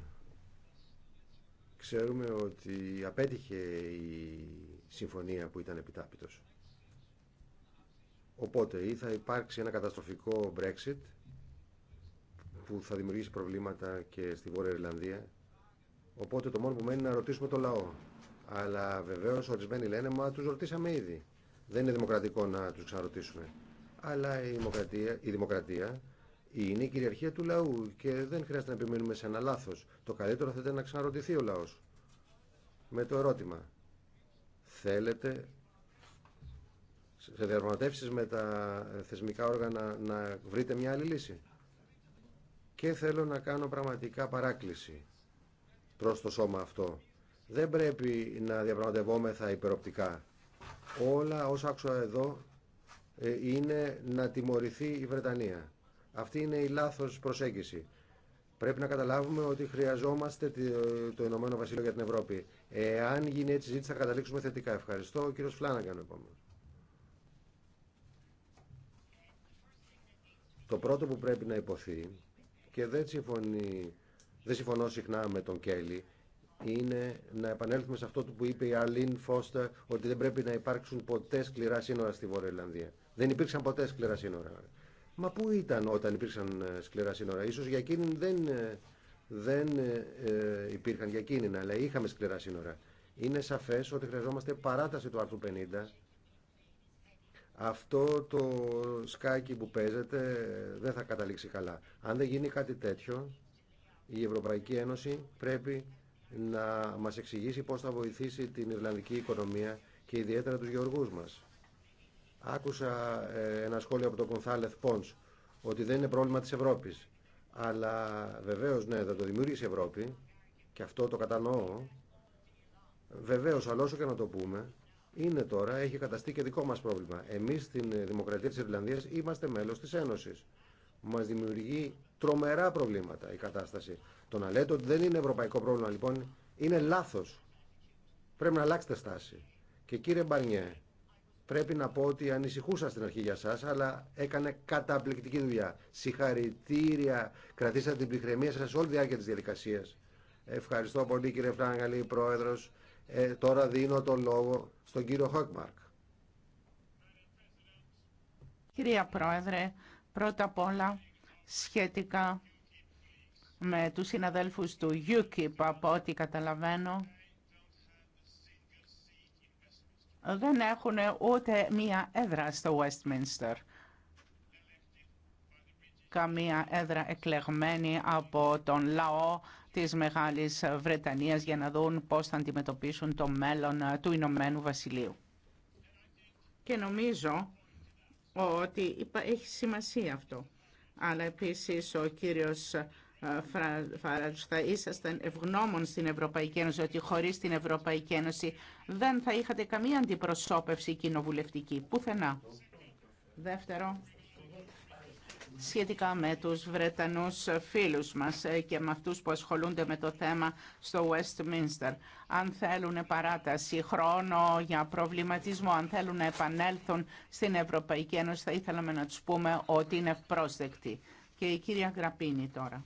Ξέρουμε ότι απέτυχε η συμφωνία που ήταν επιτάπητος. Οπότε ή θα υπάρξει ένα καταστροφικό Brexit που θα δημιουργήσει προβλήματα και στη Βόρεια Ιρλανδία. Οπότε το μόνο που μένει είναι να ρωτήσουμε το λαό. Αλλά βεβαίως ορισμένοι λένε μα τους ρωτήσαμε ήδη. Δεν είναι δημοκρατικό να τους ξαναρωτήσουμε. Αλλά η δημοκρατία είναι η κυριαρχία του λαού και δεν χρειάζεται να επιμείνουμε σε ένα λάθο. Το καλύτερο θα ήταν να ξαναρωτηθεί ο λαός με το ερώτημα. Θέλετε σε διαπραγματεύσει με τα θεσμικά όργανα να βρείτε μια άλλη λύση. Και θέλω να κάνω πραγματικά παράκληση προς το σώμα αυτό. Δεν πρέπει να διαπραγματευόμεθα υπεροπτικά. Όλα όσα άκουσα εδώ ε, είναι να τιμωρηθεί η Βρετανία. Αυτή είναι η λάθος προσέγγιση. Πρέπει να καταλάβουμε ότι χρειαζόμαστε το Ηνωμένο Βασίλειο για την Ευρώπη. Εάν γίνει έτσι συζήτηση θα καταλήξουμε θετικά. Ευχαριστώ. Ο κύριος Φλάναγκαν επόμενο. Το πρώτο που πρέπει να υποθεί και δεν, συμφωνεί, δεν συμφωνώ συχνά με τον Κέλλη είναι να επανέλθουμε σε αυτό που είπε η Αλίν Φώστα ότι δεν πρέπει να υπάρξουν ποτέ σκληρά σύνορα στη Βόρεια Ιρλανδία. Δεν υπήρξαν ποτέ σκληρά σύνορα. Μα πού ήταν όταν υπήρξαν ε, σκληρά σύνορα. Ίσως για εκείνη δεν, ε, δεν ε, υπήρχαν για εκείνη, αλλά είχαμε σκληρά σύνορα. Είναι σαφές ότι χρειαζόμαστε παράταση του άρθρου 50. Αυτό το σκάκι που παίζεται δεν θα καταλήξει καλά. Αν δεν γίνει κάτι τέτοιο, η Ευρωπαϊκή Ένωση πρέπει να μας εξηγήσει πώς θα βοηθήσει την Ιρλανδική οικονομία και ιδιαίτερα τους γεωργούς μας. Άκουσα ε, ένα σχόλιο από τον Κονθάλεθ Πόνς ότι δεν είναι πρόβλημα της Ευρώπης. Αλλά βεβαίως ναι, θα το δημιούργησε η Ευρώπη και αυτό το κατανοώ. Βεβαίως, αλλά όσο και να το πούμε, είναι τώρα, έχει καταστεί και δικό μας πρόβλημα. Εμείς στην Δημοκρατία της Ιρλανδίας είμαστε μέλος της Ένωσης. Μας δημιουργεί τρομερά προβλήματα η κατάσταση. Το να λέτε ότι δεν είναι ευρωπαϊκό πρόβλημα λοιπόν είναι λάθος. Πρέπει να αλλάξετε στάση. Και κύριε Μπαρνιέ, Πρέπει να πω ότι ανησυχούσα στην αρχή για σας, αλλά έκανε καταπληκτική δουλειά. Συγχαρητήρια, κρατήσατε την πυκρεμία σας όλη τη διάρκεια της διαδικασίας. Ευχαριστώ πολύ κύριε Φράγκαλη, πρόεδρος. Ε, τώρα δίνω τον λόγο στον κύριο Χόκμαρκ. Κυρία Πρόεδρε, πρώτα απ' όλα σχετικά με τους συναδέλφους του UKIP από ό,τι καταλαβαίνω δεν έχουν ούτε μία έδρα στο Westminster. Καμία έδρα εκλεγμένη από τον λαό της Μεγάλης Βρετανίας για να δουν πώς θα αντιμετωπίσουν το μέλλον του Ηνωμένου Βασιλείου. Και νομίζω ότι έχει σημασία αυτό. Αλλά επίσης ο κύριος ε, Φαράτζ, θα ήσασταν ευγνώμων στην Ευρωπαϊκή Ένωση, ότι χωρίς την Ευρωπαϊκή Ένωση δεν θα είχατε καμία αντιπροσώπευση κοινοβουλευτική, πουθενά. Δεύτερο, σχετικά με τους Βρετανούς φίλους μας ε, και με αυτούς που ασχολούνται με το θέμα στο Westminster. Αν θέλουν παράταση, χρόνο για προβληματισμό, αν θέλουν να επανέλθουν στην Ευρωπαϊκή Ένωση, θα ήθελαμε να τους πούμε ότι είναι πρόσδεκτοι. Και η κυρία Γραπίνη τώρα.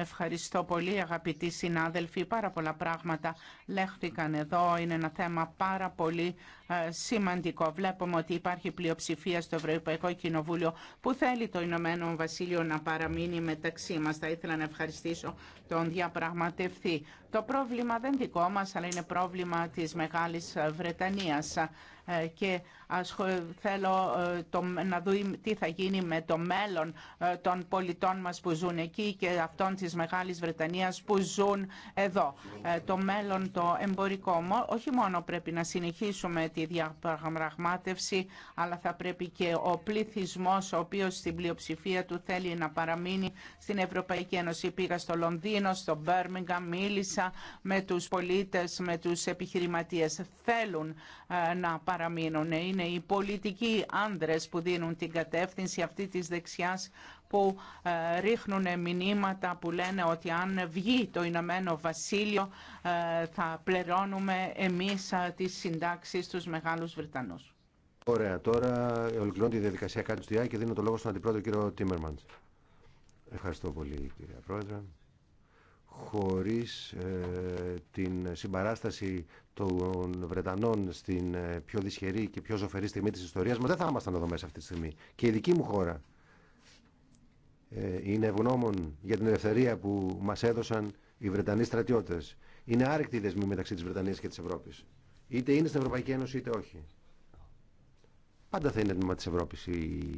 Ευχαριστώ πολύ αγαπητοί συνάδελφοι. Πάρα πολλά πράγματα λέχθηκαν εδώ. Είναι ένα θέμα πάρα πολύ ε, σημαντικό. Βλέπουμε ότι υπάρχει πλειοψηφία στο Ευρωπαϊκό Κοινοβούλιο που θέλει το Ηνωμένο Βασίλειο να παραμείνει μεταξύ μας. Θα ήθελα να ευχαριστήσω τον διαπραγματευτή. Το πρόβλημα δεν δικό μας, αλλά είναι πρόβλημα της Μεγάλης Βρετανίας ε, και θέλω ε, το, να δούμε τι θα γίνει με το μέλλον ε, των πολιτών μας που ζουν εκεί και αυτών της Μεγάλης Βρετανίας που ζουν εδώ. Το μέλλον το εμπορικό. Όχι μόνο πρέπει να συνεχίσουμε τη διαπραγμάτευση, αλλά θα πρέπει και ο πληθυσμός, ο οποίος στην πλειοψηφία του θέλει να παραμείνει στην Ευρωπαϊκή Ένωση. Πήγα στο Λονδίνο, στο Μπέρμιγκα, μίλησα με τους πολίτες, με τους επιχειρηματίες. Θέλουν ε, να παραμείνουν. Είναι οι πολιτικοί άνδρες που δίνουν την κατεύθυνση αυτή της δεξιάς που ε, ρίχνουν μηνύματα που λένε ότι αν βγει το Ηνωμένο Βασίλειο ε, θα πληρώνουμε εμείς τις συντάξεις στους Μεγάλους Βρετανούς. Ωραία, τώρα ολοκληρώνω τη διαδικασία στη του και δίνω το λόγο στον Αντιπρόεδρο κύριο Τίμερμαντ. Ευχαριστώ πολύ κυρία Πρόεδρε χωρίς ε, την συμπαράσταση των Βρετανών στην ε, πιο δυσχερή και πιο ζωφερή στιγμή της ιστορίας μας δεν θα ήμασταν εδώ μέσα αυτή τη στιγμή. Και η δική μου χώρα ε, είναι ευγνώμων για την ελευθερία που μας έδωσαν οι Βρετανοί στρατιώτες. Είναι άρρηκτη η δεσμή μεταξύ της Βρετανίας και της Ευρώπης. Είτε είναι στην Ευρωπαϊκή Ένωση είτε όχι. Πάντα θα είναι τμήμα της Ευρώπης η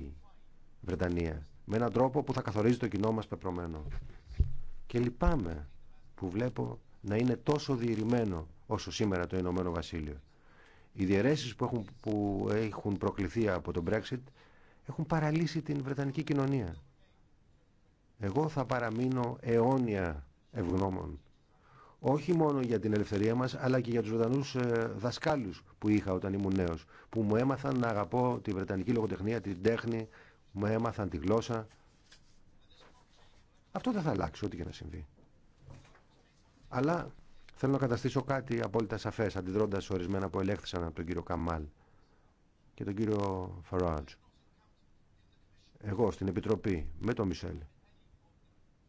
Βρετανία. Με έναν τρόπο που θα καθορίζει το κοινό μας πεπρωμένο και λυπάμαι που βλέπω να είναι τόσο διηρημένο όσο σήμερα το Ηνωμένο Βασίλειο. Οι διαιρέσεις που έχουν, που προκληθεί από τον Brexit έχουν παραλύσει την Βρετανική κοινωνία. Εγώ θα παραμείνω αιώνια ευγνώμων. Όχι μόνο για την ελευθερία μας, αλλά και για τους Βρετανούς ε, δασκάλους που είχα όταν ήμουν νέος, που μου έμαθαν να αγαπώ τη Βρετανική λογοτεχνία, την τέχνη, μου έμαθαν τη γλώσσα, αυτό δεν θα αλλάξει ό,τι και να συμβεί. Αλλά θέλω να καταστήσω κάτι απόλυτα σαφέ, αντιδρώντα ορισμένα που ελέγχθησαν από τον κύριο Καμάλ και τον κύριο Φαράτζ. Εγώ στην Επιτροπή με τον Μισελ,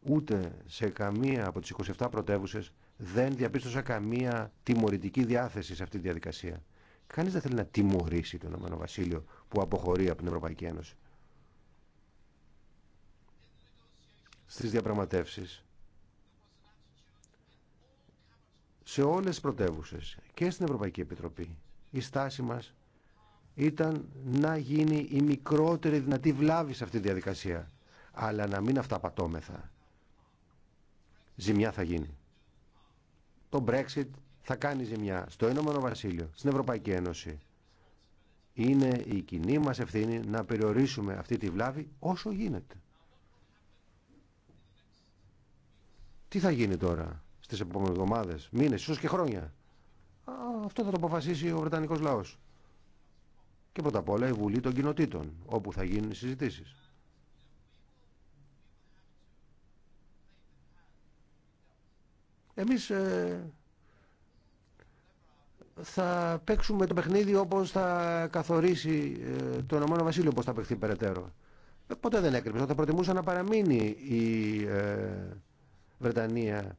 ούτε σε καμία από τις 27 πρωτεύουσε δεν διαπίστωσα καμία τιμωρητική διάθεση σε αυτή τη διαδικασία. Κανεί δεν θέλει να τιμωρήσει το Ηνωμένο Βασίλειο που αποχωρεί από την Ευρωπαϊκή Ένωση. στις διαπραγματεύσεις σε όλες τις πρωτεύουσες και στην Ευρωπαϊκή Επιτροπή η στάση μας ήταν να γίνει η μικρότερη δυνατή βλάβη σε αυτή τη διαδικασία αλλά να μην αυταπατώμεθα ζημιά θα γίνει το Brexit θα κάνει ζημιά στο Ηνωμένο Βασίλειο, στην Ευρωπαϊκή Ένωση είναι η κοινή μας ευθύνη να περιορίσουμε αυτή τη βλάβη όσο γίνεται Τι θα γίνει τώρα στις επόμενες εβδομάδες, μήνες, ίσω και χρόνια. αυτό θα το αποφασίσει ο Βρετανικός λαός. Και πρώτα απ' όλα η Βουλή των Κοινοτήτων, όπου θα γίνουν οι συζητήσεις. Εμείς ε, θα παίξουμε το παιχνίδι όπως θα καθορίσει ε, το Ηνωμένο Βασίλειο πώς θα παιχθεί περαιτέρω. Ε, ποτέ δεν έκρυψα. Θα προτιμούσα να παραμείνει η ε, Βρετανία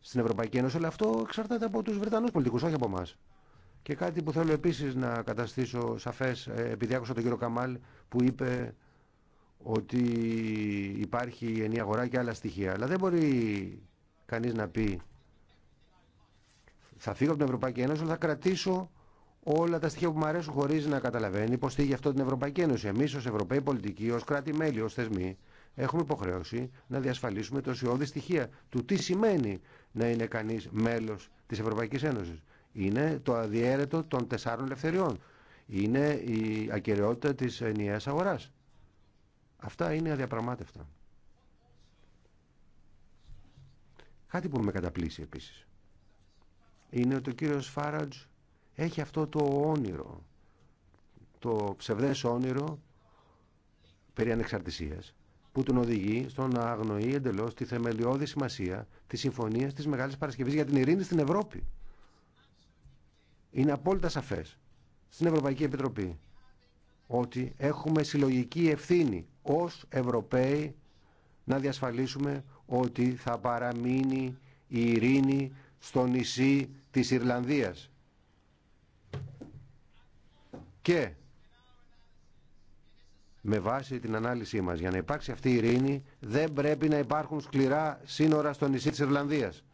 στην Ευρωπαϊκή Ένωση, αλλά αυτό εξαρτάται από του Βρετανού πολιτικού, όχι από εμά. Και κάτι που θέλω επίση να καταστήσω σαφέ, ε, επειδή άκουσα τον κύριο Καμάλ που είπε ότι υπάρχει ενή αγορά και άλλα στοιχεία. Αλλά δεν μπορεί κανεί να πει θα φύγω από την Ευρωπαϊκή Ένωση, αλλά θα κρατήσω όλα τα στοιχεία που μου αρέσουν χωρί να καταλαβαίνει πώ θίγει αυτό την Ευρωπαϊκή Ένωση. Εμεί ω Ευρωπαίοι πολιτικοί, ω κράτη-μέλη, ω θεσμοί, έχουμε υποχρέωση να διασφαλίσουμε το ουσιώδη στοιχεία του τι σημαίνει να είναι κανείς μέλος της Ευρωπαϊκής Ένωσης. Είναι το αδιέρετο των τεσσάρων ελευθεριών. Είναι η ακαιρεότητα τη ενιάία αγοράς. Αυτά είναι αδιαπραγμάτευτα. Κάτι που με καταπλήσει επίσης. Είναι ότι ο κύριος Φάρατζ έχει αυτό το όνειρο, το ψευδές όνειρο περί ανεξαρτησίας που τον οδηγεί στο να αγνοεί εντελώ τη θεμελιώδη σημασία τη Συμφωνία τη Μεγάλη Παρασκευή για την ειρήνη στην Ευρώπη. Είναι απόλυτα σαφέ στην Ευρωπαϊκή Επιτροπή ότι έχουμε συλλογική ευθύνη ως Ευρωπαίοι να διασφαλίσουμε ότι θα παραμείνει η ειρήνη στο νησί της Ιρλανδίας. Και με βάση την ανάλυση μας. Για να υπάρξει αυτή η ειρήνη δεν πρέπει να υπάρχουν σκληρά σύνορα στο νησί της Ιρλανδίας.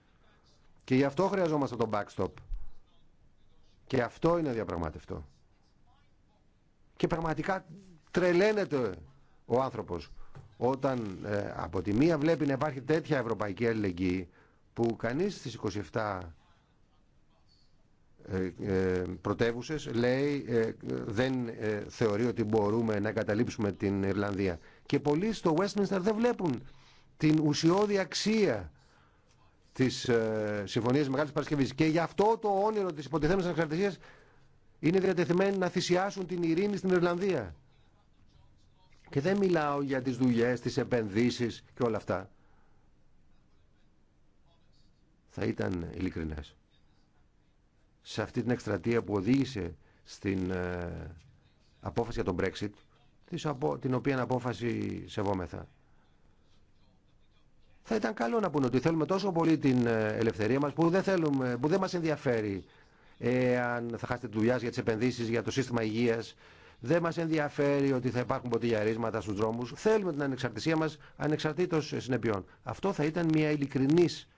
Και γι' αυτό χρειαζόμαστε τον backstop. Και αυτό είναι διαπραγματευτό. Και πραγματικά τρελαίνεται ο άνθρωπος όταν ε, από τη μία βλέπει να υπάρχει τέτοια ευρωπαϊκή αλληλεγγύη που κανείς στις 27 ε, ε, πρωτεύουσες λέει ε, δεν θεωρεί ότι μπορούμε να καταλήψουμε την Ιρλανδία. Και πολλοί στο Westminster δεν βλέπουν την ουσιώδη αξία της Συμφωνίας Μεγάλης Παρασκευής. Και γι' αυτό το όνειρο της υποτιθέμενης ανεξαρτησίας είναι διατεθειμένοι να θυσιάσουν την ειρήνη στην Ιρλανδία. Και δεν μιλάω για τις δουλειές, τις επενδύσεις και όλα αυτά. Θα ήταν ειλικρινές σε αυτή την εκστρατεία που οδήγησε στην ε, απόφαση για τον Brexit, την οποία απόφαση σεβόμεθα. Θα ήταν καλό να πούνε ότι θέλουμε τόσο πολύ την ε, ελευθερία μας που δεν, θέλουμε, που δεν μας ενδιαφέρει αν θα χάσετε δουλειά για τις επενδύσεις, για το σύστημα υγείας. Δεν μας ενδιαφέρει ότι θα υπάρχουν ποτηγιαρίσματα στους δρόμους. Θέλουμε την ανεξαρτησία μας ανεξαρτήτως συνεπειών. Αυτό θα ήταν μια ειλικρινής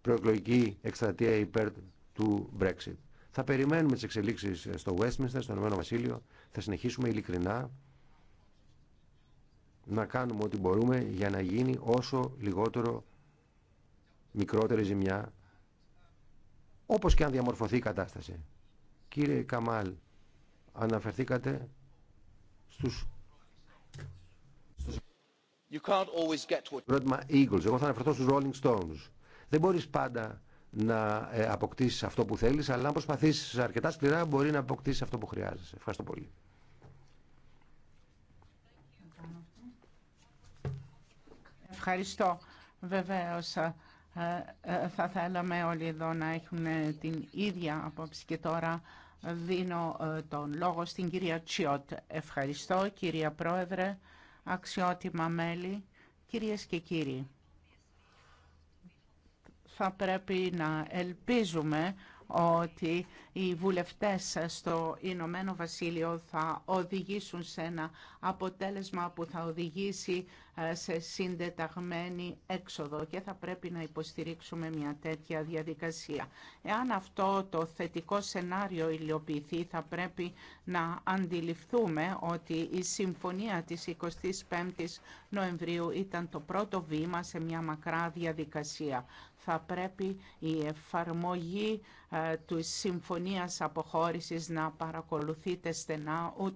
προεκλογική εκστρατεία υπέρ του Brexit. Θα περιμένουμε τις εξελίξεις στο Westminster, στο Ηνωμένο Βασίλειο. Θα συνεχίσουμε ειλικρινά να κάνουμε ό,τι μπορούμε για να γίνει όσο λιγότερο μικρότερη ζημιά όπως και αν διαμορφωθεί η κατάσταση. Κύριε Καμάλ, αναφερθήκατε στους You can't always get Eagles. Εγώ θα αναφερθώ στους Rolling Stones. Δεν μπορείς πάντα να ε, αποκτήσει αυτό που θέλεις αλλά αν προσπαθήσεις αρκετά σκληρά μπορεί να αποκτήσει αυτό που χρειάζεσαι. Ευχαριστώ πολύ. Ευχαριστώ. Βεβαίω ε, ε, θα θέλαμε όλοι εδώ να έχουν την ίδια απόψη και τώρα δίνω τον λόγο στην κυρία Τσιότ. Ευχαριστώ κυρία Πρόεδρε, αξιότιμα μέλη, κυρίες και κύριοι θα πρέπει να ελπίζουμε ότι οι βουλευτές στο Ηνωμένο Βασίλειο θα οδηγήσουν σε ένα αποτέλεσμα που θα οδηγήσει ε, σε συντεταγμένη έξοδο και θα πρέπει να υποστηρίξουμε μια τέτοια διαδικασία. Εάν αυτό το θετικό σενάριο υλοποιηθεί, θα πρέπει να αντιληφθούμε ότι η συμφωνία της 25ης Νοεμβρίου ήταν το πρώτο βήμα σε μια μακρά διαδικασία θα πρέπει η εφαρμογή ε, του Συμφωνίας Αποχώρησης να παρακολουθείται στενά, ούτω